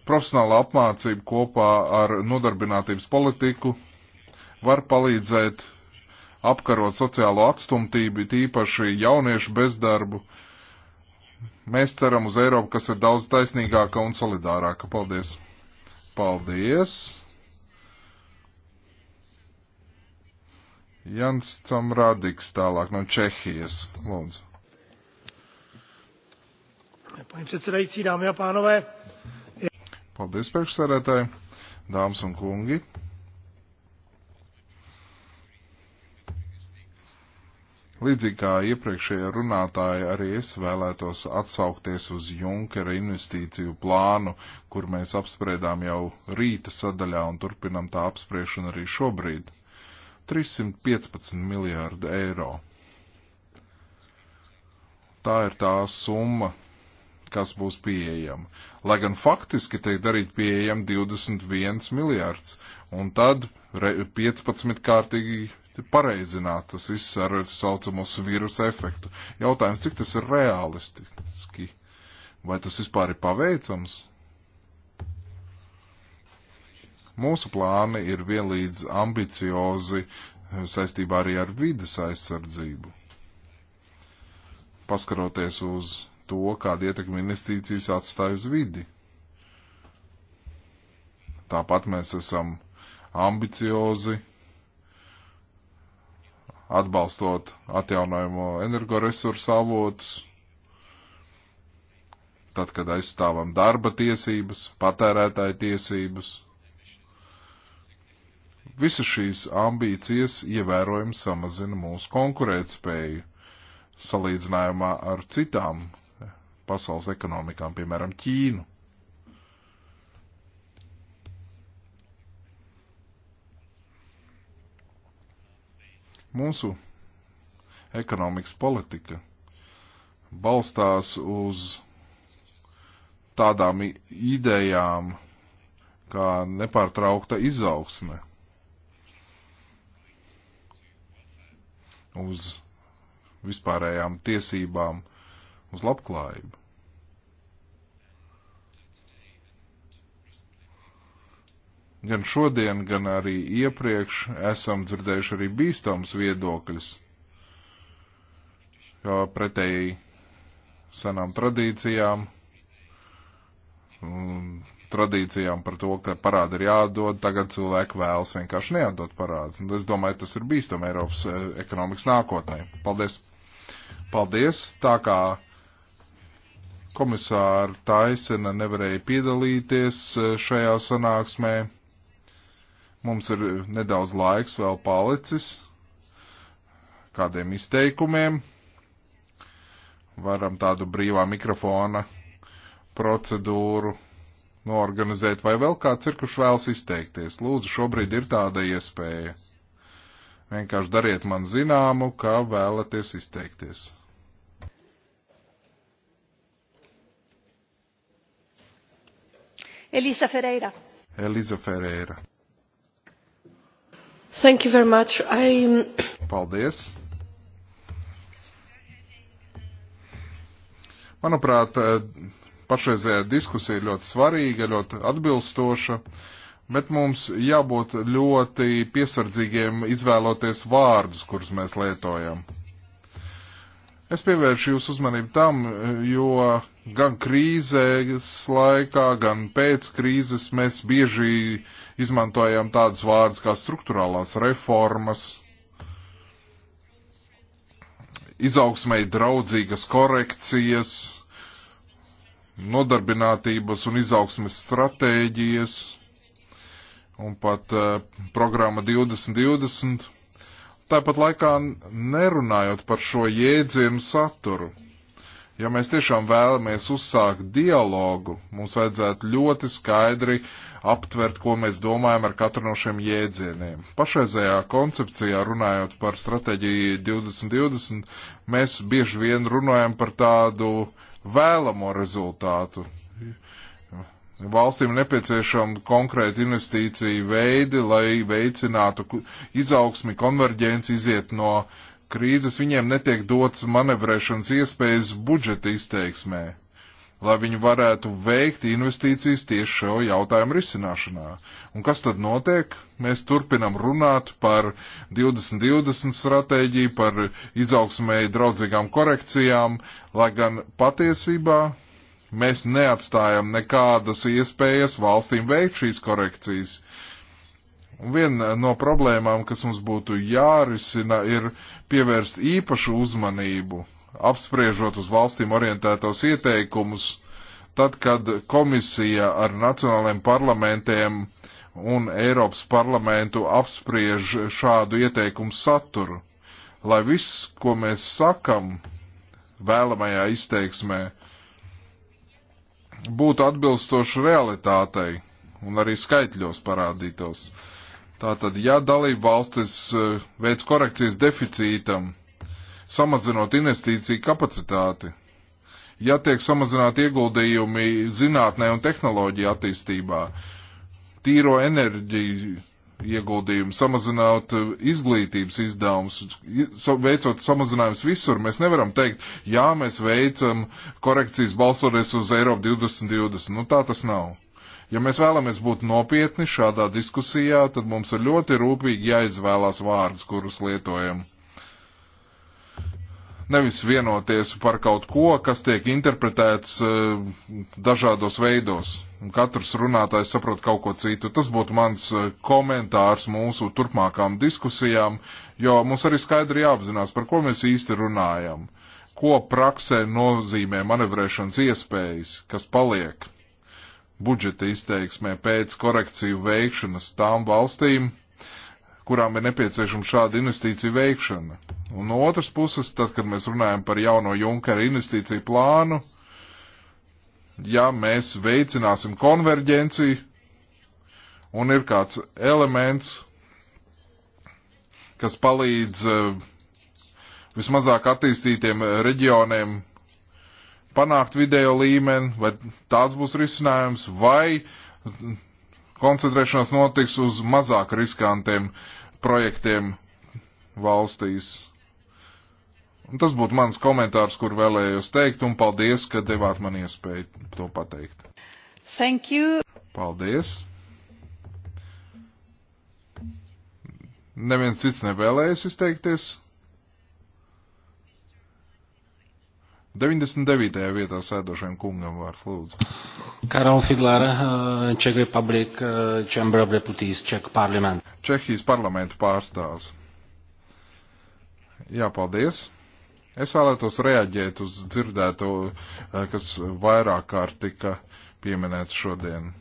profesionāla apmācība kopā ar nodarbinātības politiku var palīdzēt apkarot sociālo atstumtību, tīpaši jauniešu bezdarbu. Mēs ceram uz Eiropu, kas ir daudz taisnīgāka un solidārāka. Paldies! Paldies! Jans Camradiks tālāk no Čehijas. Lūdzu. Paņi predsedajīcī, dāmi a pānové. Paldies, priekšsarētāji, dāmas un kungi. Līdzīgi kā iepriekšējie runātāji, arī es vēlētos atsaukties uz Junkera investīciju plānu, kur mēs apspriedām jau rīta sadaļā un turpinam tā apspriešanu arī šobrīd. 315 miljārdi eiro. Tā ir tā summa, kas būs pieejama. Lai gan faktiski tiek darīt pieejam 21 miljārds, un tad 15 kārtīgi pareizinās tas viss ar saucamo vīrusu efektu. Jautājums, cik tas ir realistiski? Vai tas vispār ir paveicams? Mūsu plāni ir vienlīdz ambiciozi eh, saistībā arī ar vides aizsardzību. Paskaroties uz to, kāda ietekme investīcijas atstāj uz vidi. Tāpat mēs esam ambiciozi atbalstot atjaunojumu energoresursu avotus, tad, kad aizstāvam darba tiesības, patērētāja tiesības. Visas šīs ambīcijas ievērojami samazina mūsu konkurētspēju salīdzinājumā ar citām pasaules ekonomikām, piemēram, Ķīnu. Mūsu ekonomikas politika balstās uz tādām idejām kā nepārtraukta izaugsme, uz vispārējām tiesībām, uz labklājību. Gan šodien, gan arī iepriekš esam dzirdējuši arī bīstams viedokļus, kā pretēji senām tradīcijām un tradīcijām par to, ka parādi ir jādod, tagad cilvēki vēlas vienkārši neatdot parādus. Un es domāju, tas ir bīstam Eiropas e, ekonomikas nākotnē. Paldies! Paldies! Tā kā komisāra Taisena nevarēja piedalīties e, šajā sanāksmē. Mums ir nedaudz laiks vēl palicis kādiem izteikumiem. Varam tādu brīvā mikrofona procedūru noorganizēt, vai vēl kāds ir, kurš vēlas izteikties. Lūdzu, šobrīd ir tāda iespēja. Vienkārši dariet man zināmu, kā vēlaties izteikties. Elisa Ferreira. Elisa Ferreira. Thank you very much. I... Um, Paldies. Manuprāt, eh, pašreizējā diskusija ir ļoti svarīga, ļoti atbilstoša, bet mums jābūt ļoti piesardzīgiem izvēloties vārdus, kurus mēs lietojam. Es pievēršu jūsu uzmanību tam, jo gan krīzes laikā, gan pēc krīzes mēs bieži izmantojam tādas vārdas kā struktūrālās reformas, izaugsmēji draudzīgas korekcijas, nodarbinātības un izaugsmes stratēģijas un pat uh, programma 2020 tāpat laikā nerunājot par šo jēdzienu saturu. Ja mēs tiešām vēlamies uzsākt dialogu, mums vajadzētu ļoti skaidri aptvert, ko mēs domājam ar katru no šiem jēdzieniem. Pašreizējā koncepcijā runājot par stratēģiju 2020, mēs bieži vien runājam par tādu vēlamo rezultātu. Valstīm nepieciešama konkrēta investīcija veidi, lai veicinātu izaugsmi, konverģenci, iziet no krīzes. Viņiem netiek dots manevrēšanas iespējas budžeta izteiksmē, lai viņi varētu veikt investīcijas tieši šo jautājumu risināšanā. Un kas tad notiek? Mēs turpinam runāt par 2020 stratēģiju, par izaugsmēji draudzīgām korekcijām, lai gan patiesībā Mēs neatstājam nekādas iespējas valstīm veikt šīs korekcijas. Un viena no problēmām, kas mums būtu jārisina, ir pievērst īpašu uzmanību, apspriežot uz valstīm orientētos ieteikumus, tad, kad komisija ar nacionālajiem parlamentiem un Eiropas parlamentu apspriež šādu ieteikumu saturu, lai viss, ko mēs sakam vēlamajā izteiksmē, būtu atbilstoši realitātei un arī skaitļos parādītos. Tātad, ja dalība valstis e, veic korekcijas deficītam, samazinot investīciju kapacitāti, ja tiek samazināti ieguldījumi zinātnē un tehnoloģija attīstībā, tīro enerģiju ieguldījumu, samazināt eh, izglītības izdevumus, veicot samazinājumus visur. Mēs nevaram teikt, jā, mēs veicam korekcijas balsoties uz Eiropu 2020. Nu, tā tas nav. Ja mēs vēlamies būt nopietni šādā diskusijā, tad mums ir ļoti rūpīgi jāizvēlās vārdus, kurus lietojam. Nevis vienoties par kaut ko, kas tiek interpretēts eh, dažādos veidos. Katrs runātājs saprot kaut ko citu. Tas būtu mans eh, komentārs mūsu turpmākām diskusijām, jo mums arī skaidri jāapzinās, par ko mēs īsti runājam. Ko praksē nozīmē manevrēšanas iespējas, kas paliek budžeta izteiksmē pēc korekciju veikšanas tām valstīm, kurām ir nepieciešama šāda investīcija veikšana. Un no otras puses, tad, kad mēs runājam par jauno Junkera investīciju plānu, ja mēs veicināsim konverģenciju un ir kāds elements, kas palīdz eh, vismazāk attīstītiem reģioniem panākt video līmeni, vai tāds būs risinājums, vai koncentrēšanās notiks uz mazāk riskantiem projektiem valstīs. Un tas būtu mans komentārs, kur vēlējos teikt, un paldies, ka devāt man iespēju to pateikt. Thank you. Paldies. Neviens cits nevēlējas izteikties. 99. vietā sēdošajam kungam vārds lūdzu. Karol Fidler, eh, Czech Republic, eh, Chamber of Deputies, Czech Parliament. Čehijas parlamentu pārstāvs. Jā, paldies. Es vēlētos reaģēt uz dzirdēto, eh, kas vairāk kārt tika pieminēts šodien.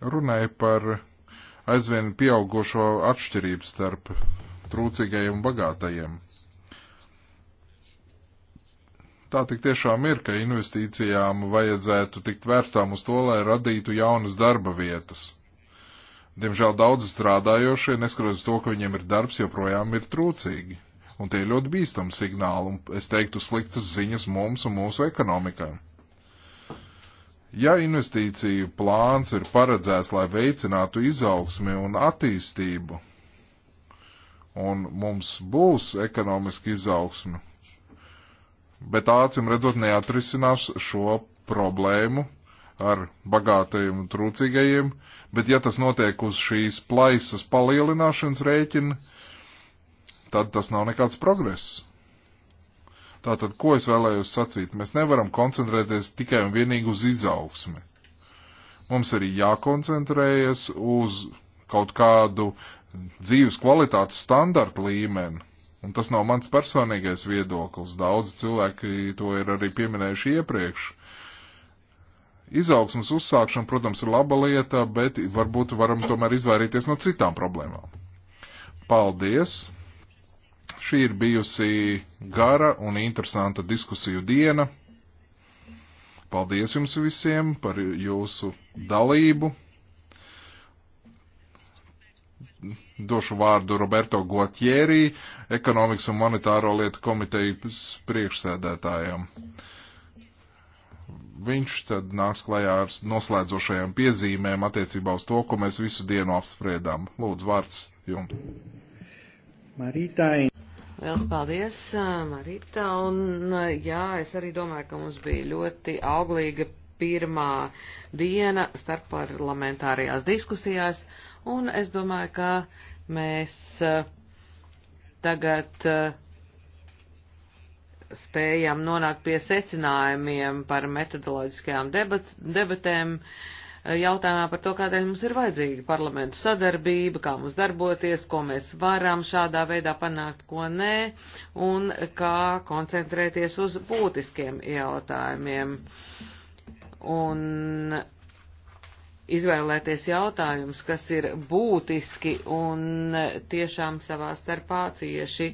Runāja par aizvien pieaugušo atšķirību starp trūcīgajiem un bagātajiem tā tik tiešām ir, ka investīcijām vajadzētu tikt vērstām uz to, lai radītu jaunas darba vietas. Diemžēl daudzi strādājošie, neskatoties to, ka viņiem ir darbs, joprojām ir trūcīgi. Un tie ir ļoti bīstami signāli, un es teiktu sliktas ziņas mums un mūsu ekonomikai. Ja investīciju plāns ir paredzēts, lai veicinātu izaugsmi un attīstību, un mums būs ekonomiski izaugsmi, bet tā acīm redzot neatrisinās šo problēmu ar bagātajiem un trūcīgajiem, bet ja tas notiek uz šīs plaisas palielināšanas rēķina, tad tas nav nekāds progress. Tātad, ko es vēlējos sacīt? Mēs nevaram koncentrēties tikai un vienīgi uz izaugsmi. Mums arī jākoncentrējas uz kaut kādu dzīves kvalitātes standartu līmeni, Un tas nav mans personīgais viedoklis. Daudz cilvēki to ir arī pieminējuši iepriekš. Izaugsmas uzsākšana, protams, ir laba lieta, bet varbūt varam tomēr izvairīties no citām problēmām. Paldies! Šī ir bijusi gara un interesanta diskusiju diena. Paldies jums visiem par jūsu dalību! došu vārdu Roberto Guatjērī, ekonomikas un monetāro lietu komitejas priekšsēdētājam. Viņš tad nāks klajā ar noslēdzošajām piezīmēm attiecībā uz to, ko mēs visu dienu apspriedām. Lūdzu, vārds jums. Marītāji. Liels paldies, Marīta. Un jā, es arī domāju, ka mums bija ļoti auglīga pirmā diena starp parlamentārajās diskusijās, un es domāju, ka mēs eh, tagad eh, spējam nonākt pie secinājumiem par metodoloģiskajām debat, debatēm, eh, jautājumā par to, kādēļ mums ir vajadzīga parlamentu sadarbība, kā mums darboties, ko mēs varam šādā veidā panākt, ko nē, un kā koncentrēties uz būtiskiem jautājumiem. Un izvēlēties jautājumus, kas ir būtiski un tiešām savā starpā cieši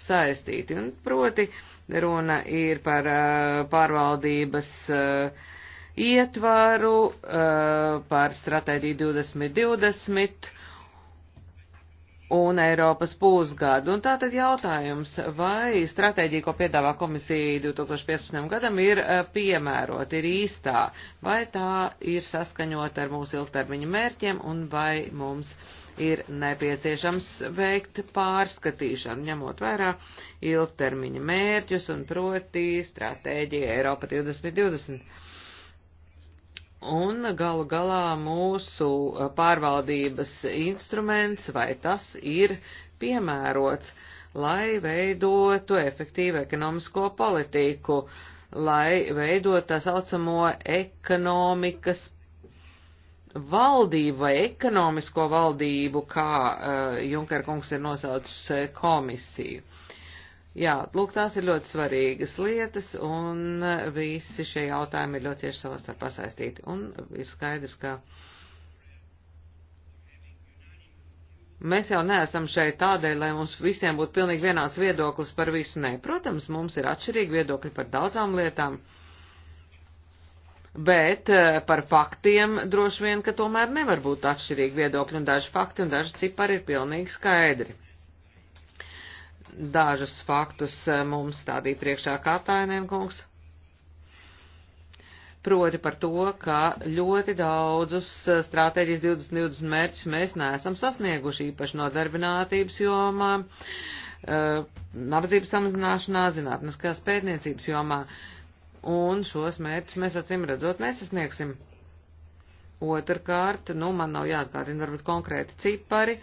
saistīti. Un proti, runa ir par eh, pārvaldības eh, ietvaru, eh, par stratēģiju 2020 un Eiropas pusgadu. Un tātad jautājums, vai stratēģija, ko piedāvā komisija 2015. gadam, ir eh, piemērota, ir īstā, vai tā ir saskaņota ar mūsu ilgtermiņa mērķiem un vai mums ir nepieciešams veikt pārskatīšanu, ņemot vērā ilgtermiņa mērķus un proti stratēģija Eiropa 2020 Un galu galā mūsu uh, pārvaldības instruments vai tas ir piemērots, lai veidotu efektīvu ekonomisko politiku, lai veidotu tā saucamo ekonomikas valdību vai ekonomisko valdību, kā uh, Junker kungs ir nosaucis uh, komisiju. Uh, Jā, lūk, tās ir ļoti svarīgas lietas, un visi šie jautājumi ir ļoti cieši savā starpā saistīti. Un ir skaidrs, ka mēs jau neesam šeit tādēļ, lai mums visiem būtu pilnīgi vienāds viedoklis par visu. Nē, protams, mums ir atšķirīgi viedokļi par daudzām lietām, bet eh, par faktiem droši vien, ka tomēr nevar būt atšķirīgi viedokļi, un daži fakti un daži cipari ir pilnīgi skaidri. Dažus faktus eh, mums stādīja priekšā Katainenkungs, proti par to, ka ļoti daudzus eh, stratēģijas 2020 mērķus mēs neesam sasnieguši, īpaši nodarbinātības jomā, eh, nabadzības samazināšanā, zinātniskās pētniecības jomā, un šos mērķus mēs acīm redzot nesasniegsim. Otrkārt, nu, man nav jāatgādina varbūt konkrēti cipari,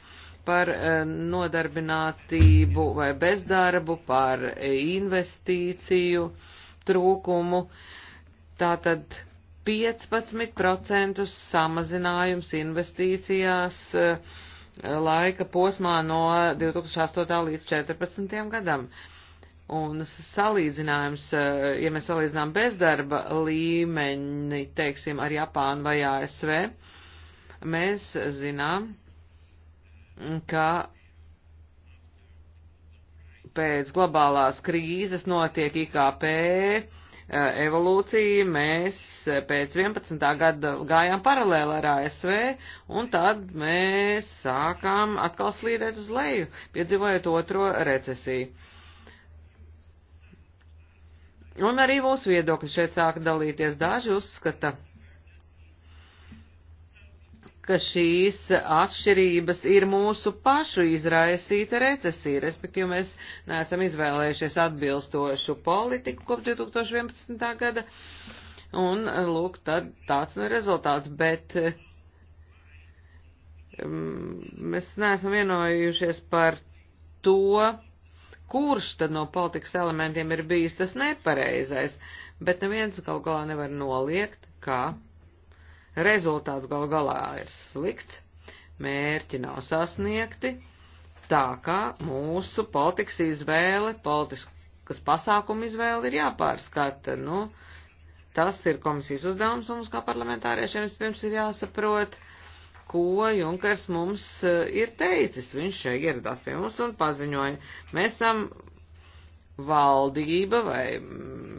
par eh, nodarbinātību vai bezdarbu, par eh, investīciju trūkumu. Tātad 15% samazinājums investīcijās eh, laika posmā no 2008. līdz 2014. gadam. Un salīdzinājums, ja mēs salīdzinām bezdarba līmeņi, teiksim, ar Japānu vai ASV, mēs zinām, ka pēc globālās krīzes notiek IKP e, evolūcija, mēs pēc 11. gada gājām paralēli ar ASV, un tad mēs sākām atkal slīdēt uz leju, piedzīvojot otro recesiju. Un arī mūsu viedokļi šeit sāka dalīties. Daži uzskata, ka ka šīs atšķirības ir mūsu pašu izraisīta recesija, respektīvi mēs neesam izvēlējušies atbilstošu politiku kopš 2011. gada, un, lūk, tad tāds nu ir rezultāts, bet um, mēs neesam vienojušies par to, kurš tad no politikas elementiem ir bijis tas nepareizais, bet neviens kaut galā nevar noliegt, kā. Ka rezultāts gal galā ir slikts, mērķi nav sasniegti, tā kā mūsu politikas izvēle, politiskas pasākuma izvēle ir jāpārskata. Nu, tas ir komisijas uzdevums, un mums kā parlamentāriešiem vispirms ir jāsaprot, ko Junkers mums eh, ir teicis. Viņš eh, ieradās pie mums un paziņoja, mēs esam valdība vai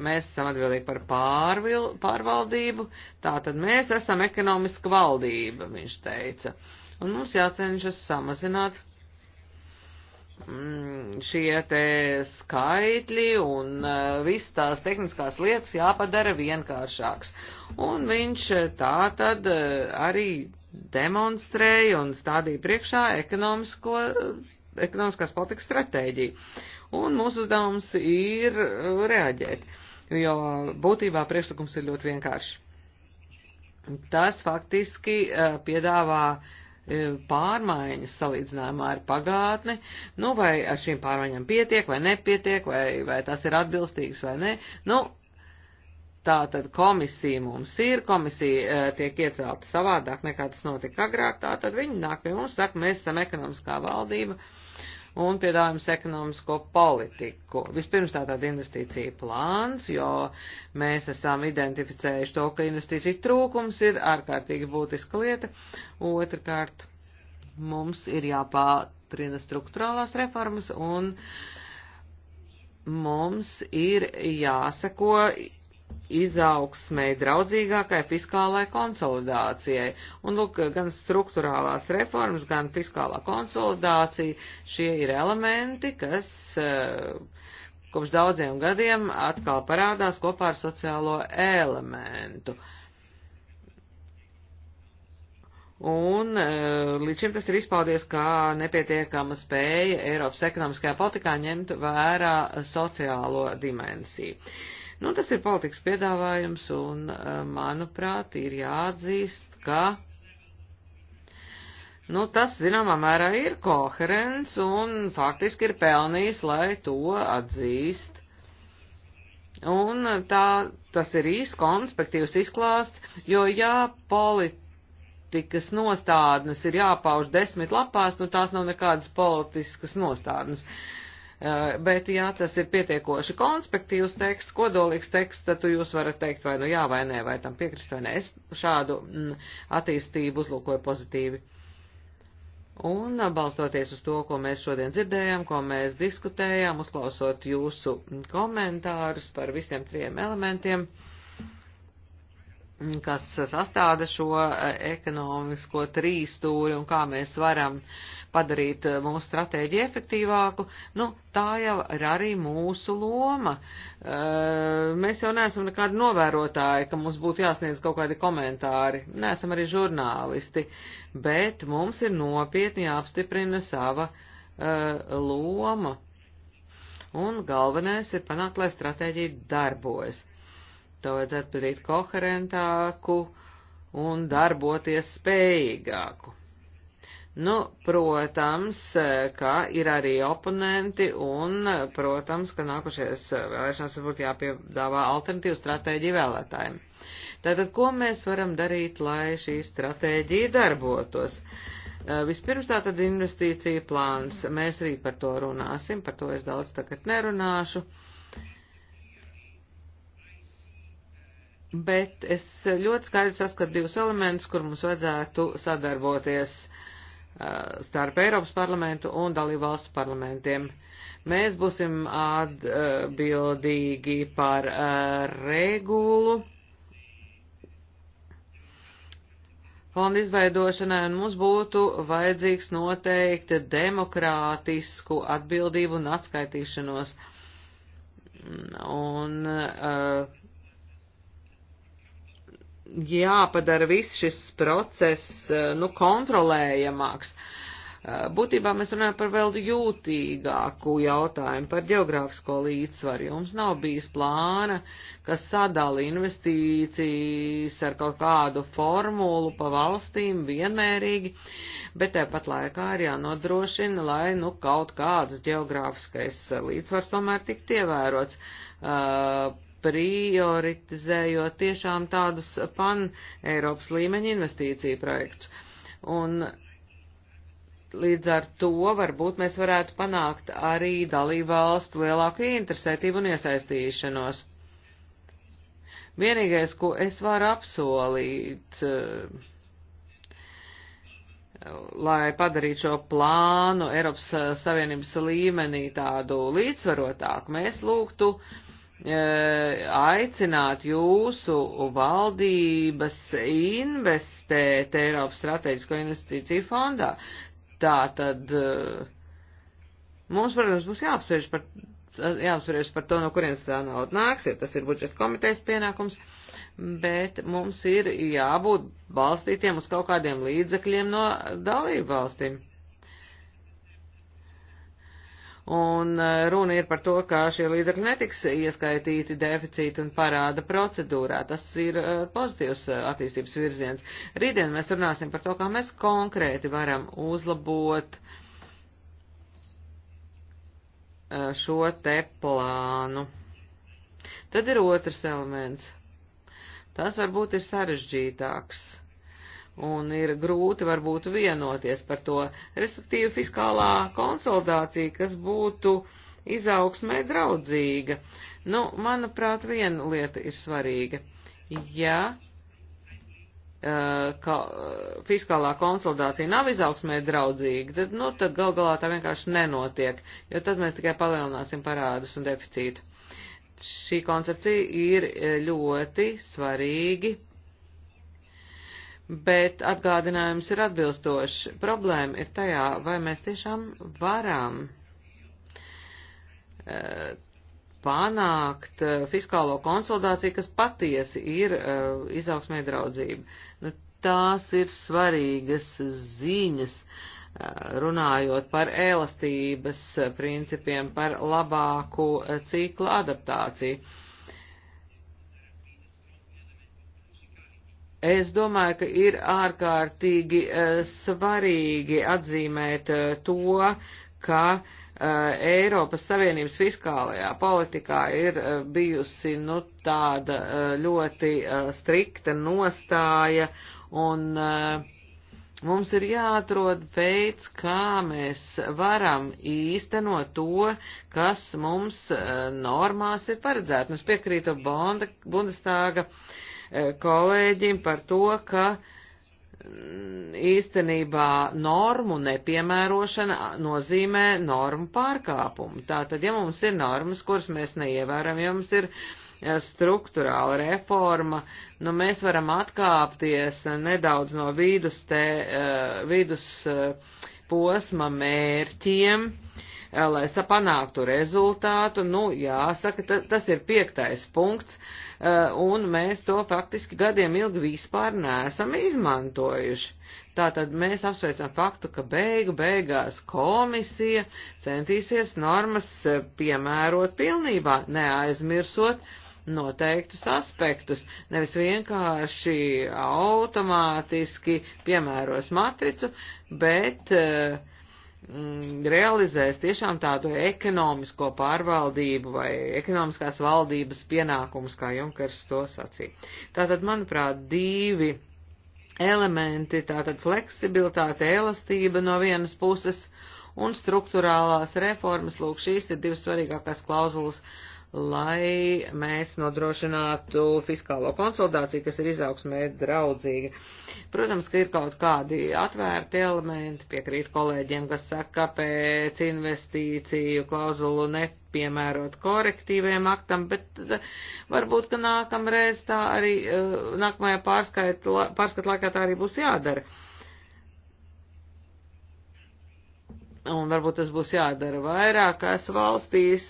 mēs esam atbildīgi par pārvil, pārvaldību, tā tad mēs esam ekonomiska valdība, viņš teica. Un mums jācenšas samazināt mm, šie te skaitļi un eh, viss tās tehniskās lietas jāpadara vienkāršāks. Un viņš eh, tā tad eh, arī demonstrēja un stādīja priekšā ekonomisko, ekonomiskās politikas stratēģiju un mūsu uzdevums ir uh, reaģēt, jo būtībā priekšlikums ir ļoti vienkārši. Tas faktiski uh, piedāvā uh, pārmaiņas salīdzinājumā ar pagātni, nu vai ar šīm pārmaiņām pietiek vai nepietiek, vai, vai tas ir atbilstīgs vai ne. Nu, Tātad komisija mums ir, komisija e, tiek iecelta savādāk nekā tas notika agrāk, tātad viņi nāk pie mums, saka, mēs esam ekonomiskā valdība, e, un piedāvājums ekonomisko politiku. Vispirms tā tāda investīcija plāns, jo mēs esam identificējuši to, ka investīcija trūkums ir ārkārtīgi būtiska lieta. Otrakārt, mums ir jāpātrina struktūrālās reformas un mums ir jāsako izaugsmei draudzīgākai fiskālai konsolidācijai. Un, lūk, gan struktūrālās reformas, gan fiskālā konsolidācija, šie ir elementi, kas eh, kopš daudziem gadiem atkal parādās kopā ar sociālo elementu. Un eh, līdz šim tas ir izpaudies kā nepietiekama spēja Eiropas ekonomiskajā politikā ņemt vērā sociālo dimensiju. Uh, Nu, tas ir politikas piedāvājums, un, eh, manuprāt, ir jāatzīst, ka, nu, tas, zināmā mērā, ir koherents, un faktiski ir pelnījis, lai to atzīst. Un eh, tā, tas ir īsts konspektīvs izklāsts, jo, ja politikas nostādnes ir jāpauž desmit lapās, nu, tās nav nekādas politiskas nostādnes. Uh, Eh, bet ja tas ir pietiekoši konspektīvs teksts, kodolīgs teksts, tad jūs varat teikt vai nu jā vai nē, vai tam piekrist vai nē. Es šādu m, mm, attīstību uzlūkoju pozitīvi. Un eh, balstoties uz to, ko mēs šodien dzirdējām, ko mēs diskutējām, uzklausot jūsu komentārus par visiem trim elementiem, uh, Mm, kas sastāda šo eh, ekonomisko trīstūri un kā mēs varam padarīt eh, mūsu stratēģiju efektīvāku, nu, tā jau ir arī mūsu loma. Eh, mēs jau neesam nekādi novērotāji, ka mums būtu jāsniedz kaut kādi komentāri. Neesam arī žurnālisti, bet mums ir nopietni jāapstiprina sava loma. Un galvenais ir panākt, lai stratēģija darbojas to vajadzētu padarīt koherentāku un darboties spējīgāku. Nu, protams, ka ir arī oponenti un, protams, ka nākušies vēlēšanas varbūt jāpiedāvā alternatīvu stratēģiju vēlētājiem. Tātad, ko mēs varam darīt, lai šī stratēģija darbotos? Eh, vispirms tā tad investīcija plāns. Mēs arī par to runāsim, par to es daudz tagad nerunāšu. Uh, bet es ļoti skaidri saskatu divus elementus, kur mums vajadzētu sadarboties starp Eiropas parlamentu un dalību valstu parlamentiem. Mēs būsim atbildīgi par regulu fonda izveidošanai, un mums būtu vajadzīgs noteikti demokrātisku atbildību un atskaitīšanos. Un uh, jāpadara viss šis process, eh, nu, kontrolējamāks. Eh, būtībā mēs runājam par vēl jūtīgāku jautājumu par geogrāfisko līdzsvaru. Jums nav bijis plāna, kas sadala investīcijas ar kaut kādu formulu pa valstīm vienmērīgi, bet tāpat laikā ir jānodrošina, lai nu kaut kāds geogrāfiskais eh, līdzsvars tomēr tiktu ievērots. Uh, prioritizējot tiešām tādus pan Eiropas līmeņa investīciju projektus. Un līdz ar to varbūt mēs varētu panākt arī dalību valstu lielāku interesētību un iesaistīšanos. Vienīgais, ko es varu apsolīt, eh, lai padarītu šo plānu Eiropas Savienības līmenī tādu līdzsvarotāku, mēs lūgtu uh, E, aicināt jūsu valdības investēt Eiropas strateģisko investīciju fondā. Tā tad e, mums, protams, būs jāapsvērš par, jāapsvērš par to, no kurienes tā nauda nāks, ja tas ir budžeta komitejas pienākums, bet mums ir jābūt balstītiem uz kaut kādiem līdzekļiem no dalību valstīm. Un e, runa ir par to, ka šie līdzekļi netiks ieskaitīti deficīta un parāda procedūrā. Tas ir e, pozitīvs e, attīstības virziens. Rītdien mēs runāsim par to, kā mēs konkrēti varam uzlabot šo te plānu. Tad ir otrs elements. Tas varbūt ir sarežģītāks un ir grūti varbūt vienoties par to, respektīvi fiskālā konsolidācija, kas būtu izaugsmē draudzīga. Nu, manuprāt, viena lieta ir svarīga. Ja ka fiskālā konsolidācija nav izaugsmē draudzīga, tad, nu, tad gal galā tā vienkārši nenotiek, jo tad mēs tikai palielināsim parādus un deficītu. Šī koncepcija ir ļoti svarīgi bet atgādinājums ir atbilstošs. Problēma ir tajā, vai mēs tiešām varam e, panākt e, fiskālo konsolidāciju, kas patiesi ir e, izaugsmē draudzība. Nu, tās ir svarīgas ziņas, runājot par elastības principiem, par labāku ciklu adaptāciju Es domāju, ka ir ārkārtīgi eh, svarīgi atzīmēt eh, to, ka eh, Eiropas Savienības fiskālajā politikā ir bijusi nu, tāda ļoti strikta nostāja un mums ir jāatrod veids, kā mēs varam īstenot to, kas mums normās ir paredzēts. Mēs piekrītu Bundestāga. Bonda, E, kolēģim par to, ka mm, īstenībā normu nepiemērošana nozīmē normu pārkāpumu. Tātad, ja mums ir normas, kuras mēs neievēram, ja mums ir struktūrāla reforma, nu mēs varam atkāpties nedaudz no vidus, te, e, vidus e, posma mērķiem, uh, Eh, lai sapanāktu rezultātu, nu, jāsaka, tas, tas ir piektais punkts, eh, un mēs to faktiski gadiem ilgi vispār neesam izmantojuši. Tātad mēs apsveicam faktu, ka beigu beigās komisija centīsies normas eh, piemērot pilnībā, neaizmirsot noteiktus aspektus, nevis vienkārši automātiski piemēros matricu, bet uh, Mm, realizēs tiešām tādu ekonomisko pārvaldību vai ekonomiskās valdības pienākumus, kā Junkers to sacīja. Tātad, manuprāt, divi elementi, tātad fleksibilitāte, elastība no vienas puses un struktūrālās reformas, lūk, šīs ir divas svarīgākās klauzulas, uh, lai mēs nodrošinātu fiskālo konsolidāciju, kas ir izaugsmē draudzīga. Protams, ka ir kaut kādi atvērti elementi, piekrīt kolēģiem, kas saka, kāpēc investīciju klauzulu nepiemērot korektīviem aktam, bet eh, varbūt, ka nākamreiz tā arī, eh, nākamajā pārskat laikā tā arī būs jādara. un varbūt tas būs jādara vairākās valstīs,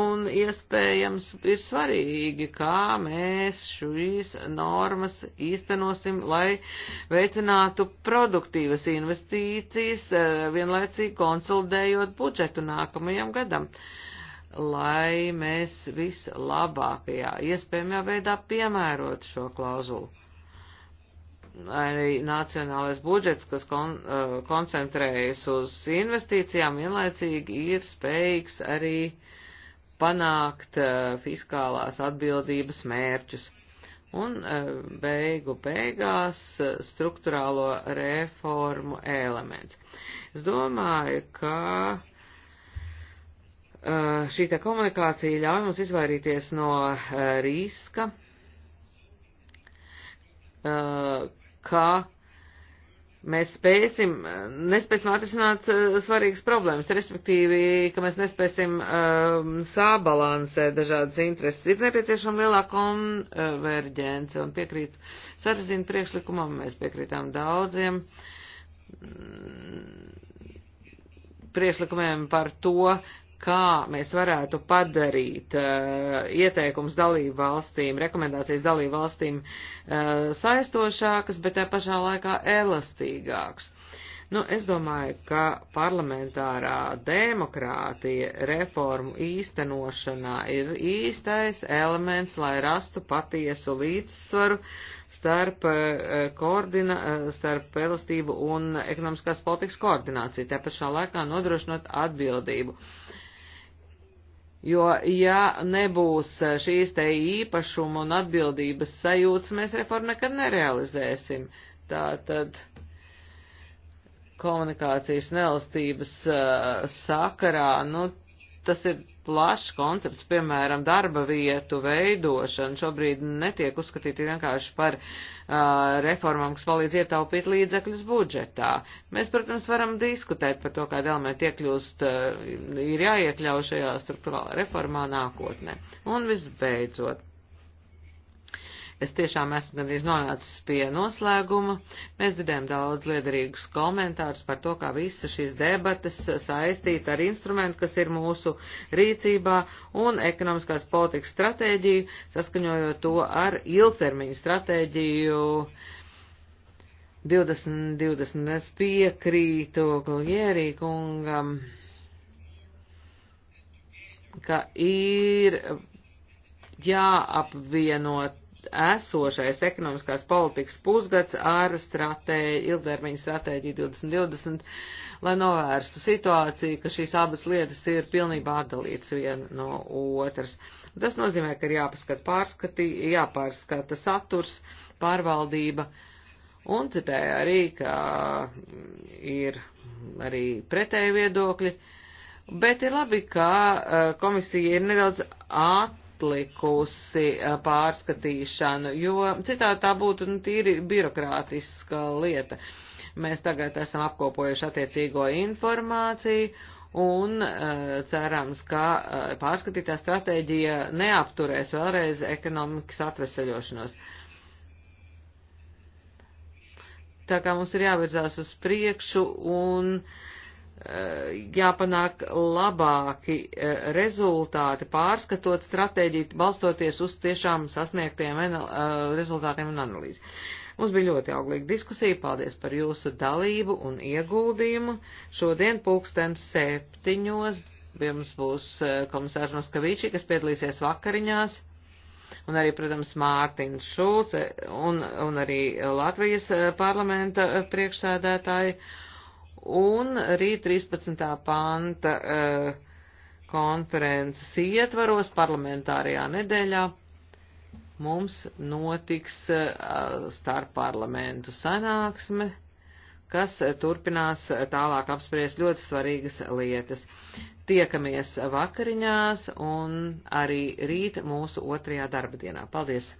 un iespējams ir svarīgi, kā mēs šīs normas īstenosim, lai veicinātu produktīvas investīcijas, vienlaicīgi konsolidējot budžetu nākamajam gadam lai mēs vislabākajā iespējamajā veidā piemērot šo klauzulu arī nacionālais budžets, kas kon, uh, koncentrējas uz investīcijām, vienlaicīgi ir spējīgs arī panākt uh, fiskālās atbildības mērķus. Un uh, beigu beigās uh, struktūrālo reformu elements. Es domāju, ka uh, šī te komunikācija ļauj mums izvairīties no uh, riska, ka mēs spēsim, nespēsim atrisināt eh, svarīgas problēmas, respektīvi, ka mēs nespēsim um, ehm, sābalansēt dažādas intereses. Ir nepieciešama lielāka konverģence un piekrīt sarzina priekšlikumam, mēs piekrītām daudziem mm, priekšlikumiem par to, kā mēs varētu padarīt uh, ieteikums dalību valstīm, rekomendācijas dalību valstīm uh, saistošākas, bet tā pašā laikā elastīgāks. Nu, es domāju, ka parlamentārā demokrātija reformu īstenošanā ir īstais elements, lai rastu patiesu līdzsvaru starp, eh, koordina, starp elastību un ekonomiskās politikas koordināciju, tā pašā laikā nodrošinot atbildību. Uh, Jo, ja nebūs eh, šīs te īpašuma un atbildības sajūtas, mēs reformu nekad nerealizēsim. Tā tad komunikācijas nelastības uh, sakarā, nu, tas ir plašs koncepts, piemēram, darba vietu veidošana šobrīd netiek uzskatīti vienkārši par uh, reformām, kas palīdz ietaupīt līdzekļus budžetā. Mēs, protams, varam diskutēt par to, kāda elementa iekļūst, uh, ir jāiekļauj šajā struktūrālā reformā nākotnē. Un visbeidzot Es tiešām esmu gandrīz nonācis pie noslēguma. Mēs dzirdējām daudz liederīgus komentārus par to, kā visa šīs debatas saistīta ar instrumentu, kas ir mūsu rīcībā, un ekonomiskās politikas stratēģiju, saskaņojot to ar ilgtermiņu stratēģiju. 20, 20, es piekrītu Guljerī kungam, ka ir jāapvienot esošais ekonomiskās politikas pusgads ar stratēģi, ilgtermiņa stratēģiju 2020, lai novērstu situāciju, ka šīs abas lietas ir pilnībā atdalītas viena no otras. Tas nozīmē, ka ir jāpaskat pārskati, jāpārskata saturs, pārvaldība, un citēja arī, ka ir arī pretēji viedokļi, bet ir labi, ka eh, komisija ir nedaudz ātrāk atlikusi pārskatīšanu, jo citādi tā būtu nu, tīri birokrātiska lieta. Mēs tagad esam apkopojuši attiecīgo informāciju un cerams, ka pārskatītā stratēģija neapturēs vēlreiz ekonomikas atveseļošanos. Tā kā mums ir jāvirzās uz priekšu un uh, Eh, jāpanāk labāki eh, rezultāti, pārskatot stratēģiju, balstoties uz tiešām sasniegtiem eh, rezultātiem un analīzi. Mums bija ļoti auglīga diskusija, paldies par jūsu dalību un ieguldījumu. Šodien pulkstens septiņos pie mums būs komisārs Noskavīči, kas piedalīsies vakariņās, un arī, protams, Mārtiņš Šulce un, un arī Latvijas parlamenta priekšsēdētāji un rīt 13. panta uh, konferences ietvaros parlamentārajā nedēļā mums notiks uh, eh, starp parlamentu sanāksme, kas turpinās tālāk apspriest ļoti svarīgas lietas. Tiekamies vakariņās un arī rīt mūsu otrajā darba dienā. Paldies!